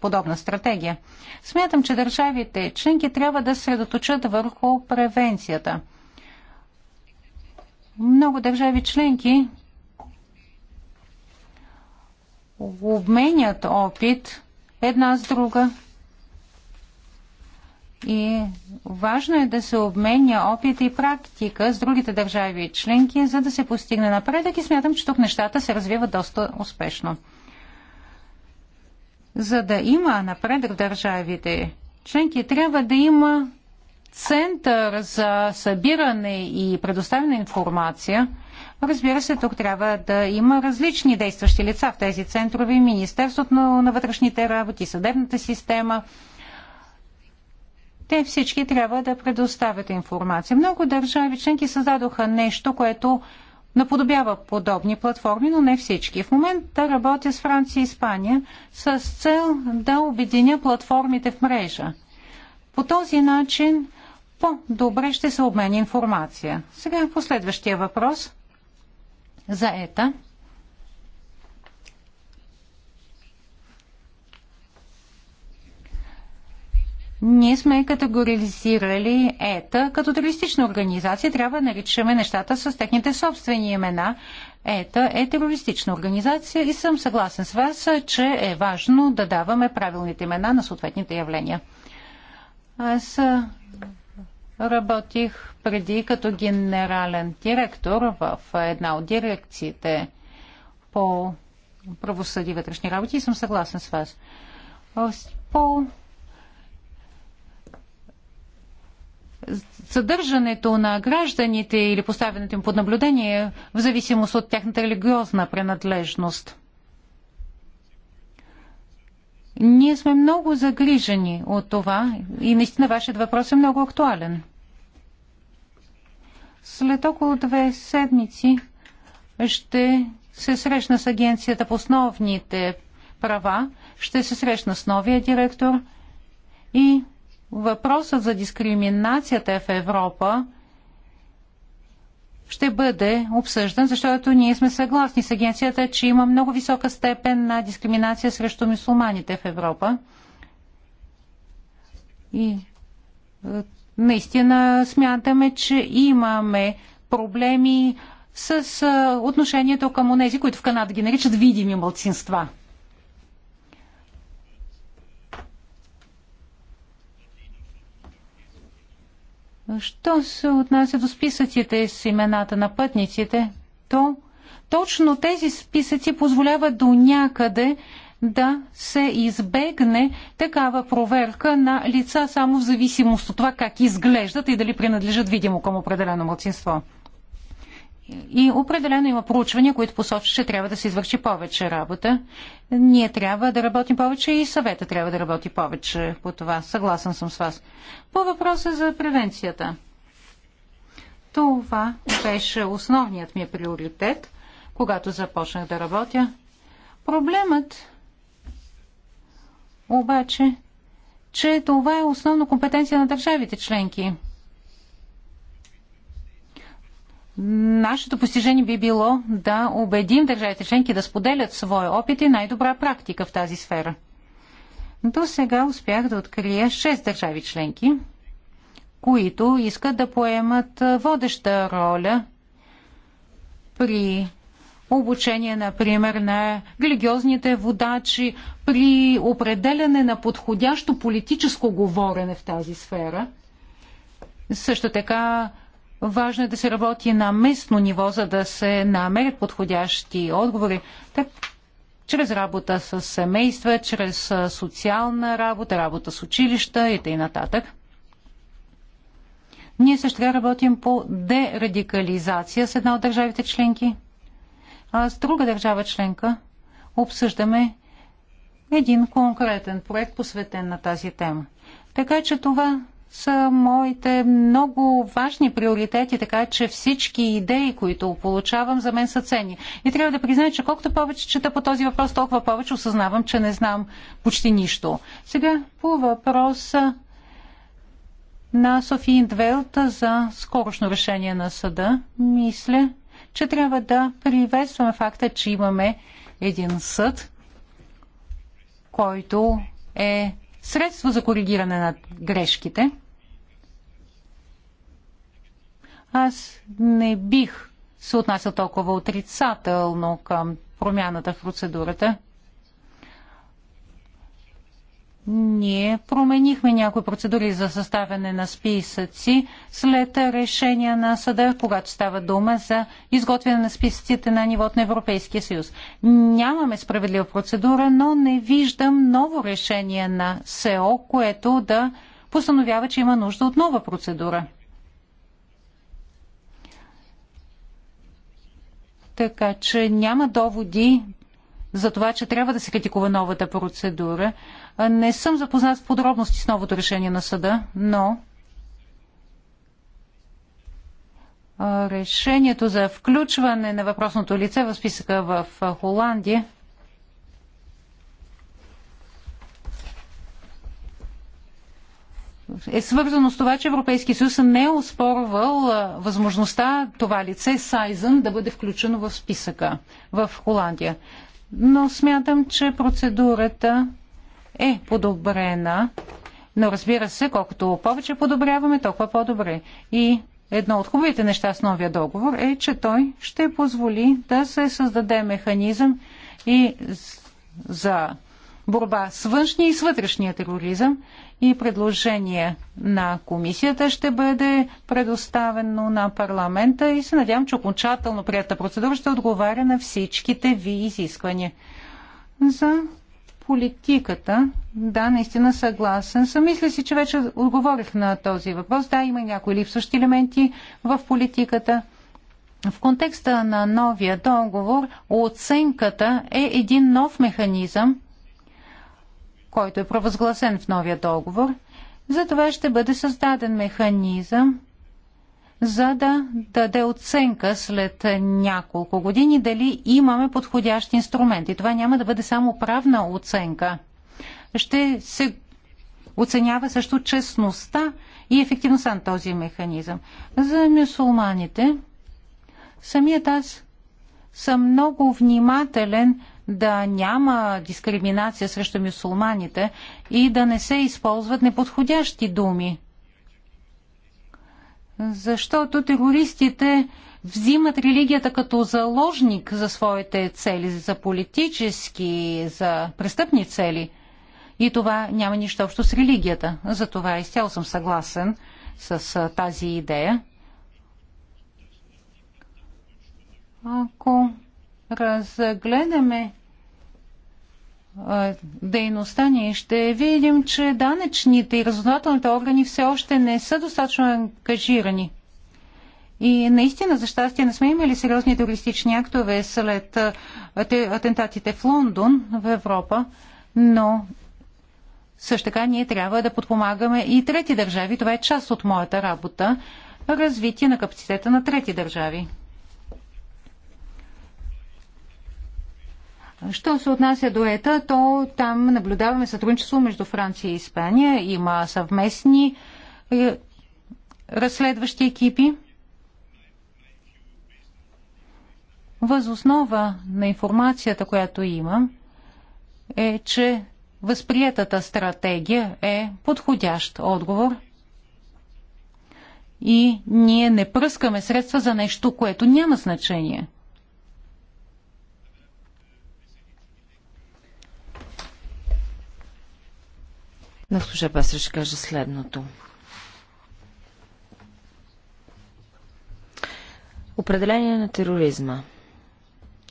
подобна стратегия. Смятам, че държавите членки трябва да се средоточат върху превенцията. Много държави членки обменят опит една с друга и важно е да се обменя опит и практика с другите държави и членки, за да се постигне напредък и смятам, че тук нещата се развиват доста успешно. За да има напредък в държавите членки, трябва да има център за събиране и предоставяне информация. Разбира се, тук трябва да има различни действащи лица в тези центрови, Министерството на вътрешните работи, съдебната система – те всички трябва да предоставят информация. Много държави членки създадоха нещо, което наподобява подобни платформи, но не всички. В момента работя с Франция и Испания с цел да обединя платформите в мрежа. По този начин по-добре ще се обмени информация. Сега последващия въпрос за ета. Ние сме категоризирали ЕТА като терористична организация. Трябва да наричаме нещата с техните собствени имена. ЕТА е терористична организация и съм съгласен с вас, че е важно да даваме правилните имена на съответните явления. Аз работих преди като генерален директор в една от дирекциите по правосъди вътрешни работи и съм съгласен с вас. По съдържането на гражданите или поставянето им под наблюдение в зависимост от тяхната религиозна принадлежност. Ние сме много загрижени от това и наистина вашият въпрос е много актуален. След около две седмици ще се срещна с Агенцията по основните права, ще се срещна с новия директор и въпросът за дискриминацията в Европа ще бъде обсъждан, защото ние сме съгласни с агенцията, че има много висока степен на дискриминация срещу мусулманите в Европа. И е, наистина смятаме, че имаме проблеми с е, отношението към онези, които в Канада ги наричат видими мълцинства. Що се отнася до списъците с имената на пътниците, то точно тези списъци позволяват до някъде да се избегне такава проверка на лица само в зависимост от това как изглеждат и дали принадлежат видимо към определено младсинство. И определено има проучвания, които посочва, че трябва да се извърши повече работа. Ние трябва да работим повече и съвета трябва да работи повече по това. Съгласен съм с вас. По въпроса за превенцията. Това беше основният ми е приоритет, когато започнах да работя. Проблемът обаче, че това е основна компетенция на държавите членки. Нашето постижение би било да убедим държавите членки да споделят своя опит и най-добра практика в тази сфера. До сега успях да открия 6 държави членки, които искат да поемат водеща роля при обучение, например, на религиозните водачи, при определяне на подходящо политическо говорене в тази сфера. Също така Важно е да се работи на местно ниво, за да се намерят подходящи отговори. Так, чрез работа с семейства, чрез социална работа, работа с училища и т.н. Ние също така работим по дерадикализация с една от държавите членки. А с друга държава членка обсъждаме един конкретен проект, посветен на тази тема. Така че това са моите много важни приоритети, така че всички идеи, които получавам, за мен са ценни. И трябва да призная, че колкото повече чета по този въпрос, толкова повече осъзнавам, че не знам почти нищо. Сега по въпроса на София Индвелта за скорошно решение на съда, мисля, че трябва да приветстваме факта, че имаме един съд, който е средство за коригиране на грешките – Аз не бих се отнасял толкова отрицателно към промяната в процедурата. Ние променихме някои процедури за съставяне на списъци след решение на съда, когато става дума за изготвяне на списъците на нивото на Европейския съюз. Нямаме справедлива процедура, но не виждам ново решение на СЕО, което да постановява, че има нужда от нова процедура. Така че няма доводи за това, че трябва да се критикува новата процедура. Не съм запознат с подробности с новото решение на съда, но решението за включване на въпросното лице в списъка в Холандия е свързано с това, че Европейския съюз не е оспорвал възможността това лице Сайзън да бъде включено в списъка в Холандия. Но смятам, че процедурата е подобрена. Но разбира се, колкото повече подобряваме, толкова по-добре. И едно от хубавите неща с новия договор е, че той ще позволи да се създаде механизъм и за борба с външния и с вътрешния тероризъм и предложение на комисията ще бъде предоставено на парламента и се надявам, че окончателно прията процедура ще отговаря на всичките ви изисквания. За политиката, да, наистина съгласен съм. Мисля си, че вече отговорих на този въпрос. Да, има някои липсващи елементи в политиката. В контекста на новия договор оценката е един нов механизъм, който е провъзгласен в новия договор. За това ще бъде създаден механизъм, за да даде оценка след няколко години дали имаме подходящ инструмент. И това няма да бъде само правна оценка. Ще се оценява също честността и ефективността на този механизъм. За мюсулманите, самият аз съм много внимателен да няма дискриминация срещу мюсулманите и да не се използват неподходящи думи. Защото терористите взимат религията като заложник за своите цели, за политически, за престъпни цели. И това няма нищо общо с религията. Затова изцяло съм съгласен с тази идея. Ако разгледаме дейността ни, ще видим, че данъчните и разузнавателните органи все още не са достатъчно ангажирани. И наистина, за щастие, не сме имали сериозни терористични актове след атентатите в Лондон, в Европа, но също така ние трябва да подпомагаме и трети държави. Това е част от моята работа. Развитие на капацитета на трети държави. Що се отнася до ЕТА, то там наблюдаваме сътрудничество между Франция и Испания. Има съвместни е, разследващи екипи. Възоснова на информацията, която имам, е, че възприятата стратегия е подходящ отговор и ние не пръскаме средства за нещо, което няма значение. На госпожа Басра ще кажа следното. Определение на тероризма.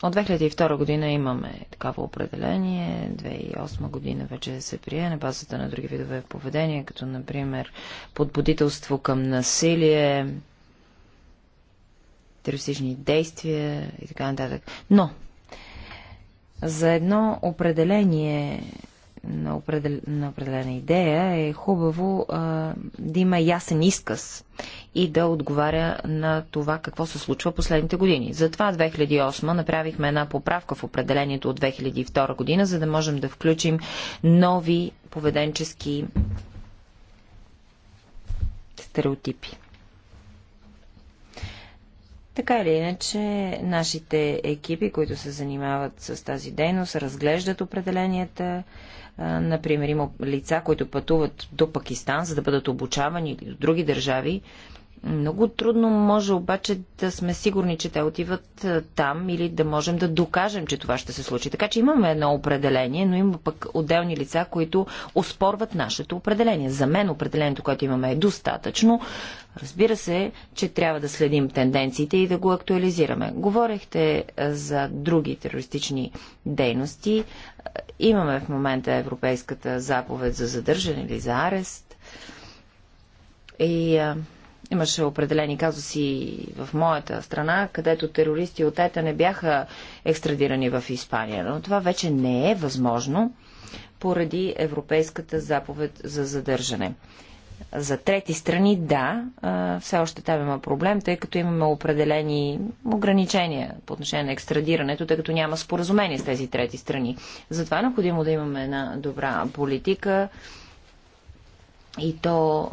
От 2002 година имаме такава определение. 2008 година вече се прие на базата на други видове поведения, като например подбудителство към насилие, терористични действия и така нататък. Но за едно определение на, определ... на определена идея, е хубаво а, да има ясен изказ и да отговаря на това какво се случва последните години. Затова 2008 направихме една поправка в определението от 2002 година, за да можем да включим нови поведенчески стереотипи. Така или иначе, нашите екипи, които се занимават с тази дейност, разглеждат определенията, Например, има лица, които пътуват до Пакистан, за да бъдат обучавани или до други държави много трудно може обаче да сме сигурни, че те отиват там или да можем да докажем, че това ще се случи. Така че имаме едно определение, но има пък отделни лица, които оспорват нашето определение. За мен определението, което имаме е достатъчно. Разбира се, че трябва да следим тенденциите и да го актуализираме. Говорехте за други терористични дейности. Имаме в момента Европейската заповед за задържане или за арест. И Имаше определени казуси в моята страна, където терористи от ЕТА не бяха екстрадирани в Испания, но това вече не е възможно поради Европейската заповед за задържане. За трети страни, да, все още там има проблем, тъй като имаме определени ограничения по отношение на екстрадирането, тъй като няма споразумение с тези трети страни. Затова е необходимо да имаме една добра политика и то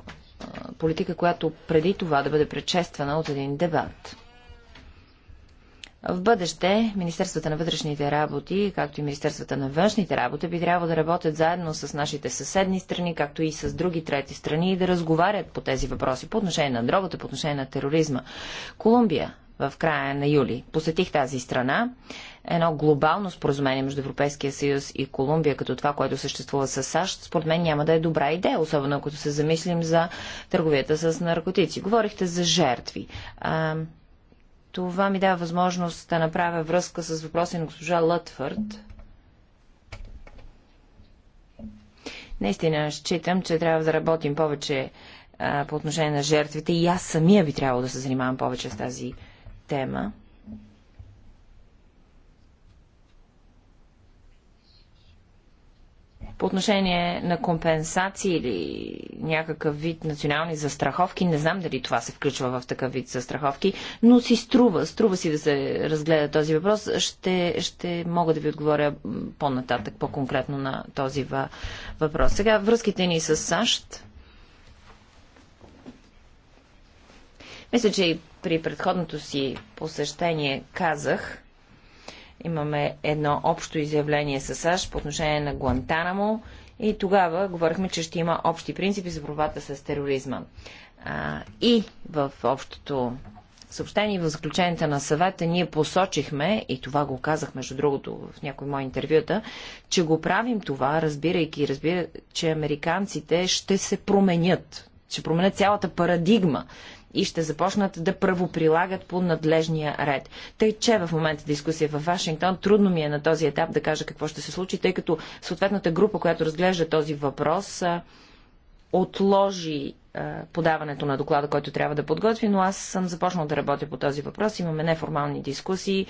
политика, която преди това да бъде предшествана от един дебат. В бъдеще Министерствата на вътрешните работи, както и Министерствата на външните работи, би трябвало да работят заедно с нашите съседни страни, както и с други трети страни и да разговарят по тези въпроси по отношение на дрогата, по отношение на тероризма. Колумбия в края на юли посетих тази страна едно глобално споразумение между Европейския съюз и Колумбия, като това, което съществува с САЩ, според мен няма да е добра идея, особено ако се замислим за търговията с наркотици. Говорихте за жертви. А, това ми дава възможност да направя връзка с въпроси на госпожа Лътвърд. Наистина считам, че трябва да работим повече а, по отношение на жертвите и аз самия би трябвало да се занимавам повече с тази тема. По отношение на компенсации или някакъв вид национални застраховки, не знам дали това се включва в такъв вид застраховки, но си струва, струва си да се разгледа този въпрос. Ще, ще мога да ви отговоря по-нататък, по-конкретно на този въпрос. Сега връзките ни с САЩ. Мисля, че и при предходното си посещение казах, Имаме едно общо изявление с САЩ по отношение на Гуантанамо и тогава говорихме, че ще има общи принципи за борбата с тероризма. А, и в общото съобщение в заключенията на съвета ние посочихме, и това го казах между другото в някои мои интервюта, че го правим това, разбирайки, разбира, че американците ще се променят, ще променят цялата парадигма и ще започнат да правоприлагат по надлежния ред. Тъй, че в момента дискусия в Вашингтон, трудно ми е на този етап да кажа какво ще се случи, тъй като съответната група, която разглежда този въпрос, отложи подаването на доклада, който трябва да подготви, но аз съм започнал да работя по този въпрос. Имаме неформални дискусии,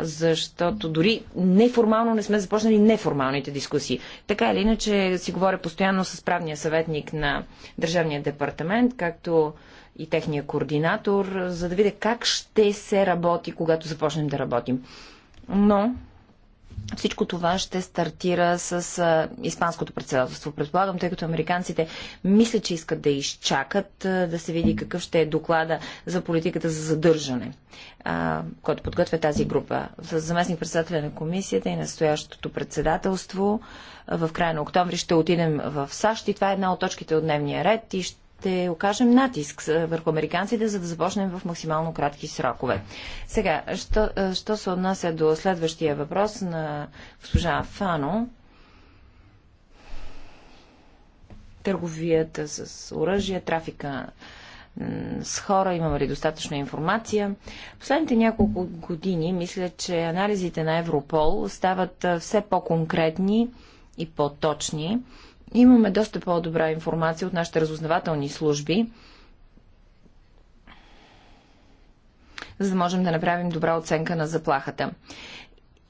защото дори неформално не сме започнали неформалните дискусии. Така или иначе си говоря постоянно с правния съветник на Държавния департамент, както и техния координатор, за да видя как ще се работи, когато започнем да работим. Но всичко това ще стартира с а, испанското председателство. Предполагам, тъй като американците мисля, че искат да изчакат а, да се види какъв ще е доклада за политиката за задържане, а, който подготвя тази група. С заместник председателя на комисията и настоящото председателство а, в края на октомври ще отидем в САЩ и това е една от точките от дневния ред и ще ще окажем натиск върху американците, за да започнем в максимално кратки срокове. Сега, що, що се отнася до следващия въпрос на госпожа Фано, търговията с оръжие, трафика с хора, имаме ли достатъчно информация. Последните няколко години мисля, че анализите на Европол стават все по-конкретни и по-точни. Имаме доста по-добра информация от нашите разузнавателни служби, за да можем да направим добра оценка на заплахата.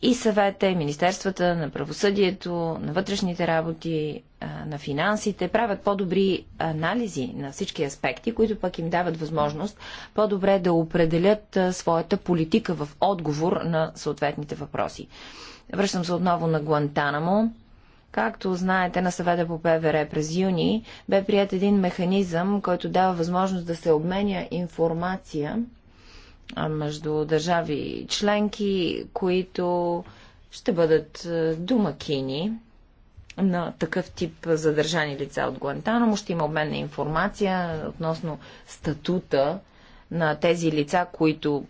И съвета, и Министерствата на правосъдието, на вътрешните работи, на финансите правят по-добри анализи на всички аспекти, които пък им дават възможност по-добре да определят своята политика в отговор на съответните въпроси. Връщам се отново на Гуантанамо. Както знаете, на съвета по ПВР през юни бе прият един механизъм, който дава възможност да се обменя информация между държави членки, които ще бъдат домакини на такъв тип задържани лица от Гуантанамо. Ще има обмен на информация относно статута на тези лица, които,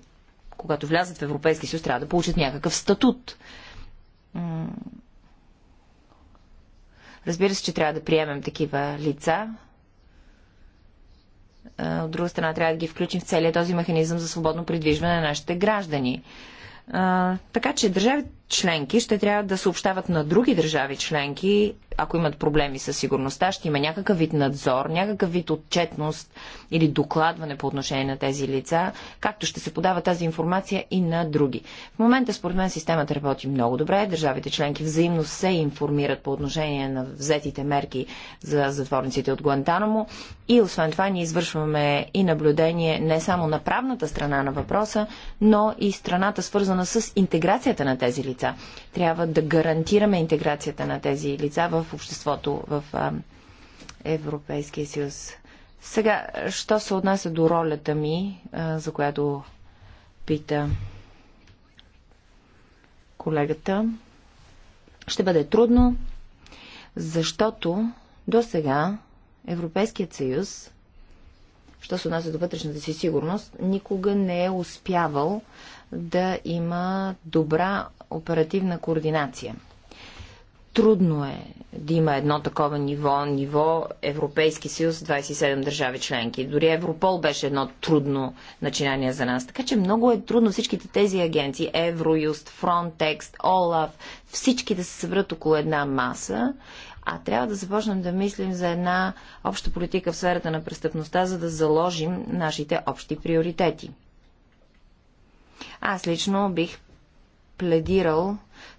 когато влязат в Европейския съюз, трябва да получат някакъв статут. Разбира се, че трябва да приемем такива лица. От друга страна, трябва да ги включим в целият този механизъм за свободно придвижване на нашите граждани. Така че държавите членки ще трябва да съобщават на други държави членки, ако имат проблеми със сигурността, ще има някакъв вид надзор, някакъв вид отчетност или докладване по отношение на тези лица, както ще се подава тази информация и на други. В момента, според мен, системата работи много добре. Държавите членки взаимно се информират по отношение на взетите мерки за затворниците от Гуантанамо и освен това ние извършваме и наблюдение не само на правната страна на въпроса, но и страната свързана с интеграцията на тези лица лица. Трябва да гарантираме интеграцията на тези лица в обществото, в Европейския съюз. Сега, що се отнася до ролята ми, за която пита колегата, ще бъде трудно, защото до сега Европейският съюз, що се отнася до вътрешната си сигурност, никога не е успявал да има добра оперативна координация. Трудно е да има едно такова ниво, ниво Европейски съюз, 27 държави членки. Дори Европол беше едно трудно начинание за нас. Така че много е трудно всичките тези агенции, Евроюст, Frontex, Олаф, всички да се съберат около една маса а трябва да започнем да мислим за една обща политика в сферата на престъпността, за да заложим нашите общи приоритети. Аз лично бих пледирал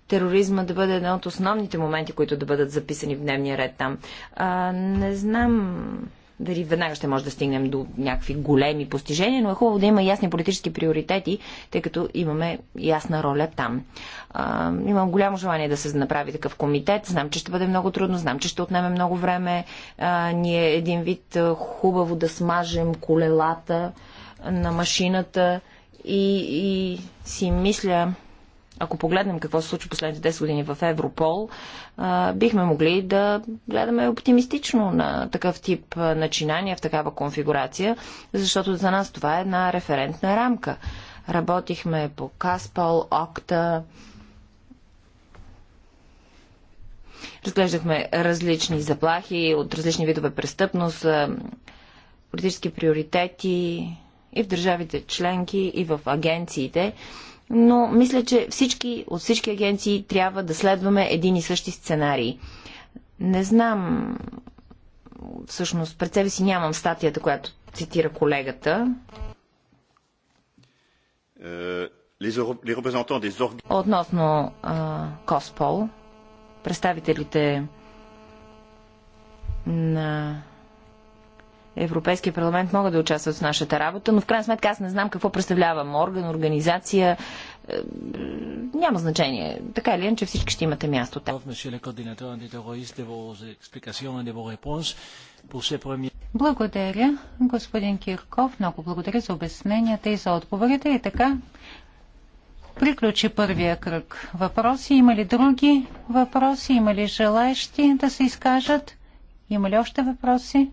тероризма да бъде едно от основните моменти, които да бъдат записани в дневния ред там. А, не знам дали веднага ще може да стигнем до някакви големи постижения, но е хубаво да има ясни политически приоритети, тъй като имаме ясна роля там. А, имам голямо желание да се направи такъв комитет. Знам, че ще бъде много трудно, знам, че ще отнеме много време. А, ние един вид хубаво да смажем колелата на машината и, и си мисля, ако погледнем какво се случва последните 10 години в Европол, бихме могли да гледаме оптимистично на такъв тип начинания в такава конфигурация, защото за нас това е една референтна рамка. Работихме по Каспол, Окта, разглеждахме различни заплахи от различни видове престъпност, политически приоритети и в държавите членки, и в агенциите но мисля, че всички от всички агенции трябва да следваме един и същи сценарий. Не знам, всъщност пред себе си нямам статията, която цитира колегата. Е, Относно а, Коспол, представителите на Европейския парламент могат да участват в нашата работа, но в крайна сметка аз не знам какво представлявам. Орган, организация, е, няма значение. Така или иначе всички ще имате място там. Благодаря, господин Кирков. Много благодаря за обясненията и за отговорите. И така, приключи първия кръг въпроси. Има ли други въпроси? Има ли желаещи да се изкажат? Има ли още въпроси?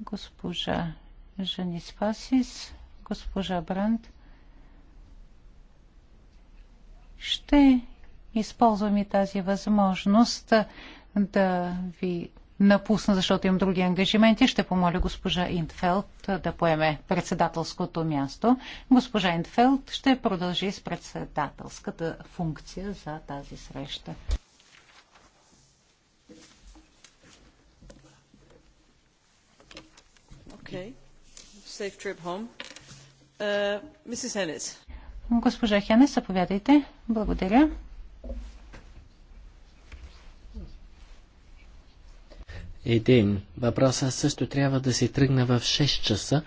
госпожа Жени Спасис, госпожа Бранд. Ще използвам и тази възможност да ви напусна, защото имам други ангажименти. Ще помоля госпожа Интфелд да поеме председателското място. Госпожа Интфелд ще продължи с председателската функция за тази среща. Okay. Safe trip home. Uh, Mrs. Hennis. Госпожа Хенес, заповядайте. Благодаря. Един въпрос. Аз също трябва да си тръгна в 6 часа,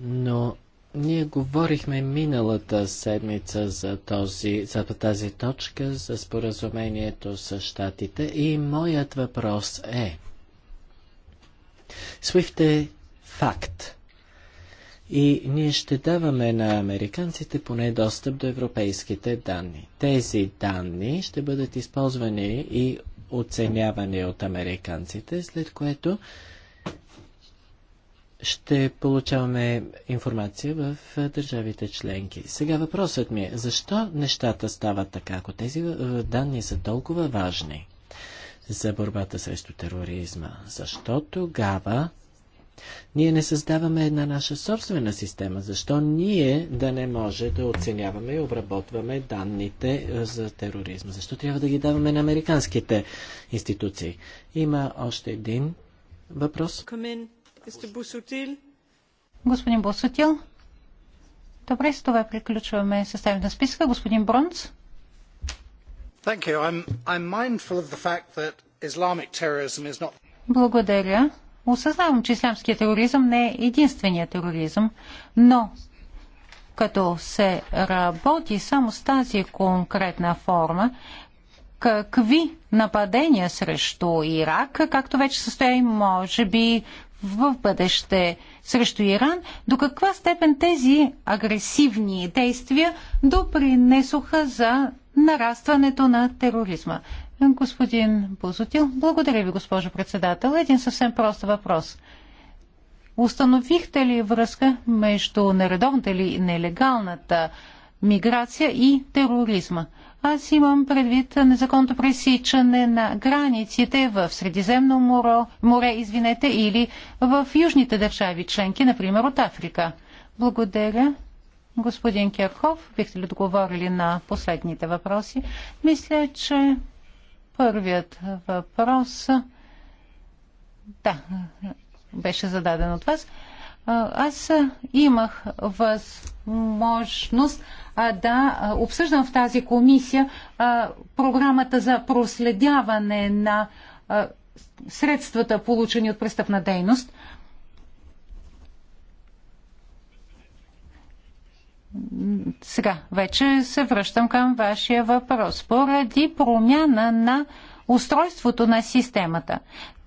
но ние говорихме миналата седмица за, този, за тази точка, за споразумението с щатите и моят въпрос е... Swift е факт. И ние ще даваме на американците поне достъп до европейските данни. Тези данни ще бъдат използвани и оценявани от американците, след което ще получаваме информация в държавите членки. Сега въпросът ми е, защо нещата стават така, ако тези данни са толкова важни за борбата срещу тероризма? Защо тогава ние не създаваме една наша собствена система. Защо ние да не може да оценяваме и обработваме данните е, за тероризма? Защо трябва да ги даваме на американските институции? Има още един въпрос. Господин Босотил. Добре, с това приключваме съставен на списка. Господин Бронц. Благодаря. Осъзнавам, че ислямският тероризъм не е единственият тероризъм, но като се работи само с тази конкретна форма, какви нападения срещу Ирак, както вече състои, може би в бъдеще срещу Иран, до каква степен тези агресивни действия допринесоха за нарастването на тероризма. Господин Бузотил, благодаря ви, госпожо председател. Един съвсем прост въпрос. Установихте ли връзка между нередовната или нелегалната миграция и тероризма? Аз имам предвид незаконното пресичане на границите в Средиземно море, море извинете, или в южните държави членки, например от Африка. Благодаря. Господин Керхов, бихте ли отговорили на последните въпроси? Мисля, че Първият въпрос да, беше зададен от вас. Аз имах възможност да обсъждам в тази комисия програмата за проследяване на средствата, получени от престъпна дейност. сега вече се връщам към вашия въпрос. Поради промяна на устройството на системата.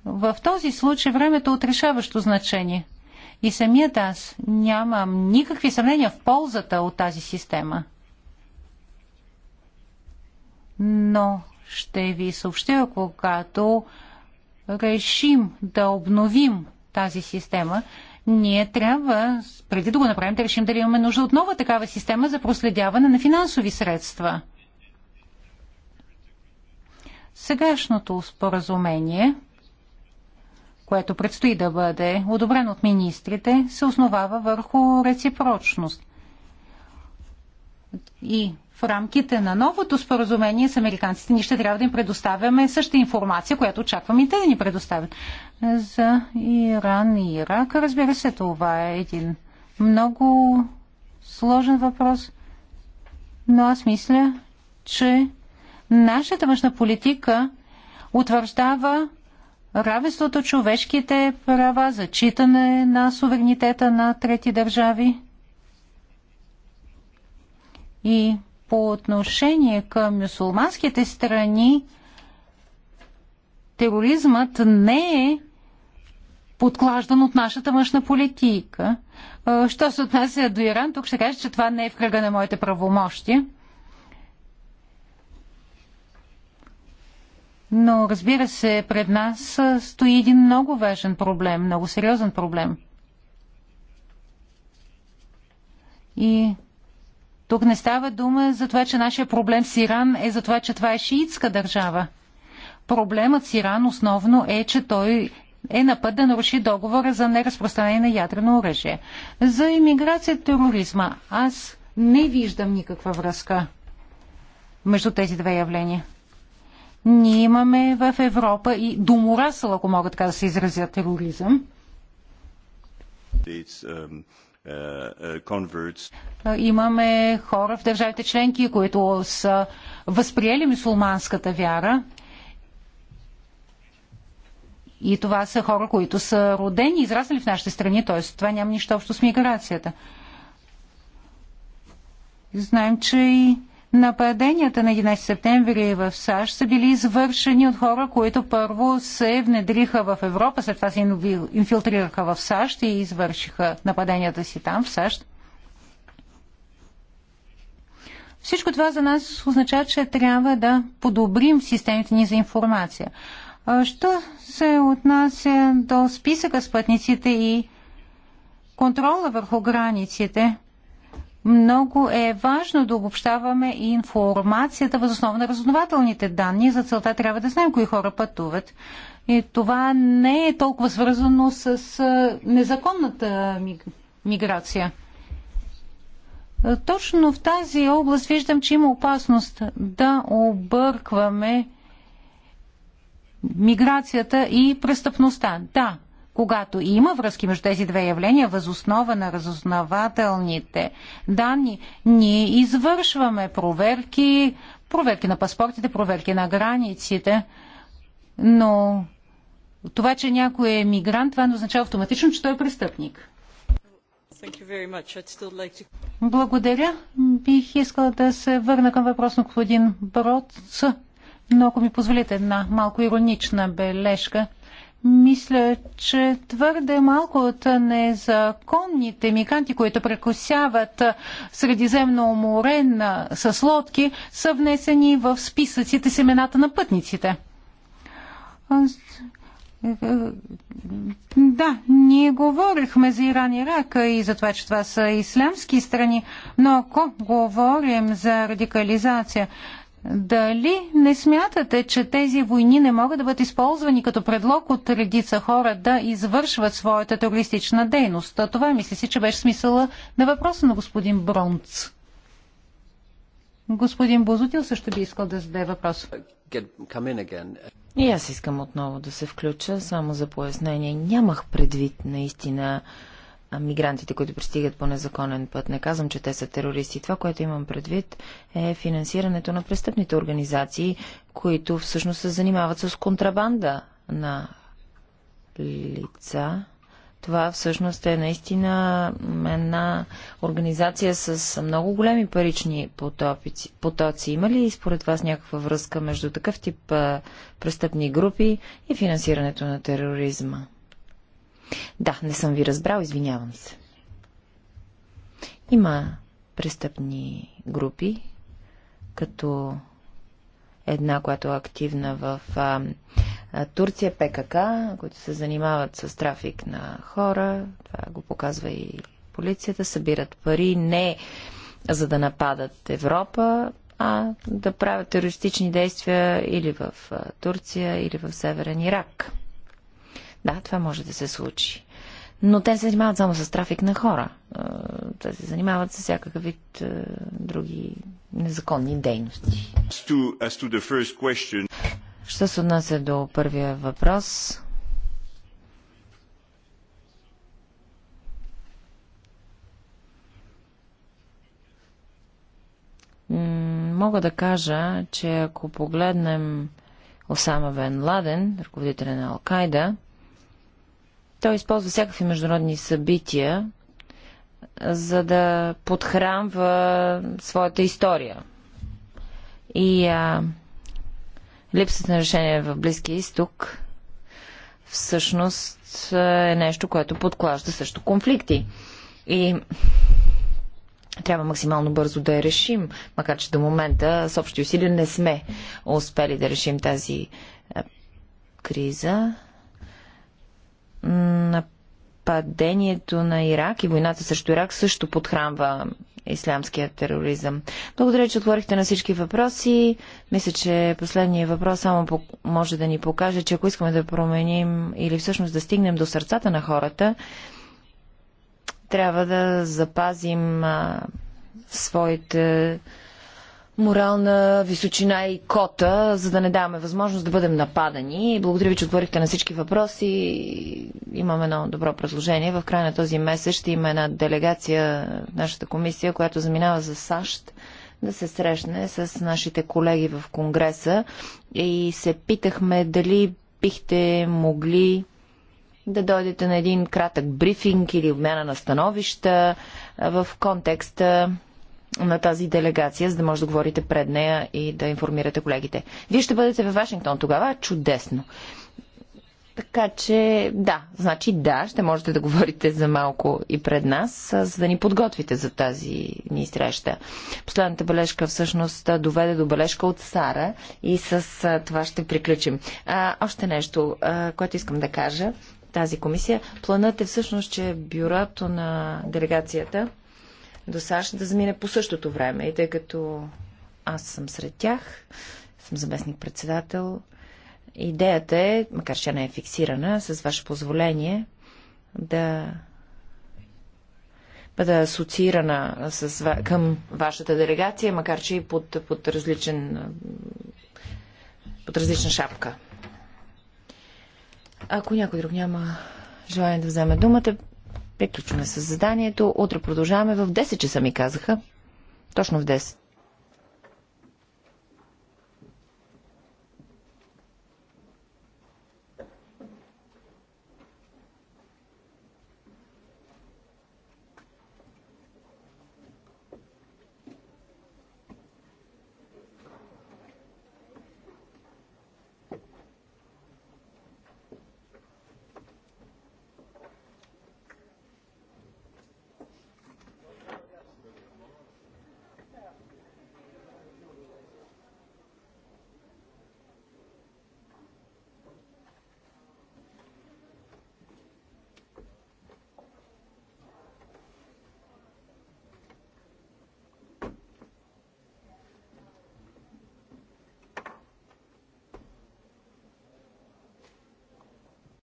В този случай времето е отрешаващо значение. И самият аз нямам никакви съмнения в ползата от тази система. Но ще ви съобщя, когато решим да обновим тази система, ние трябва, преди да го направим, да решим дали имаме нужда от нова такава система за проследяване на финансови средства. Сегашното споразумение, което предстои да бъде одобрено от министрите, се основава върху реципрочност. И в рамките на новото споразумение с американците ние ще трябва да им предоставяме същата информация, която очакваме и те да ни предоставят за Иран и Ирак. Разбира се, това е един много сложен въпрос, но аз мисля, че нашата външна политика утвърждава равенството човешките права, зачитане на суверенитета на трети държави. И по отношение към мюсулманските страни, тероризмът не е подклаждан от нашата външна политика. Е, що се отнася до Иран, тук ще кажа, че това не е в кръга на моите правомощи. Но разбира се, пред нас е, стои един много важен проблем, много сериозен проблем. И тук не става дума за това, че нашия проблем с Иран е за това, че това е шиитска държава. Проблемът с Иран основно е, че той е на път да наруши договора за неразпространение на ядрено оръжие. За иммиграция и тероризма аз не виждам никаква връзка между тези две явления. Ние имаме в Европа и доморасъл, ако мога така да се изразя, тероризъм. Um, uh, uh, имаме хора в държавите членки, които са възприели мусулманската вяра и това са хора, които са родени и израснали в нашите страни, т.е. това няма нищо общо с миграцията. Знаем, че и нападенията на 11 септември в САЩ са били извършени от хора, които първо се внедриха в Европа, след това се инфилтрираха в САЩ и извършиха нападенията си там, в САЩ. Всичко това за нас означава, че трябва да подобрим системите ни за информация. Що се отнася до списъка с пътниците и контрола върху границите, много е важно да обобщаваме информацията възоснова на разузнавателните данни. За целта трябва да знаем кои хора пътуват. И това не е толкова свързано с незаконната миграция. Точно в тази област виждам, че има опасност да объркваме миграцията и престъпността. Да, когато има връзки между тези две явления, възоснова на разузнавателните данни, ние извършваме проверки, проверки на паспортите, проверки на границите, но това, че някой е мигрант, това не означава автоматично, че той е престъпник. Благодаря. Бих искала да се върна към въпрос на господин Бродс. Но ако ми позволите една малко иронична бележка, мисля, че твърде малко от незаконните мигранти, които прекусяват Средиземно море на, с лодки, са внесени в списъците с имената на пътниците. Да, ние говорихме за Иран и Ирак и за това, че това са ислямски страни, но ако говорим за радикализация, дали не смятате, че тези войни не могат да бъдат използвани като предлог от редица хора да извършват своята терористична дейност? А това мисля си, че беше смисъла на въпроса на господин Бронц. Господин Бозутил също би искал да зададе въпрос. И аз искам отново да се включа, само за пояснение. Нямах предвид наистина мигрантите, които пристигат по незаконен път. Не казвам, че те са терористи. Това, което имам предвид, е финансирането на престъпните организации, които всъщност се занимават с контрабанда на лица. Това всъщност е наистина една организация с много големи парични потопици, потоци. Има ли според вас някаква връзка между такъв тип а, престъпни групи и финансирането на тероризма? Да, не съм ви разбрал, извинявам се. Има престъпни групи, като една, която е активна в а, а, Турция, ПКК, които се занимават с трафик на хора. Това го показва и полицията. Събират пари не за да нападат Европа, а да правят терористични действия или в Турция, или в Северен Ирак. Да, това може да се случи. Но те се занимават само с трафик на хора. Е, те се занимават с всякакъв вид е, други незаконни дейности. Що се отнася до първия въпрос? Мога да кажа, че ако погледнем Осама Бен Ладен, ръководителя на Алкайда, той използва всякакви международни събития, за да подхранва своята история. И а, липсата на решение в Близкия изток всъщност е нещо, което подклажда също конфликти. И трябва максимално бързо да я решим, макар че до момента с общи усилия не сме успели да решим тази криза. Нападението на Ирак и войната срещу Ирак също подхранва ислямския тероризъм. Благодаря, че отворихте на всички въпроси. Мисля, че последният въпрос само може да ни покаже, че ако искаме да променим или всъщност да стигнем до сърцата на хората, трябва да запазим а, своите морална височина и кота, за да не даваме възможност да бъдем нападани. Благодаря ви, че отворихте на всички въпроси. Имам едно добро предложение. В края на този месец ще има една делегация в нашата комисия, която заминава за САЩ да се срещне с нашите колеги в Конгреса и се питахме дали бихте могли да дойдете на един кратък брифинг или обмяна на становища в контекста на тази делегация, за да може да говорите пред нея и да информирате колегите. Вие ще бъдете във Вашингтон тогава? Чудесно! Така че, да, значи да, ще можете да говорите за малко и пред нас, за да ни подготвите за тази ни среща. Последната бележка всъщност доведе до бележка от Сара и с това ще приключим. А, още нещо, което искам да кажа. Тази комисия. Планът е всъщност, че бюрото на делегацията до САЩ да замине по същото време. И тъй като аз съм сред тях, съм заместник-председател, идеята е, макар че не е фиксирана, с ваше позволение, да бъда асоциирана с, към вашата делегация, макар че и под, под, различен, под различна шапка. Ако някой друг няма желание да вземе думата, Приключваме с заданието. Утре продължаваме в 10 часа, ми казаха. Точно в 10.